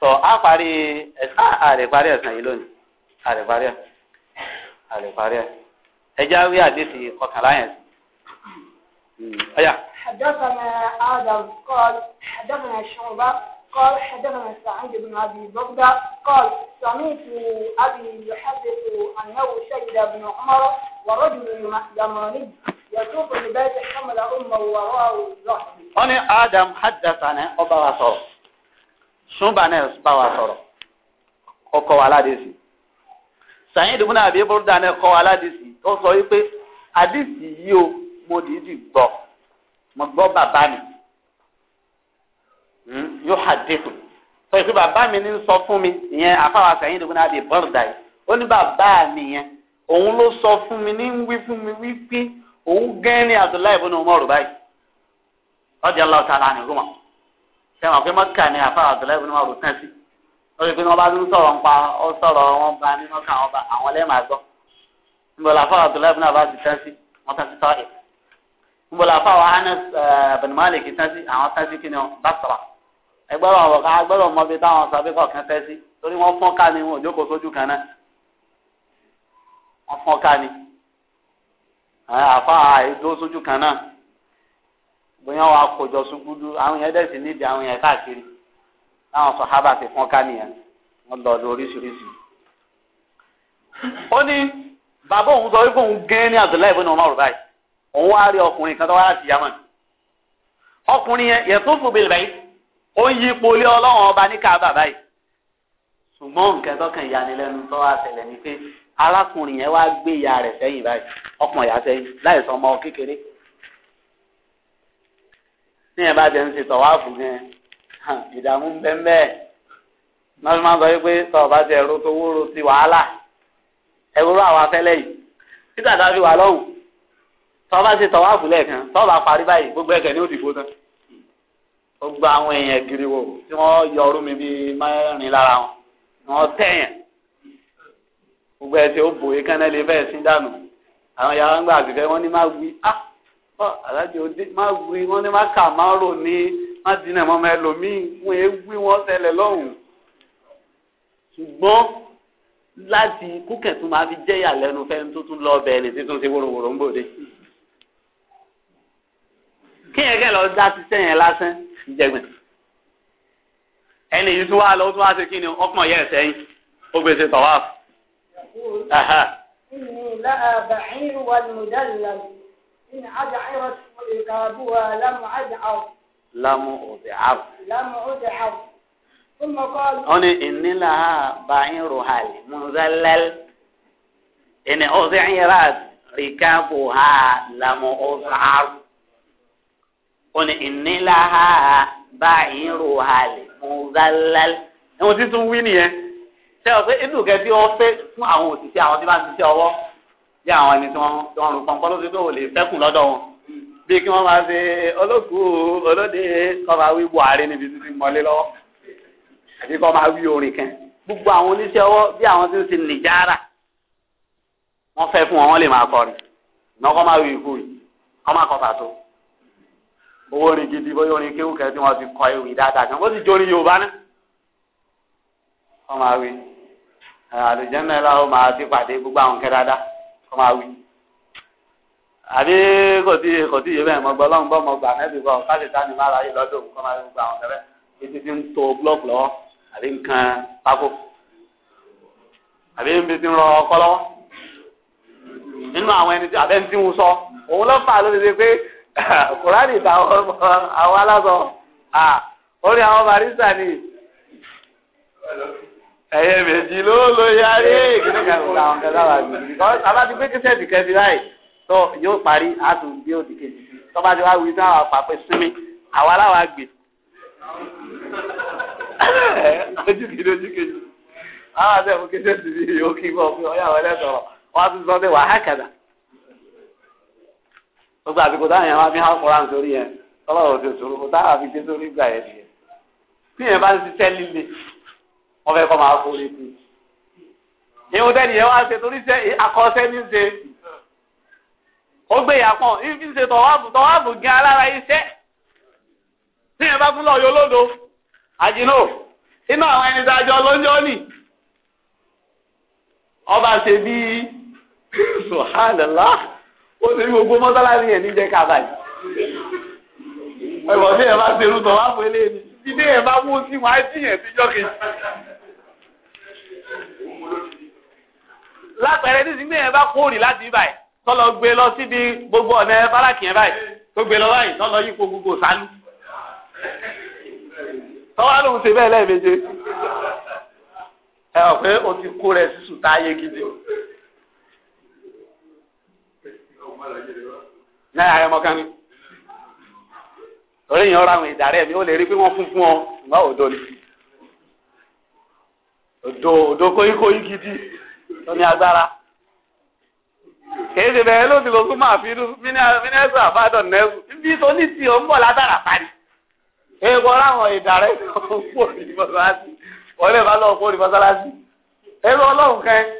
sọ á parí ẹ̀sán ẹ̀sán yìí lónìí ẹ̀ ẹ̀ ẹja ọkànlá yẹn ọ̀yà. Hmm, قال حدثنا سعيد بن أبي بغدة قال سمعت أبي يحدث أنه شهد ابن عمر ورجل يماني يشوف ببيت حمل أمه وراءه زحف أنا آدم حدثنا أبا صور سنبنا أبا صور ọkọ aládìsí sàyìn ìdìbò náà àbí bọ́dà náà kọ aládìsí ó sọ wípé àdìsí yìí o mo dìídì gbọ́ mo gbọ́ bàbá mi yóò hadithu sọ pé bàbá mi ní sọ fún mi ìyẹn àfàwà sẹ́yìn ìdìbò náà bíi bọ́ọ̀dà yìí ó ní bàbá mi yẹn òun ló sọ fún mi ní wí fún mi wí pé òun gẹ́n ní Abdullahi ibn Umar báyìí ọdí aláwọ̀ tá a lánàá rúmọ̀ sẹ́wọ̀n àpé mọ́kà ní àfàwà Abdullahi ibn Umar tán sí ó rí i pé wọ́n bá ń sọ̀rọ̀ ńpa ó sọ̀rọ̀ wọn bá ní mọ́kà wọn bá àwọn lẹ́ẹ̀ máa gbọ́ ńbọ̀lá àfàwà Abdullahi ibn Umar tán sí wọ́n tán sí tọ́ọ̀ẹ̀ ńbọ̀lá àfàwà Anas eh, bin Malik tán sí àwọn tán sí kí ni Basra ẹgbẹ́rún ọ̀rọ̀ ká gbọ́dọ̀ mọ ibi táwọn sàbí kọ̀ọ̀kan fẹ́ sí torí wọ́n fọ́n ká ni wọn ò jókòó sójú kan náà wọ́n fọ́n ká ni àfa àìdó sójú kan náà bóyá wàá kójọ sùgbúdú àwọn yẹn dẹ̀ sì níbi àwọn yẹn káàkiri táwọn sọ̀hábà ti fọ́n ká nìyẹn wọ́n lọ lọ ó ní bàbá òun sọ wípé òun gẹ́ ní Abdullahi ibn Umar báyìí òun wá rí ọkùnrin kan tó wá láti Yamani ọkùnrin yẹn yẹn tó fò bèlè báyìí ó ń yípo lé ọlọ́run ọba ní káàbà báyìí ṣùgbọ́n nǹkan tọkàn ìyanilẹ́nu tó wá ṣẹlẹ̀ ni pé arákùnrin yẹn wá gbé ìyá rẹ̀ sẹ́yìn báyìí ọkàn ìyá sẹ́yìn láì sọ ọmọ kékeré ní ẹ̀ bá jẹ́ ń ṣe tọ̀wáàfù gan ìdààmú bẹ́ẹ̀ lọ́sùn máa ń sọ wípé tọ̀ bá ti ẹ̀rọ tó wóró sí wàhálà ẹ̀rọ àwọn afẹ́lẹ́ yìí títà tá a fi wà lọ́hùn tọ́ bá ṣe tọ̀wáàfù lẹ́ẹ̀kan tọ́ bá parí báyìí gbogbo ẹ̀kẹ́ ní òdìbò náà ó gba àwọn èèyàn giri wo tí wọ́n yọ ọrú mi bíi mẹ́rin lára wọn wọ́n tẹ̀yàn gbogbo ẹsẹ̀ ó bòye kán náà lè bẹ́ẹ̀ sí dànù àwọn yàrá ń gbà àgbẹ̀fẹ́ wọ́n ní má wí á ah, ọ alájọ òde má wí wọ́n ní má kà má rò ní má dínà mọ́ ẹlòmíì wọ́n é wí wọ́n tẹ̀lẹ̀ lọ́hùn ṣùgbọ́n láti kúkẹ̀ tún máa fi jẹ́ ìyàlẹ́nu fẹ́ni tó tún lọ ọbẹ̀ ẹni tí ṣe wóróworó ń bòde kí yẹn kẹ́ lọ dá ti sẹ́yìn lásán ìjẹgbẹ́ ẹni yìí tún wá lọ tún wá sí kí ni ọkàn yẹ sẹ́yìn ó gbèsè tọ́wá. إني لأ بعير والمدلل إن أدعرت رقابها لم أدعر لم أدعر لم أدعر ثم قال أني إني لها بعيرها المذلل إن أدعرت ركابها لم أدعر ó ní ìníláha báyìí rò halẹ̀ fún zálálì. ẹ̀wọ̀n tí tún wí nìyẹn ṣé o pé inú kẹ́ tí wọ́n fẹ́ fún àwọn òṣìṣẹ́ àwọn tí wọ́n ti ṣe ọwọ́ bí àwọn ẹni tí wọ́n rún pọnpọ́n ló ti pé ò lè fẹ́kùn lọ́dọ̀ wọn bí kí wọ́n máa ṣe olókùú olóde kọ́ máa wí buhari níbi títí mọ́lé lọ́wọ́ àti kọ́ máa wí orin kan gbogbo àwọn oníṣẹ́ ọwọ́ bí àwọn tí ń ṣe nìjára wọ́n fẹ́ fún wọn wọ́n lè máa kọrin ìnáwó kọ́ máa wí ìkú yìí kọ́ máa kọ́ pàtó owó orin gidi bóyá orin kéwù kẹ́ tí wọ́n ti kọ ewì dáadáa kan bó sì jó orin yorùbá náà wọ́n máa wí àlùjẹ́nà ẹ̀ láwọn máa ti pàdé gbogbo àwọn kẹ́ dáadáa wọ́n máa wí. àbí kò tí kò tí yé bẹ́ẹ̀ mọ gbọ́ lọ́nbọ́ mọ gbà mẹ́bí bọ́ káṣí tani máa ráyè lọ́dọ̀ òun kọ́ máa rí gbogbo àwọn kẹ́rẹ́ títí tí ń to búlọ́ọ̀kì lọ́wọ́ àbí nǹkan pákó àbí níbi tí ń rọ ọkọ́ lọ́wọ́ nínú àwọn ẹni tí kùránì táwọn ọmọ àwọn orí àwọn barista ni ẹyẹ méjì ló ló yarí kíni ká àwọn kẹta wà ní. bàbá ti gbé kíṣẹ́ẹ̀tì kẹbi láì tó yóò parí àtún bí ó ti kejì tọ́ba ti wá wí sí àwọn àpapẹ̀ sinmi àwa láwa gbè. ojú kejì ojú kejì àwọn àti ẹ̀fọ́ kíṣẹ́ẹ̀tì yìí yóò kí bọ́ fún ọyá àwọn wọ́n á tún sọ pé gbogbo àbíkú táwọn yẹn máa fi hàn kóra nítorí yẹn tọ́lọ́rọ̀ ti sòrò kó táwọn àfi gbé sórí gbà yẹn nìyẹn tí yẹn bá ń ṣiṣẹ́ líle wọ́n fẹ́ kọ́ máa forí sí i ìhun tẹ́ni yẹn wá ṣe torí ṣe akọ́ṣẹ́ ní ṣe ó gbé yàpọ̀ ibi ṣe tọ̀wáàbù tọ̀wáàbù gan alára iṣẹ́ tí yẹn bá tún lọ yọ lódo àjìnà inú àwọn ẹni tá a jọ lóúnjọ́ nì ọba ṣe bíi sùhánàlá ó ti rí gbogbo mọ́sálásí yẹn níjẹ́ kábà yìí. ẹ̀wọ̀n tí yẹn bá ṣerú tọ̀ wá fún eléyìí ìdí yẹn bá wó sí wọn á jí yẹn síjọ́ kejì. lápẹẹrẹ ní sinmi yẹn bá kórì láti ibà yìí tọ́lọ gbé lọ síbi gbogbo ọ̀nà báràkì yẹn báyìí tó gbé lọ báyìí tọ́lọ yípo gbogbo sálú. tọ́wá lòun ṣe bẹ́ẹ̀ lẹ́ẹ̀méje ẹ ọ̀ pé o ti kó rẹ̀ sísù tá a yé gidi o náírà ayọmọ kan ni torí yẹn ọ̀rọ̀ àwọn ìdàrẹ́ mi ó lè rí pé wọ́n fún fún ọ ìgbà òdo ni òdo òdo kóyíkóyí gidi tó ní agbára kèéde bẹ́ẹ̀ ló ti lọ sún máa fi mínísítà àbádọ́ nẹ́sù ibi tó ní tí ò ń bọ̀ látara parí ewu ọlọ́run ìdàrẹ́ tó ń pò ní mọ́sálásí wọlé bá lọ́wọ́ pò mọ́sálásí ewu ọlọ́run kẹ́ẹ́.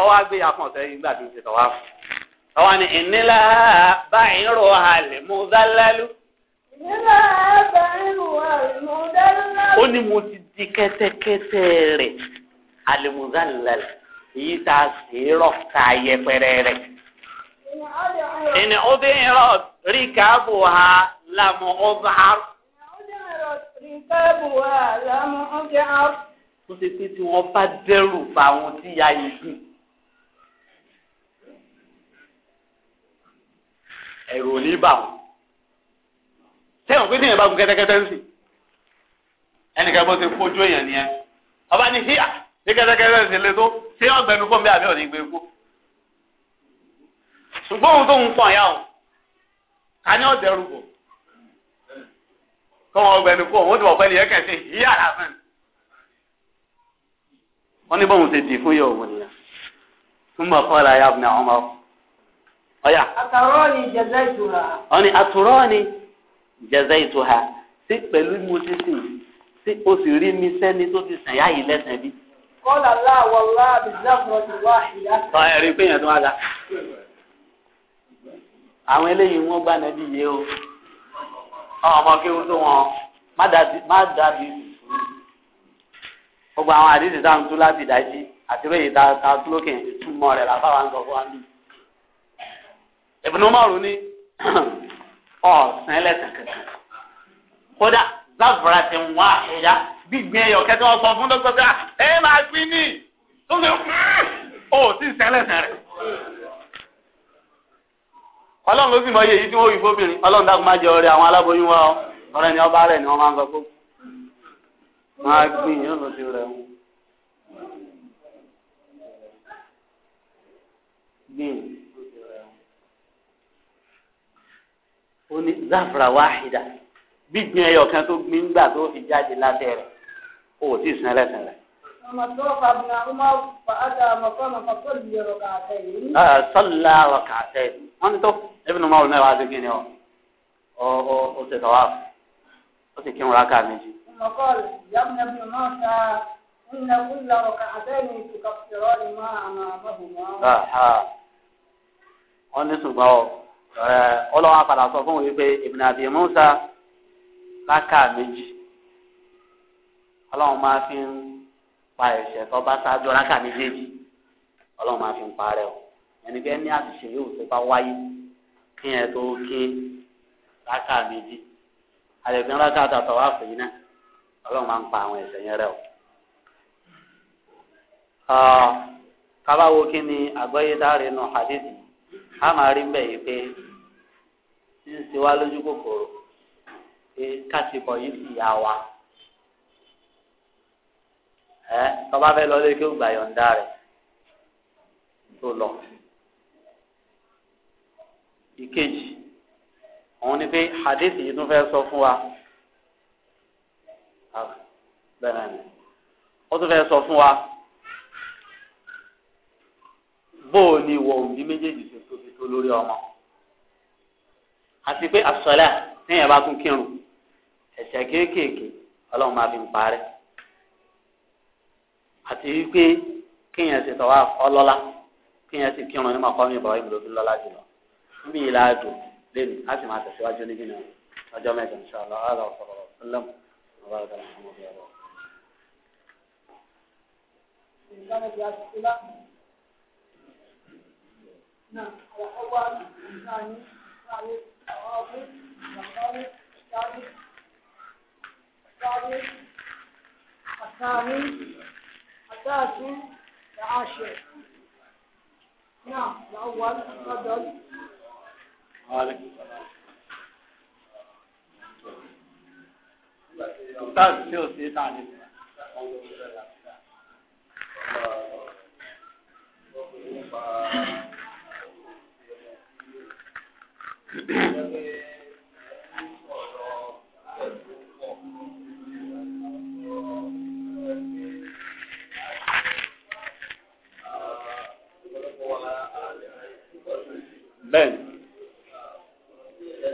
ọwọ́ agbéyà kan sẹ́yìn nígbà tó ń ṣe tọ́wá fún ọwọ́ ni ìnílá báyìí rò halẹ̀ mú dálálú. ìnílá báyìí rò halẹ̀ mú dálálú. ó ní mo ti di kẹ́tẹ́kẹ́tẹ́ rẹ̀ alimuzalal èyí tá a rọ̀ tá yẹpẹrẹ rẹ̀. ìní ó bí irọ́ rí káàbù ha lámú ọba. Tó ṣe pé tí wọ́n bá dẹ́rù fáwọn tí ya yìí dùn. ẹ̀rù ò ní bà wọ́n sẹ́wọ̀n pé tíyẹn bá gun kẹ́tẹ́kẹ́tẹ́ ń sìn ẹnìkan bó ṣe fojú èèyàn nìyẹn ọba ní híà ní kẹ́tẹ́kẹ́tẹ́ ń sìn lé tó ṣé ọ̀gbẹ́nu fún mi àbí ọ̀ní gbé kú ṣùgbọ́n ohun tó ń pọ̀ yà ọ́ ká ní ọ̀dẹ̀ rúbọ kọ́ wọn ọ̀gbẹ́nu fún òun ó ti wọ̀ pẹ́lú yẹn kẹ̀sí híà lásán wọ́n ní bọ́ọ̀mù ṣe dì fún yọ̀ òun nìyẹn túmọ̀ fọ́ọ̀lá ọ̀yà. àtàrọ́ọ̀nì jẹ̀zẹ̀ ìtura. ọ̀nì àtúrọ́ọ̀nì jẹ̀zẹ̀ ìtura sí pẹ̀lú mo ti sìn sí o sì rí mi sẹ́ni tó ti sẹ̀yà yìí lẹ́sẹ̀ bí. kọ́lá láwọ̀ láàbì láfọ̀ ti wá ìyá. ọ̀ ẹ̀rí tó wá ga. àwọn eléyìí wọ́n gbá nàbí yé o ọmọ kí wọ́n tó wọn má dàbí gbogbo àwọn àdìsí tá à láti dájí àti bẹ́ẹ̀ yìí tá a lókè ìtumọ̀ rẹ̀ làbáwá ń sọ Ibn Umar ní ọ̀sán ẹlẹ́sìn kankan kódà zafra ti ń wá àṣẹyá gbígbin ẹyọ kẹtẹ wọn fún dókítà ah, ẹ máa gbin ní tó ṣe hmm, ó sì ń sẹlẹsìn rẹ. ọlọ́run ló sì mọ iye yìí tí wọ́n yìí fóbìnrin ọlọ́run dákun máa jẹ ọrẹ àwọn aláboyún wa ọ ọrẹ ni ọba rẹ ni wọ́n máa ń sọ fún. máa gbin yóò lọ sí rẹ wọn. ó ní zafra wáhídà gbígbin ẹyọ kan tó gbin gbà tó fi jáde lábẹ́ rẹ̀ ó ò tí ì sanlẹ̀ sanlẹ̀. sọ́lá rọ̀kàtẹ́ wọ́n ní tó Ibn Umar náà wàá gbégbé ni ọ ó ṣe tọ́wá ó sì kírun rákà méjì. ọmọkọ́ọ̀lù ìyá mi ní ọmọ náà إن كل ركعتين تكفران ما أمامهما. wọ́n ọlọ́wọ́ apàdà sọ fún wípé Ibn Abi Musa láká méjì ọlọ́wọ́ máa fi ń pa ẹ̀ṣẹ̀ tó bá ṣáájú láká méjèèjì ọlọ́wọ́ máa fi ń parẹ́ o ẹni bẹ́ẹ̀ ní àṣìṣe yóò tó bá wáyé kí ẹ tó ké láká méjì àlẹ́fín láká àtàtà wà fèyí náà ọlọ́wọ́ máa ń pa àwọn ẹ̀ṣẹ̀ yẹn rẹ o. kábàáwo kí ni àgbọ́yé dáre nù hadith yìí. a máa rí bẹ́ẹ̀ yìí pé ń wá lójú kòkòrò pé yìí sì yá wa ẹ tọ́ba fẹ́ lọ lé kí ó gbà ni pé hadith yìí tún fẹ́ sọ fún wa ah, bẹ́ẹ̀ ni ó wa. bóò ni wọ òbí méjèèjì ṣe tóbi tó lórí ọmọ àti pé àsọlá téèyàn bá tún kírun ẹ̀ṣẹ̀ kéékèèké ọlọ́run máa fi ń parẹ́ àti wípé kéèyàn ṣe tọ́wá ọlọ́lá kéèyàn ti kírun ní màkọ́mí ìbọ̀wá ìbùdó fi lọ́lá jùlọ níbi ìlà àdó lẹ́nu a máa tẹ̀síwájú níbí náà ọjọ́ mẹ́jọ ní sọ́ọ́lá ọ̀là ọ̀sọ̀rọ̀ ọ̀sọ̀lọ́mù ọ̀bá ọ̀gá ọ̀hún ọ̀bá ọ̀gá. الثاني التاسع العاشر نعم الأول تفضل وعليكم السلام أستاذ سيوسي تعليم Thank you. bẹ́ẹ̀ni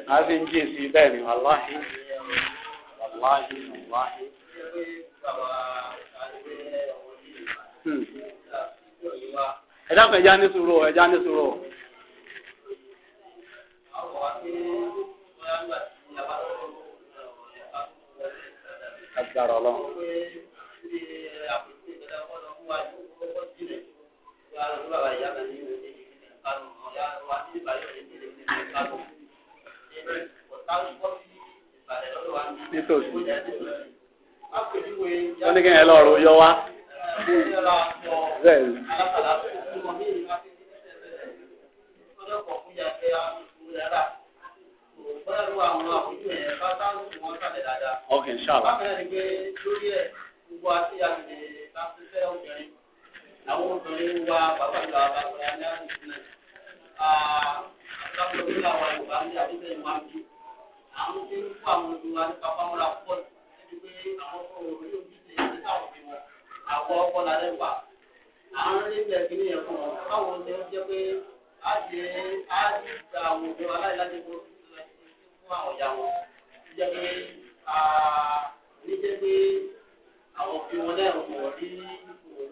a fi ń jí èsì bẹ́ẹ̀ni wàláhì wàláhì wàláhì. ẹ dákun ẹja agbára ọlọ́run. nítòsí wọ́n ní kí ẹ lọ́ọ̀rọ̀ yọ wá. Thank you pẹ̀lú àwọn àkójọ yẹn ká sáàlù fún wọn sálẹ̀ dáadáa. ok ṣáàlà. bákan náà ni pé lórí ẹ̀ gbogbo àti àgbẹ̀ láti fẹ́ obìnrin àwọn obìnrin wa bàbá ìlú àbá ìlú ní àdúgbò náà àtàkùn ìlú àwọn Yorùbá ní àdúgbò yìí máa ń bí àwọn tí ń fún àwọn ojú wa ní papamọ́ra pọ̀ sí àwọn ọmọ kìíní yẹn fún wọn káwọn ọmọ jẹ́ pé á jẹ́ á gbà àwọn òbí wa láì láti fún àwọn ìyá wọn tó jẹ́ pé ní jẹ́ pé àwọn òbí wọn náà wọ̀ ní òwú tí ó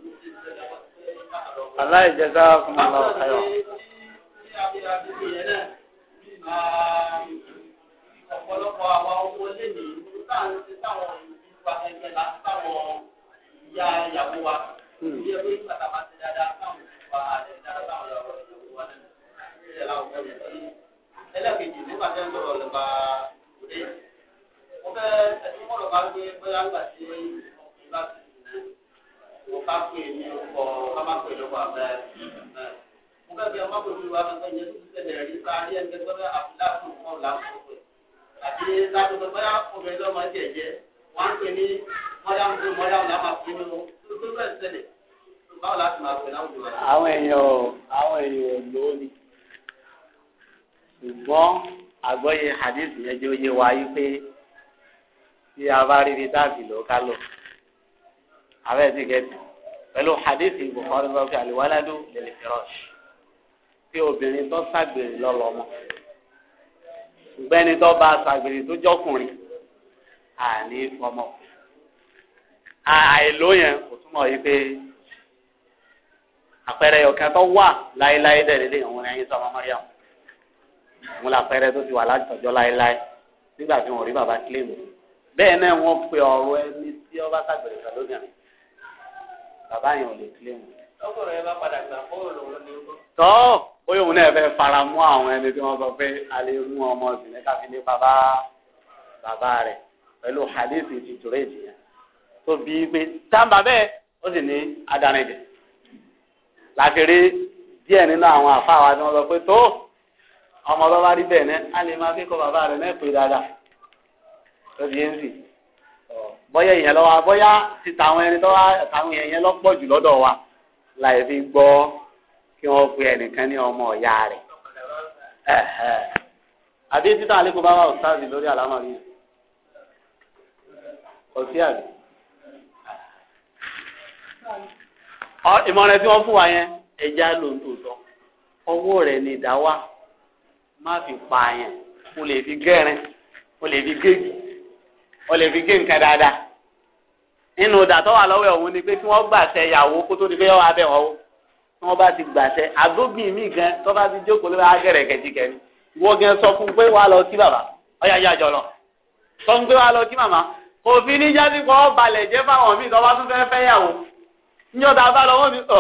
ṣẹlẹ̀ wọ́n ti fẹ́ bá àlọ́. aláìjẹsà fún ọlọ ayọ. ọ̀pọ̀lọpọ̀ àwa owó lẹ́nu táwọn ti táwọn ìlú wa ẹgbẹ́ la táwọn ìyá ìyàwó wa ìyẹ́ pé pàtàkì dáadáa táwọn ìlú wa àti dáadáa táwọn ìyàwó wa lẹ́nu ẹlẹ́kejì nígbà tẹ́ ń sọ̀rọ̀ lọ́ba òde mo fẹ́ ẹni mo lọ́ba gbé bóyá ńgbà tí ìgbà tí mo bá pè ní ọkọ̀ bá má pè lọ́kọ̀ abẹ́ mo fẹ́ bí ọmọ pẹ̀lú wa fẹ́ yẹn tó ṣẹlẹ̀ rí bá rí ẹgbẹ́ tó fẹ́ àbúlá fún ọmọ làkúkú àti látọ̀tọ̀ bóyá obìnrin lọ́mọ jẹ̀ jẹ́ wọ́n á pè ní mọ́dàm tó mọ́dàm làmà fún un àwọn èèyàn àwọn èèyàn lónìí ṣùgbọ́n àgbọ́yé hadith yẹn jẹ́ oyé wa yìí pé tí a bá rí ibi táàbì lò ká lò abẹ́ ti gẹ̀ẹ́sì pẹ̀lú hadith Bukhari sọ pé àlìwáládù lè fẹ́rọ̀ṣì pé obìnrin tó ṣàgbèrè lọ́lọ́mọ ṣùgbọ́n ẹni tó bá ṣàgbèrè tó jọkùnrin àní fọmọ àìló yẹn kò túmọ̀ yìí pé àpẹẹrẹ ọ̀kan tó wà láéláé dẹ̀ lélẹ̀ òun ẹ̀yin sọ ọmọ mọ́ríyàmù wọn la pẹrẹ tó ti wà látọjọ́ láéláé nígbà tí wọn rí bàbá kílèmù bẹ́ẹ̀ náà wọn pe ọ̀rọ̀ ẹni tí ọba sàgbèrè kan lóbìnrin bàbá yẹn ò lè kílèmù. ọkùnrin yẹn bá padà gbà fóònù lọ ní ọgbọ. tọ́ ó yóò náà fẹ́ fara mọ́ àwọn ẹni tí wọ́n sọ pé a lè mú ọmọ sílẹ̀ káfí ní bàbá bàbá rẹ̀ pẹ̀lú hadith ìtìtúrẹ́ ìjìyà tó bí pé táǹbà bẹ́ẹ̀ ó sì ní adarìndẹ̀ láti rí díẹ̀ nínú àwọn àfáà wa tí wọ́n sọ pé tó. ọmọ tó bá rí bẹ́ẹ̀ náà á lè máa fi kọ́ bàbá rẹ̀ náà pè dáadáa lóbi yẹn sì bọ́yá ìyẹn lọ́wọ́ bọ́yá ti tàwọn ẹni tó wá tàwọn èèyàn lọ́pọ̀ jù lọ́dọ̀ wa láì fi gbọ́ kí wọ́n pe ẹnìkan ní ọmọ ọ̀yá rẹ̀ àbí títà àlékún bá wà lórí àlámà yìí àbí ìmọ̀ràn tí wọ́n fún wa má fi pààyàn o lè fi gẹ́rin o lè fi géègì o lè fi gé nǹkan dáadáa nínú ìdàtọ́ wà lọ́wọ́ ọ̀hún ni pé kí wọ́n gbàṣẹ ìyàwó kó tó di pé wọ́n abẹ́ ọ̀hún tí wọ́n bá ti gbàṣẹ àgógìn mí gan tó bá ti jókòó lórí agẹ́rẹ̀ kẹ̀jíkẹ̀ ni wọ́n gan sọ fún pé wàá lọ kí bàbá ọ̀yà ìyá àjọ lọ sọ fún pé wàá lọ kí màmá òfin níjà sí kọ́ balẹ̀ jẹ́ fáwọn míì tó bá tún fẹ́ fẹ́ yàwó níjọ́ tá a bá lọ wọ́n ti sọ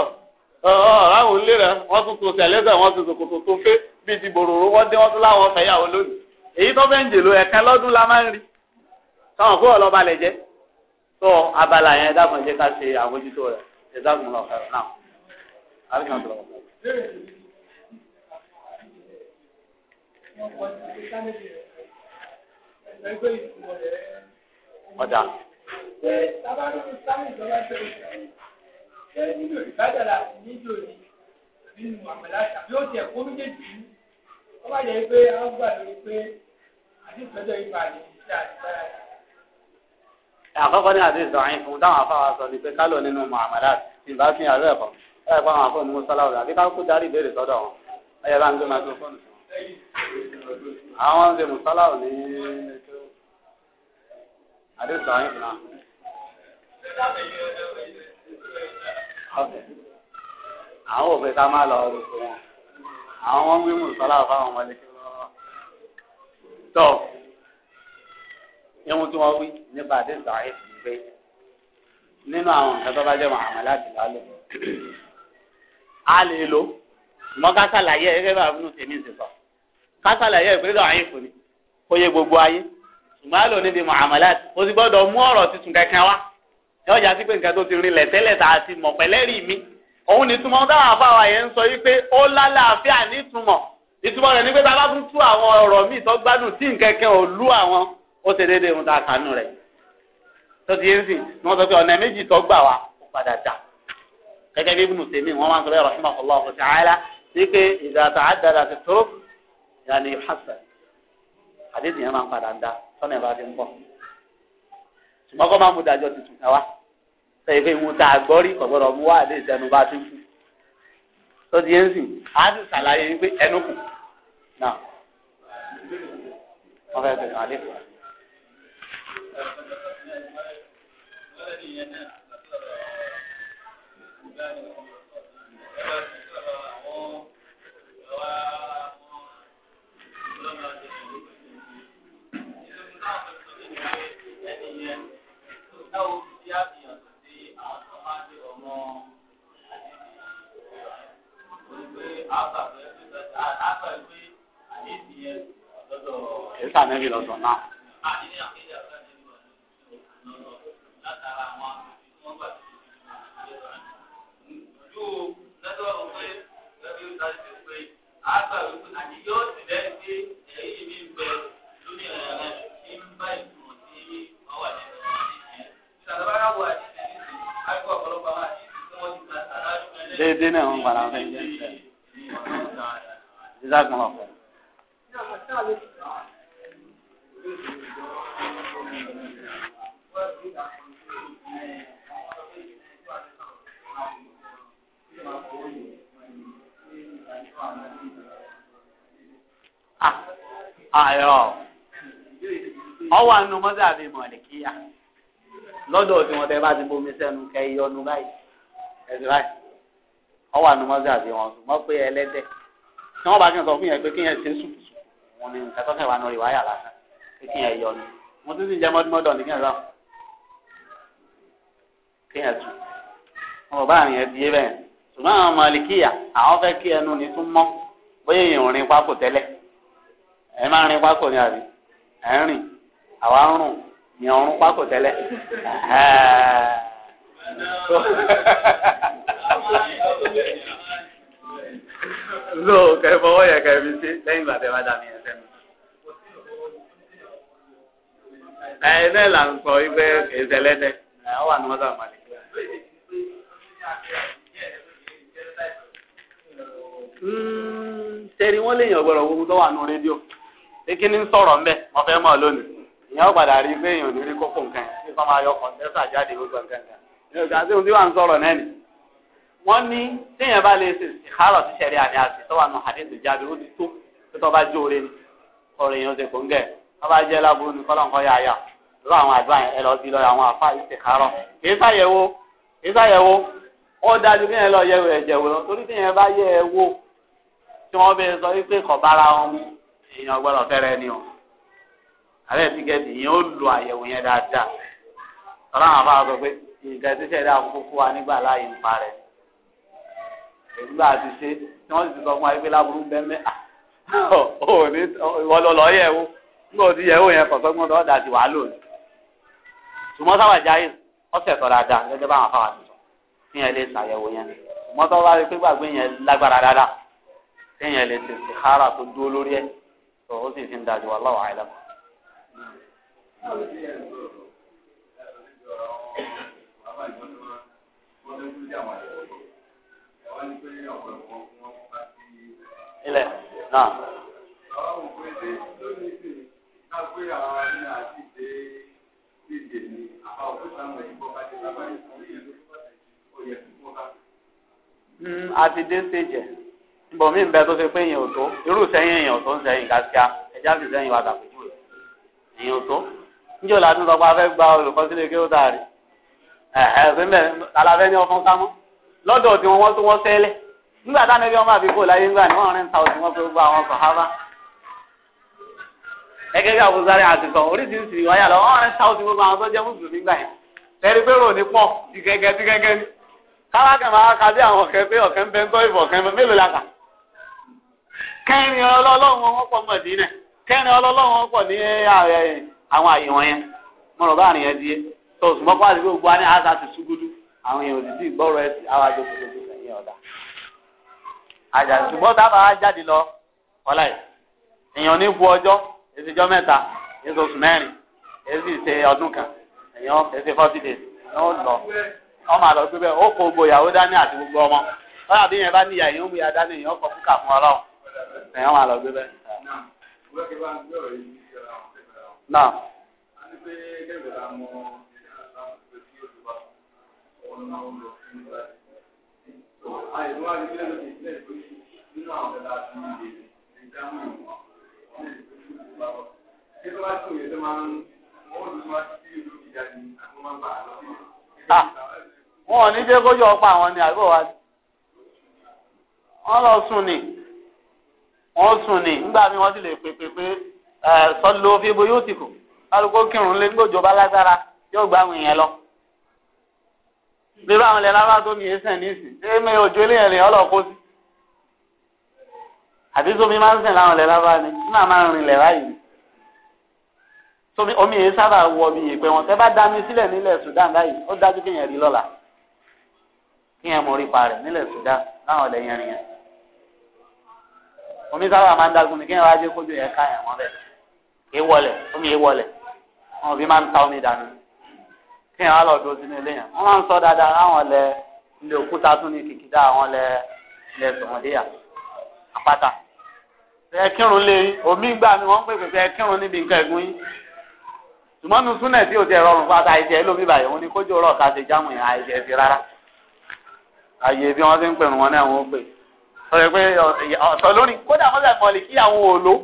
ọ̀ọ́ ráhùn lé rẹ̀ bíi ti bòròrò wọ́n dé wọ́n tún láwọn fẹ́yàwó lónìí èyí tó fẹ́ ń jèlò ẹ̀ka lọ́dún la máa ń rí táwọn kó ọlọ́ba lẹ̀ jẹ́ tó abala yẹn dákun jẹ́ ká ṣe àmójútó rẹ̀ ẹ̀ dákun lọ fẹ́ràn náà. ọjà. Ṣé nínú ìbádàlà nílò ní ìlú àmàlà tàbí ó jẹ́ kó méjèèjì wọ́n bá jẹ́ pé àwọn gbà lórí pé àdìsọ́jọ́ ìgbà ni ìṣe àdìsọ́jọ́ ìgbà. àkọ́kọ́ ní àdìs dọ̀rin fún táwọn afáwa sọ ni pé kálọ̀ nínú muhammadu ìbá fi hàn lẹ́ẹ̀kọ́ ẹ̀ pa àwọn afọ́nù mọ́sálà ọ̀dà àbí káwọn kó darí ìbéèrè sọ́dọ̀ wọn ẹ̀yẹ bá ń gbé microphone sí wọn. àwọn ń ṣe mọ́sálà ọ̀ ní àdìs dọ̀rin fún wa. àwọn òfin ká má lọ rúkú wọn àwọn wí mùsọ́lá fáwọn ọmọdé kí wọ́n tọ́ ihun tí wọ́n wí nípa àti sàáyé ti gbé nínú àwọn nǹkan tó bá jẹ́ màmá láti lálẹ́ a lè lò mọ́ ká sàlàyé ẹgbẹ́ bá fún tèmi ti sọ ká sàlàyé ìpínlẹ̀ àyè fún ni kó yẹ gbogbo ayé ṣùgbọ́n a lò níbi màmá láti o sì gbọ́dọ̀ mú ọ̀rọ̀ tuntun kankan wá ẹ ọjà sí pé nǹkan tó ti rinlẹ̀ tẹ́lẹ̀ tá a ti mọ̀ pẹ̀lẹ́rì mi òun ní túmọ̀ táwọn afáwa yẹn ń sọ yìí pé ó lálàáfíà nítumọ̀ ìtumọ̀ rẹ̀ ní pé bàbá tún tú àwọn ọ̀rọ̀ míì tó gbádùn tí nkẹ́kẹ́ ò lú àwọn ó ṣe déédéé ohun tá a kànú rẹ̀ tó ti yẹn sìn ni wọ́n sọ pé ọ̀nà méjì tó gbà wá ó padà dà gẹ́gẹ́ bí ibùnú sèmi wọ́n máa ń sọ bẹ́ẹ̀ rahimahullahu ta'ala ní pé ìdàtà àdàdà ti tó yàní hasan àdéhùn yẹn máa ń padà ń sẹ́yìn pé ìwò tá a gbọ́ rí kọ̀gbọ́dọ̀ mú wá àdé ìsẹ́nu bá tún kù tó ti ń sìn á sì ṣàlàyé pé ẹnu kù náà wọ́n fẹ́ bẹ̀rẹ̀ àlẹ́ kù. Oh kìí sànẹ́bí lọ sọ náà. Yóò dé náà wọn padà fẹ́ jíjá kan lọ. Ayọ̀ ọwọ́ àánú mọ́tò àbí mọ̀lẹ́kíyà lọ́dọ̀ tí wọ́n tẹ́ bá ti bomi sẹ́nu kẹ́ yọnu báyìí ẹ̀sìn báyìí wà ní mọ́sí àti wọn ṣùgbọ́n pé ẹlẹ́dẹ̀ tí wọ́n bá kí n sọ fún yẹn pé kí yẹn ṣe sùkùsù wọn ni nǹkan tọ́kẹ̀ wà ní orí wáyà lásán pé kí yẹn yọ ni mo tún sì jẹ́ mọ́dúnmọ́dọ̀ ní kí yẹn sọ kí yẹn tù wọn bá yẹn di yé bẹ́ẹ̀ ṣùgbọ́n àwọn mọ̀lìkìyà àwọn fẹ́ kí ẹnu ni tún mọ́ bóyá èèyàn rìn pákó tẹ́lẹ̀ ẹ máa rìn pákó ni àbí ẹ ń rìn àwa ń rùn ìyẹn ọ̀run pákó tẹ́lẹ̀ n'o kẹ fọwọ́ yẹ kẹ fi ṣe lẹ́yìn ìgbà tẹ bá dá mi yẹn sẹ́nu. ẹ̀yin náà là ń sọ wípé ìṣẹ̀lẹ́dẹ̀ ẹ̀ wà ní wọ́n léèyàn gbọ́dọ̀ gbogbo tó wà nù rédíò kí ń wọ́n fẹ́ mọ̀ lónìí rí ní rí kókó nǹkan yẹn wọ́n ní téèyàn bá lè ṣe ìkárọ̀ tí sẹ̀rí àní àti tọ́wọ́ àná àdéhùn jáde ó ti tó tó tọ́ bá jó ore ni ọ̀rọ̀ èèyàn ṣe kò ń gẹ̀ wọ́n bá jẹ́ lábúrú ní kọ́lọ́ǹkọ́ yá yá lọ́wọ́ àwọn àdúrà yẹn lọ sí lọ́wọ́ àwọn àfa ìṣèkárọ̀ kì í ṣàyẹ̀wò kì í ṣàyẹ̀wò ó dájú kí yẹn lọ yẹ ẹ̀jẹ̀ wò lọ torí téèyàn bá yẹ ẹ wò tí wọ́n bẹ sọ wípé kọ̀ bára wọn mu èèyàn gbọ́dọ̀ fẹ́rẹ̀ ni o àbẹ́ ti gẹ̀ẹ́sì yẹn ó lo àyẹ̀wò yẹn dáadáa ọlọ́run àfa sọ pé nǹkan ti ṣẹ̀dá kúkú wa nígbà láàyè ń parẹ́ ni nígbà tí ṣe tí wọ́n sì sọ fún ayé pé láburú ń bẹ́ẹ̀ mẹ́ ò ní ìwọ lọ lọ́ọ́ yẹ̀ wò nígbà tí yẹ̀ wò yẹn kọ̀ọ̀kan gbọ́dọ̀ ọ̀dà ti wàá lónìí. ṣùgbọ́n sábà jáyé ọ̀sẹ̀ sọ dáadáa gẹ́gẹ́ báwọn afáwà ti sọ kí yẹn lè ṣàyẹ̀wò yẹn ṣùgbọ́n tó bá rí pé gbàgbé yẹn lágbára dáadáa kí yẹn lè tètè kára tó dúró lórí ẹ̀ tó ó sì fi ń dájú wà láwàá ẹ̀ Thank you ilẹ̀ náà. Hmm, a ti dé stage ẹ̀ nbọ̀ mí bẹ́ẹ̀ tó ṣe pé èèyàn ò tó irú sẹ́yìn èèyàn ò tó ń sẹ́yìn kásíá ẹ̀já sì sẹ́yìn wà tàbíjú rẹ̀ èèyàn ò tó níjọ́ làdúgbò pa fẹ́ gba olùkọ́sílẹ̀ kí ó dà rí ẹ̀ẹ́ sí mẹ́rin alábẹ́ ní ọkàn sámú. lọ́dọ̀ tí wọ́n tó wọ́n sẹ́lẹ̀ nígbà táwọn ẹbí wọn bá fi kó láyé ńgbà ní wọn rìn ta òsì wọn pé gbogbo àwọn sọ̀hábà gẹ́gẹ́ bí àbúzárì àtìsọ oríṣiríṣi lọ wọn rìn ta òsì gbogbo àwọn sọ́jà mùsùlùmí gbà yẹn tẹ́rí pé rò ní pọ̀ ti ti ni máa ka bí àwọn ọ̀kẹ́ pé ọ̀kẹ́ ń ń tọ́ mélòó la kà wọn pọ̀ mọ̀ àwọn èèyàn òsì sí gbọ́rọ̀ ẹ̀sì àwọn àjọ kòtòkò sẹ́yìn ọ̀dà. àjà ṣùgbọ́n dábàá á jáde lọ ọ̀la yìí èèyàn ní bu ọjọ́ èsìjọ́ mẹ́ta èsì oṣù mẹ́rin èsì ṣe ọdún kan èèyàn èsì forty days èèyàn lọ ọmọ àlọ́ gbé bẹ́ẹ̀ ó kó gbogbo ìyàwó dání àti gbogbo ọmọ wọ́n àbí yẹn bá ní ìyá èèyàn mú ìyá dání èèyàn kọ fúkà fún ọlọ́run èèyàn máa lọ gbé bẹ́ẹ̀. náà. Ah, wọn ò ní jẹ́ kó yọ ọ̀pá àwọn ni àbí ni lọ sùn ni wọ́n sùn ni nígbà míì wọ́n sì lè pè pé pé sọ́lọ́ fíbo yóò ti kù kírun lé nígbòjọba lágbára yóò àwọn èèyàn lọ. bí báwọn ilẹ̀ lábá tó mi yé sẹ̀ nísì ṣé mi ò jó eléyàn lè ọlọ́kó sí àbí sómi máa ń sẹ̀ láwọn ilẹ̀ lábá ni tí màá máa rìn lẹ̀ báyìí sómi omi yìí sábà wọ bí yèpẹ̀ wọn tẹ́ bá dá mi sílẹ̀ nílẹ̀ Sudan báyìí ó dájú kéèyàn rí lọ́la kéèyàn mọ orí pa rẹ̀ nílẹ̀ Sudan láwọn ilẹ̀ yẹn yẹn omi sábà máa ń dagun ní kéèyàn wá dé kójú yẹn ká yẹn mọ́lẹ̀ èé wọlẹ̀ omi èé wọlẹ̀ wọn ò fi máa ń ta omi dànù kéèyàn á lọ dó sínú ilé yẹn wọn máa ń sọ dáadáa láwọn lẹ ilé òkúta tún ní kìkìdá àwọn lẹ ilé sọmọdéyà àpáta ẹ kírun lé omi gbà ni wọn ń pè pèsè ẹ kírun níbi nǹkan ẹgún yín ṣùgbọ́n nu súnẹ̀ tí ò ti rọrùn pátá àìjẹ́ lómi báyìí òun ni kójú ọ̀rọ̀ ká ṣe jáàmù yẹn àìjẹ́ ti rárá àyè bí wọ́n ti ń pèrún wọn náà wọ́n pè sọ pé ọ̀sọ̀ lónìí kódà mọ́tẹ̀ mọ̀lì kí àwọn òòló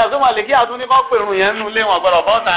ẹ̀ pé mọ̀lì kí àtúndí kọ́ pèrún yẹn nulẹ̀ wọn gbọ́dọ̀ bọ́ọ̀tà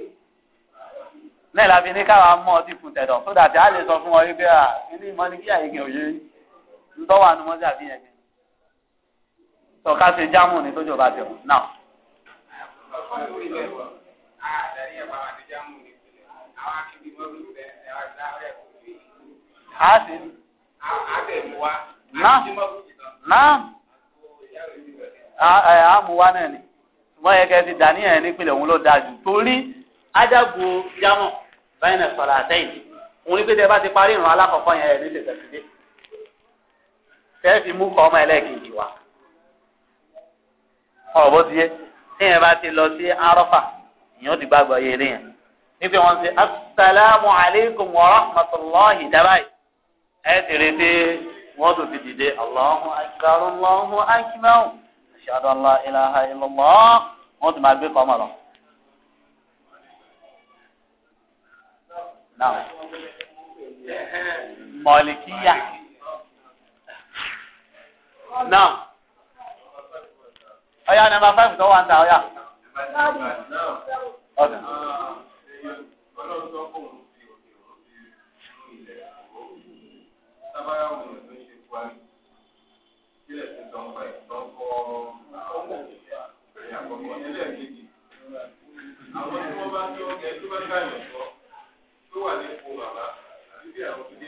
náà la fi ní káwa mọ ọtí fún tẹ̀dọ̀ tó dàtí a lè sọ fún wọn wípé à ilé ìmọ̀ ni kí àyèkè òye ntọ́wọ́ ànumọ́sí àfihàn yẹn sọ ká ṣe jámù ní tójú ọba tẹ̀ wọ́n náà. a sì náà náà a mú wa náà ni ṣùgbọ́n yẹ kẹ́ ti dàníyàn nípìnlẹ̀ òun ló dáa torí ádàbò jámọ̀ báyìí náà sọ̀rọ̀ àtẹ́yìn òun ní pété bá ti parí ìrun alákọ̀ọ́kọ́ yẹn ní tètè sílé tẹ́ẹ̀fì mú kọ́ ọmọ ẹlẹ́ẹ̀kejì wa ọ̀bọ̀ ti yé tíyẹn bá ti lọ sí arọ́fà ìyẹn ó ti gbàgbọ́ yé eré yẹn wọn ṣe asalaamu aleykum wa rahmatulahi dabai ẹ ti retí wọn tún ti dìde allahu akbar allahu akbar ashadu an ilaha illallah wọn tún máa gbé kọ́ ọmọ lọ. náà mọ̀lìkíyà náà ọ̀yà nàmbà five tó wà ń ta ọ̀yà. ọ̀dùn. Àwọn tí wọ́n bá tí wọ́n kẹ́ tó bá gbà yẹn sọ tó wà ní ipò bàbá àti nípa ti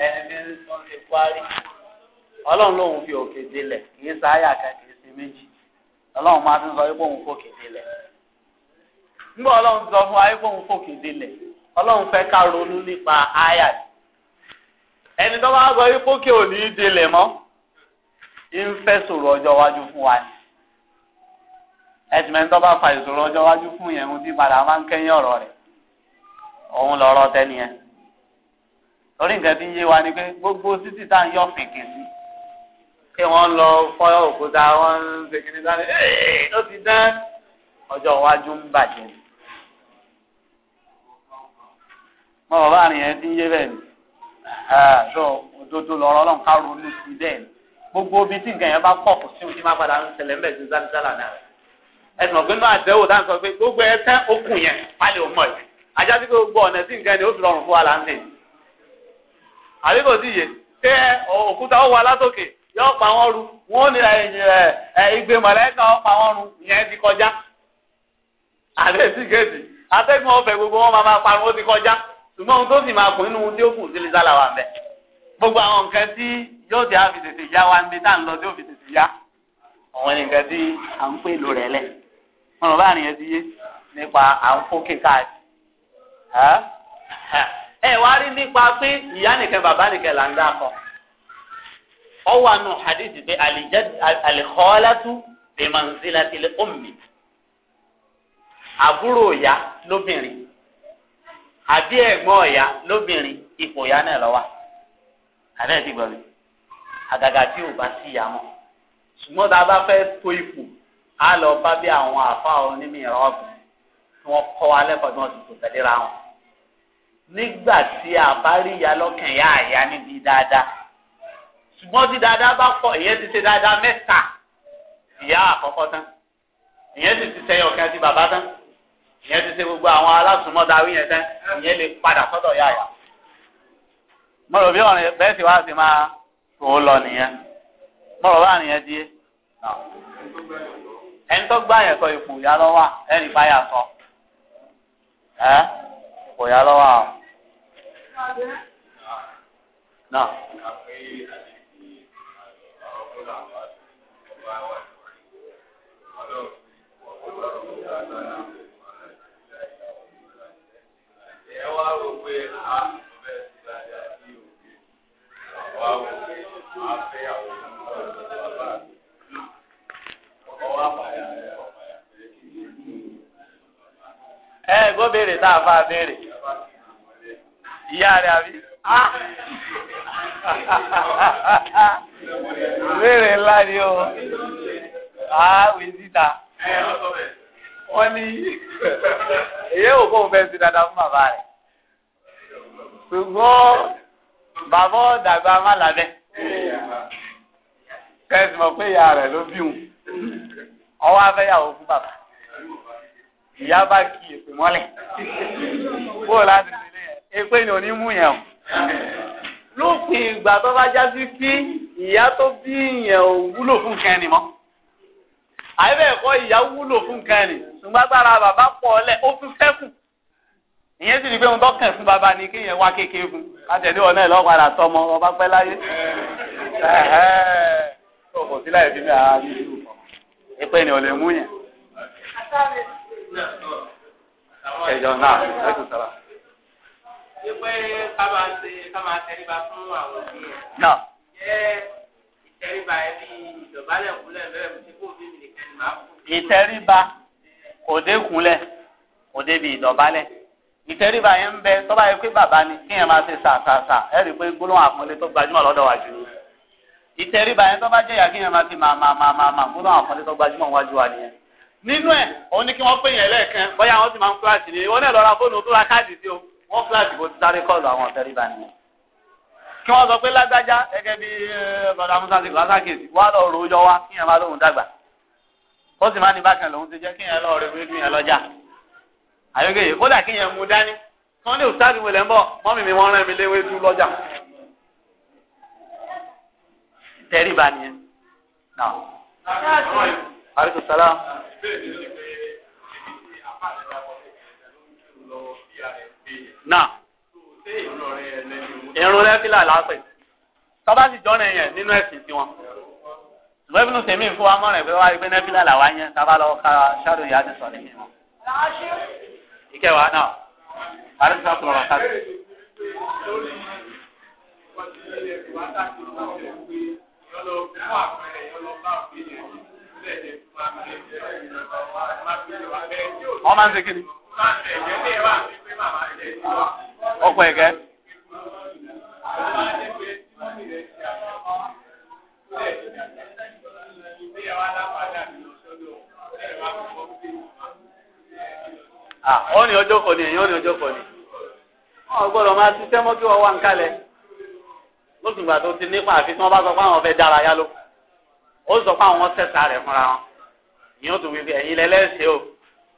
ẹni tí ń kwari ọlọ́run lòun fi òkè délẹ̀ kì í sáyà kan kì méjì ọlọ́run máa ti sọ pé òun fòkè nígbà ọlọ́run sọ fún ayé fóun fòkè délẹ̀ ọlọ́run fẹ́ ká ronú nípa àyà ni ẹni tó bá sọ yìí fòkè ò ní í délẹ̀ mọ́ ń fẹ́ sọ̀rọ̀ ọjọ́ iwájú fún wa ni ẹsìn mẹ́ni tó bá fa ìṣòro ọjọ́ iwájú fún yẹn ń bí padà máa ń kẹ́yìn ọ̀rọ̀ rẹ̀ òun lọ́rọ́ tẹ́ni yẹn lórí nǹkan tí ń yé wa ni pé gbogbo títì tá à ń yọ fèkè sí kí wọ́n lọ fọ́ òkúta wọ́n ń ṣe kìnnìkan ó ti dán ọjọ́ iwájú ń bàjẹ́ mọ bàbá àrìn yẹn ti ń yé bẹ́ẹ̀ ni ṣọ òdodo lọ́rọ̀ Ọlọ́run ká ronú sí bẹ́ẹ̀ ni gbogbo ibi tí nǹkan yẹn bá pọ̀ kò sí ohun tí máa padà ń ṣẹlẹ̀ ń bẹ̀ sí zálizálà náà ẹsùn ọ̀gbìn náà àdẹ́wò dáhùn sọ pé gbogbo ẹsẹ̀ okùn yẹn pálí òun mọ̀ yìí ajá sí gbogbo ọ̀nà tí nǹkan ni ó fi rọrùn fún wa là àbí kò sí yé ṣé òkúta ó wà látòkè yóò pa wọn rú wọn ò ní ìgbé mọ̀lẹ́kà ó pa wọn rú ìyẹn ti kọjá àbẹ́ sí gèdè atẹ́gùn ọ̀fẹ́ gbogbo wọn máa máa parun ó ti kọjá ṣùgbọ́n ohun tó sì máa kún nínú tí ó kù sí lizala wa bẹ̀ gbogbo àwọn nǹkan tí yóò ti àfi tètè yá wa níbi tá à ń lọ tí ó fi tètè yá àwọn nǹkan tí à ń pè lò rẹ̀ lẹ̀ wọn bá rìn yẹn ti yé nípa à ń fókè káàdì ẹ wá rí nípa pé ìyá nìkan bàbá nìkan là ń dá kọ ọ wà hadithi pé àlìkọ́látú bèèmọ̀ nzílátìlẹ̀ ọ̀mì àbúrò ìyá lóbìnrin àbí ẹ̀gbọ́n ọ̀yá lóbìnrin ipò ọ̀yá náà lọ́wọ́ àbẹ́ẹ̀ ti gbọ́ mi àgàgà tí ò bá sí ìyá mọ́ ṣùgbọ́n tá a bá fẹ́ tó ipò á lọ bá bí àwọn àfa onímìíràn ọ̀gbìn tí wọ́n kọ́ wa lẹ́kọ̀ọ́ tí wọ́n ti tò tẹ̀léra wọn nígbà tí a bá rí ìyá lọ́kàn ìyá àyá níbi dáadáa ṣùgbọ́n tí dáadáa bá pọ̀ ìyẹn ti ṣe dáadáa mẹ́ta ìyá àkọ́kọ́ tán ìyẹn sì ti ṣẹyọ kan ti bàbá tán ìyẹn ti ṣe gbogbo àwọn alásùnmọ́ darí yẹn tán ìyẹn lè padà sọ́dọ̀ yá yá. mo rò bí ọ̀rìn bẹ́ẹ̀ sì wá sí máa tó o lọ nìyẹn mo rò bá nìyẹn di ẹni tó gbá yẹn sọ ipò ìyá lọ́wọ́ ẹni bá sọ ẹ ipò ìyá lọ́wọ́ àwọn. náà. Thank you ẹ wá rò pé ah, gbọ́ béèrè tá a fa béèrè ìyá rẹ̀ àbí. Ah! béèrè ńlá ni o a wíńdíta wọ́n ní èyí ò kó o fẹ́ sí dáadáa fún bàbá rẹ̀ ṣùgbọ́n bàbá ọ̀dàgbà má làbẹ́ kẹ́sì mọ̀ pé ìyá rẹ̀ ló bí òun ọwọ́ afẹ́yàwó fún bàbá ìyá bá kí èpè mọ́lẹ̀ kó o láti sílẹ̀ èpè ni ò ní mú yẹn o lópin ìgbà tó bá já sí kí ìyá tó bí yẹn ò wúlò fún kẹ́ni mọ́ àyẹ̀bẹ̀ ẹ̀kọ́ ìyá wúlò fún kẹ́ni ṣùgbọ́n agbára bàbá pọ̀ ọ́lẹ̀ ó tún fẹ́kù ìyẹn sì ní pé ohun tó kàn fún bàbá ni kéèyàn wá kékeré fún látẹ̀lé ọ̀nà ìlọ́padà tọmọ ọba pẹ́ láyé tó kò sí láì fi mí ara mi lù kọ́ ìpè ni ò lè mú yẹn. ẹjọ náà ẹ tún sọ̀rọ̀. ìpè ká máa ṣe ká máa tẹríba fún àwọn òbí yẹn. náà. jẹ́ ìtẹríba ẹbí kúnlẹ̀ bẹ́ẹ̀ mo ti kó òbí mi nìkan ni màá kú. ìtẹríba kò dé kúnlẹ̀ kò débi ìdọ̀bálẹ̀ ìtẹríba yẹn ń bẹ tọ́ba yẹ pé bàbá ni kí yẹn máa ṣe sàṣàṣà ẹ rí i pé gbólóhùn àpọ́nlé tó gbajúmọ̀ lọ́dọ̀ wájú ni ìtẹríba yẹn tọ́ba jẹ́yà kí yẹn máa ṣe máa máa máa máa máa gbólóhùn àpọ́nlé tó gbajúmọ̀ wájú wa nìyẹn. nínú ẹ̀ òun ni kí wọ́n pè yẹn lẹ́ẹ̀kan bóyá wọ́n ti máa ń fúláṣì ni wọ́n náà lọ́ra fóònù tó ra káàdì sí o wọ́n fúláṣì bó ti sáré kọ́ọ̀lù àwọn ìtẹríba nìyẹn. Eh, ó sì máa ní bákan lòun ti jẹ́ kí yẹn lọ́ọ́ rẹ̀ wíwí yẹn lọ́jà àyọkẹ yìí kódà kéèyàn mú dání wọn ní òtá àdúgbò lẹ ń bọ mọmì mi wọn rán mi léwé tú lọ́jà tẹrí ba nìyẹn náà. àríkù sálá. náà. irun rẹ fílà lápè tọ́ba sì jọ́nà yẹn nínú ẹ̀sìn tiwọn ṣùgbọ́n ibi tèmi fún wa mọ̀ràn pé wá rí pé nẹ́fílà làwa yẹn tábà lọ ká ṣáàdùn yìí á ti sọ̀rọ̀ yìí wọn ìkẹwàá náà àrísà tó lọ́wọ́ káàdì. wọ́n máa ń ṣe kíni. ọkọ̀ ẹ̀kẹ́ ó ní ọjọ́ kò ní èyí ó ní ọjọ́ kò ní wọn gbọ́dọ̀ máa ṣiṣẹ́ mọ́ kí wọ́n wá ń kalẹ̀ lóṣù gbà tó ti nípa àfi tí wọ́n bá sọ pé àwọn fẹ́ dára yá ló ó sọ pé àwọn sẹ̀sà rẹ̀ fúnra wọn ìyẹn ó tún wípé ẹ̀yin lẹ́lẹ́sẹ̀ o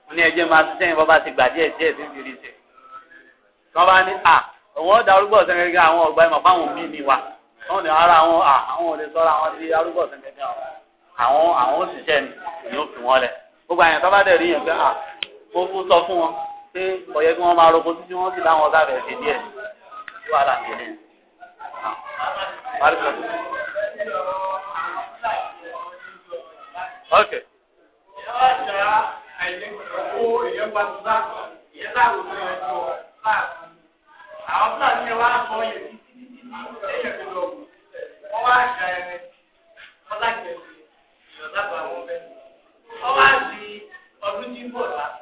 wọn ní ẹjẹ́ máa ṣiṣẹ́ yẹn bọ́ ti gbà díẹ̀ díẹ̀ sí ìrírí ṣe wọ́n bá ní à òun ọ̀dà arúgbó ọ̀sẹ̀ gẹ́gẹ́ àwọn ọ̀gbà ìmọ̀ fáwọn míì ni wa wọ́n ní ara àwọn àwọn ò lè sọ́ra àwọn sí arúgbó ọ̀sẹ̀ gẹ́gẹ́ àwọn àwọn òṣìṣẹ́ ni ìyẹn ó fi wọ́n lẹ̀ gbogbo àyàn tó bá dẹ̀ rí yẹn pé à ó fún sọ fún wọn pé ọ̀yẹ́ kí wọ́n máa roko títí wọ́n sì láwọn ọ̀gá rẹ̀ ṣe díẹ̀ tí wàá là kéde. ok. àwọn fúlàní yẹn wá sọ yẹn títí títí ẹ̀yẹ̀ tó lọ wọ́n wá ṣe ẹ̀rẹ̀ ọlájẹ̀ ìyọ̀dàgbà wọn bẹ́ẹ̀ wọ́n wá sí ọdún tí ń bọ̀ láti.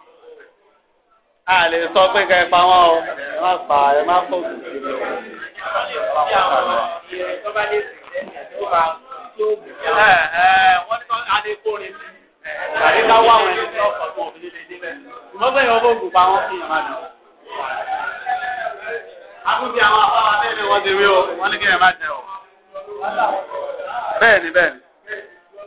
a lè sọ pé wọn o ẹ má fò kù sí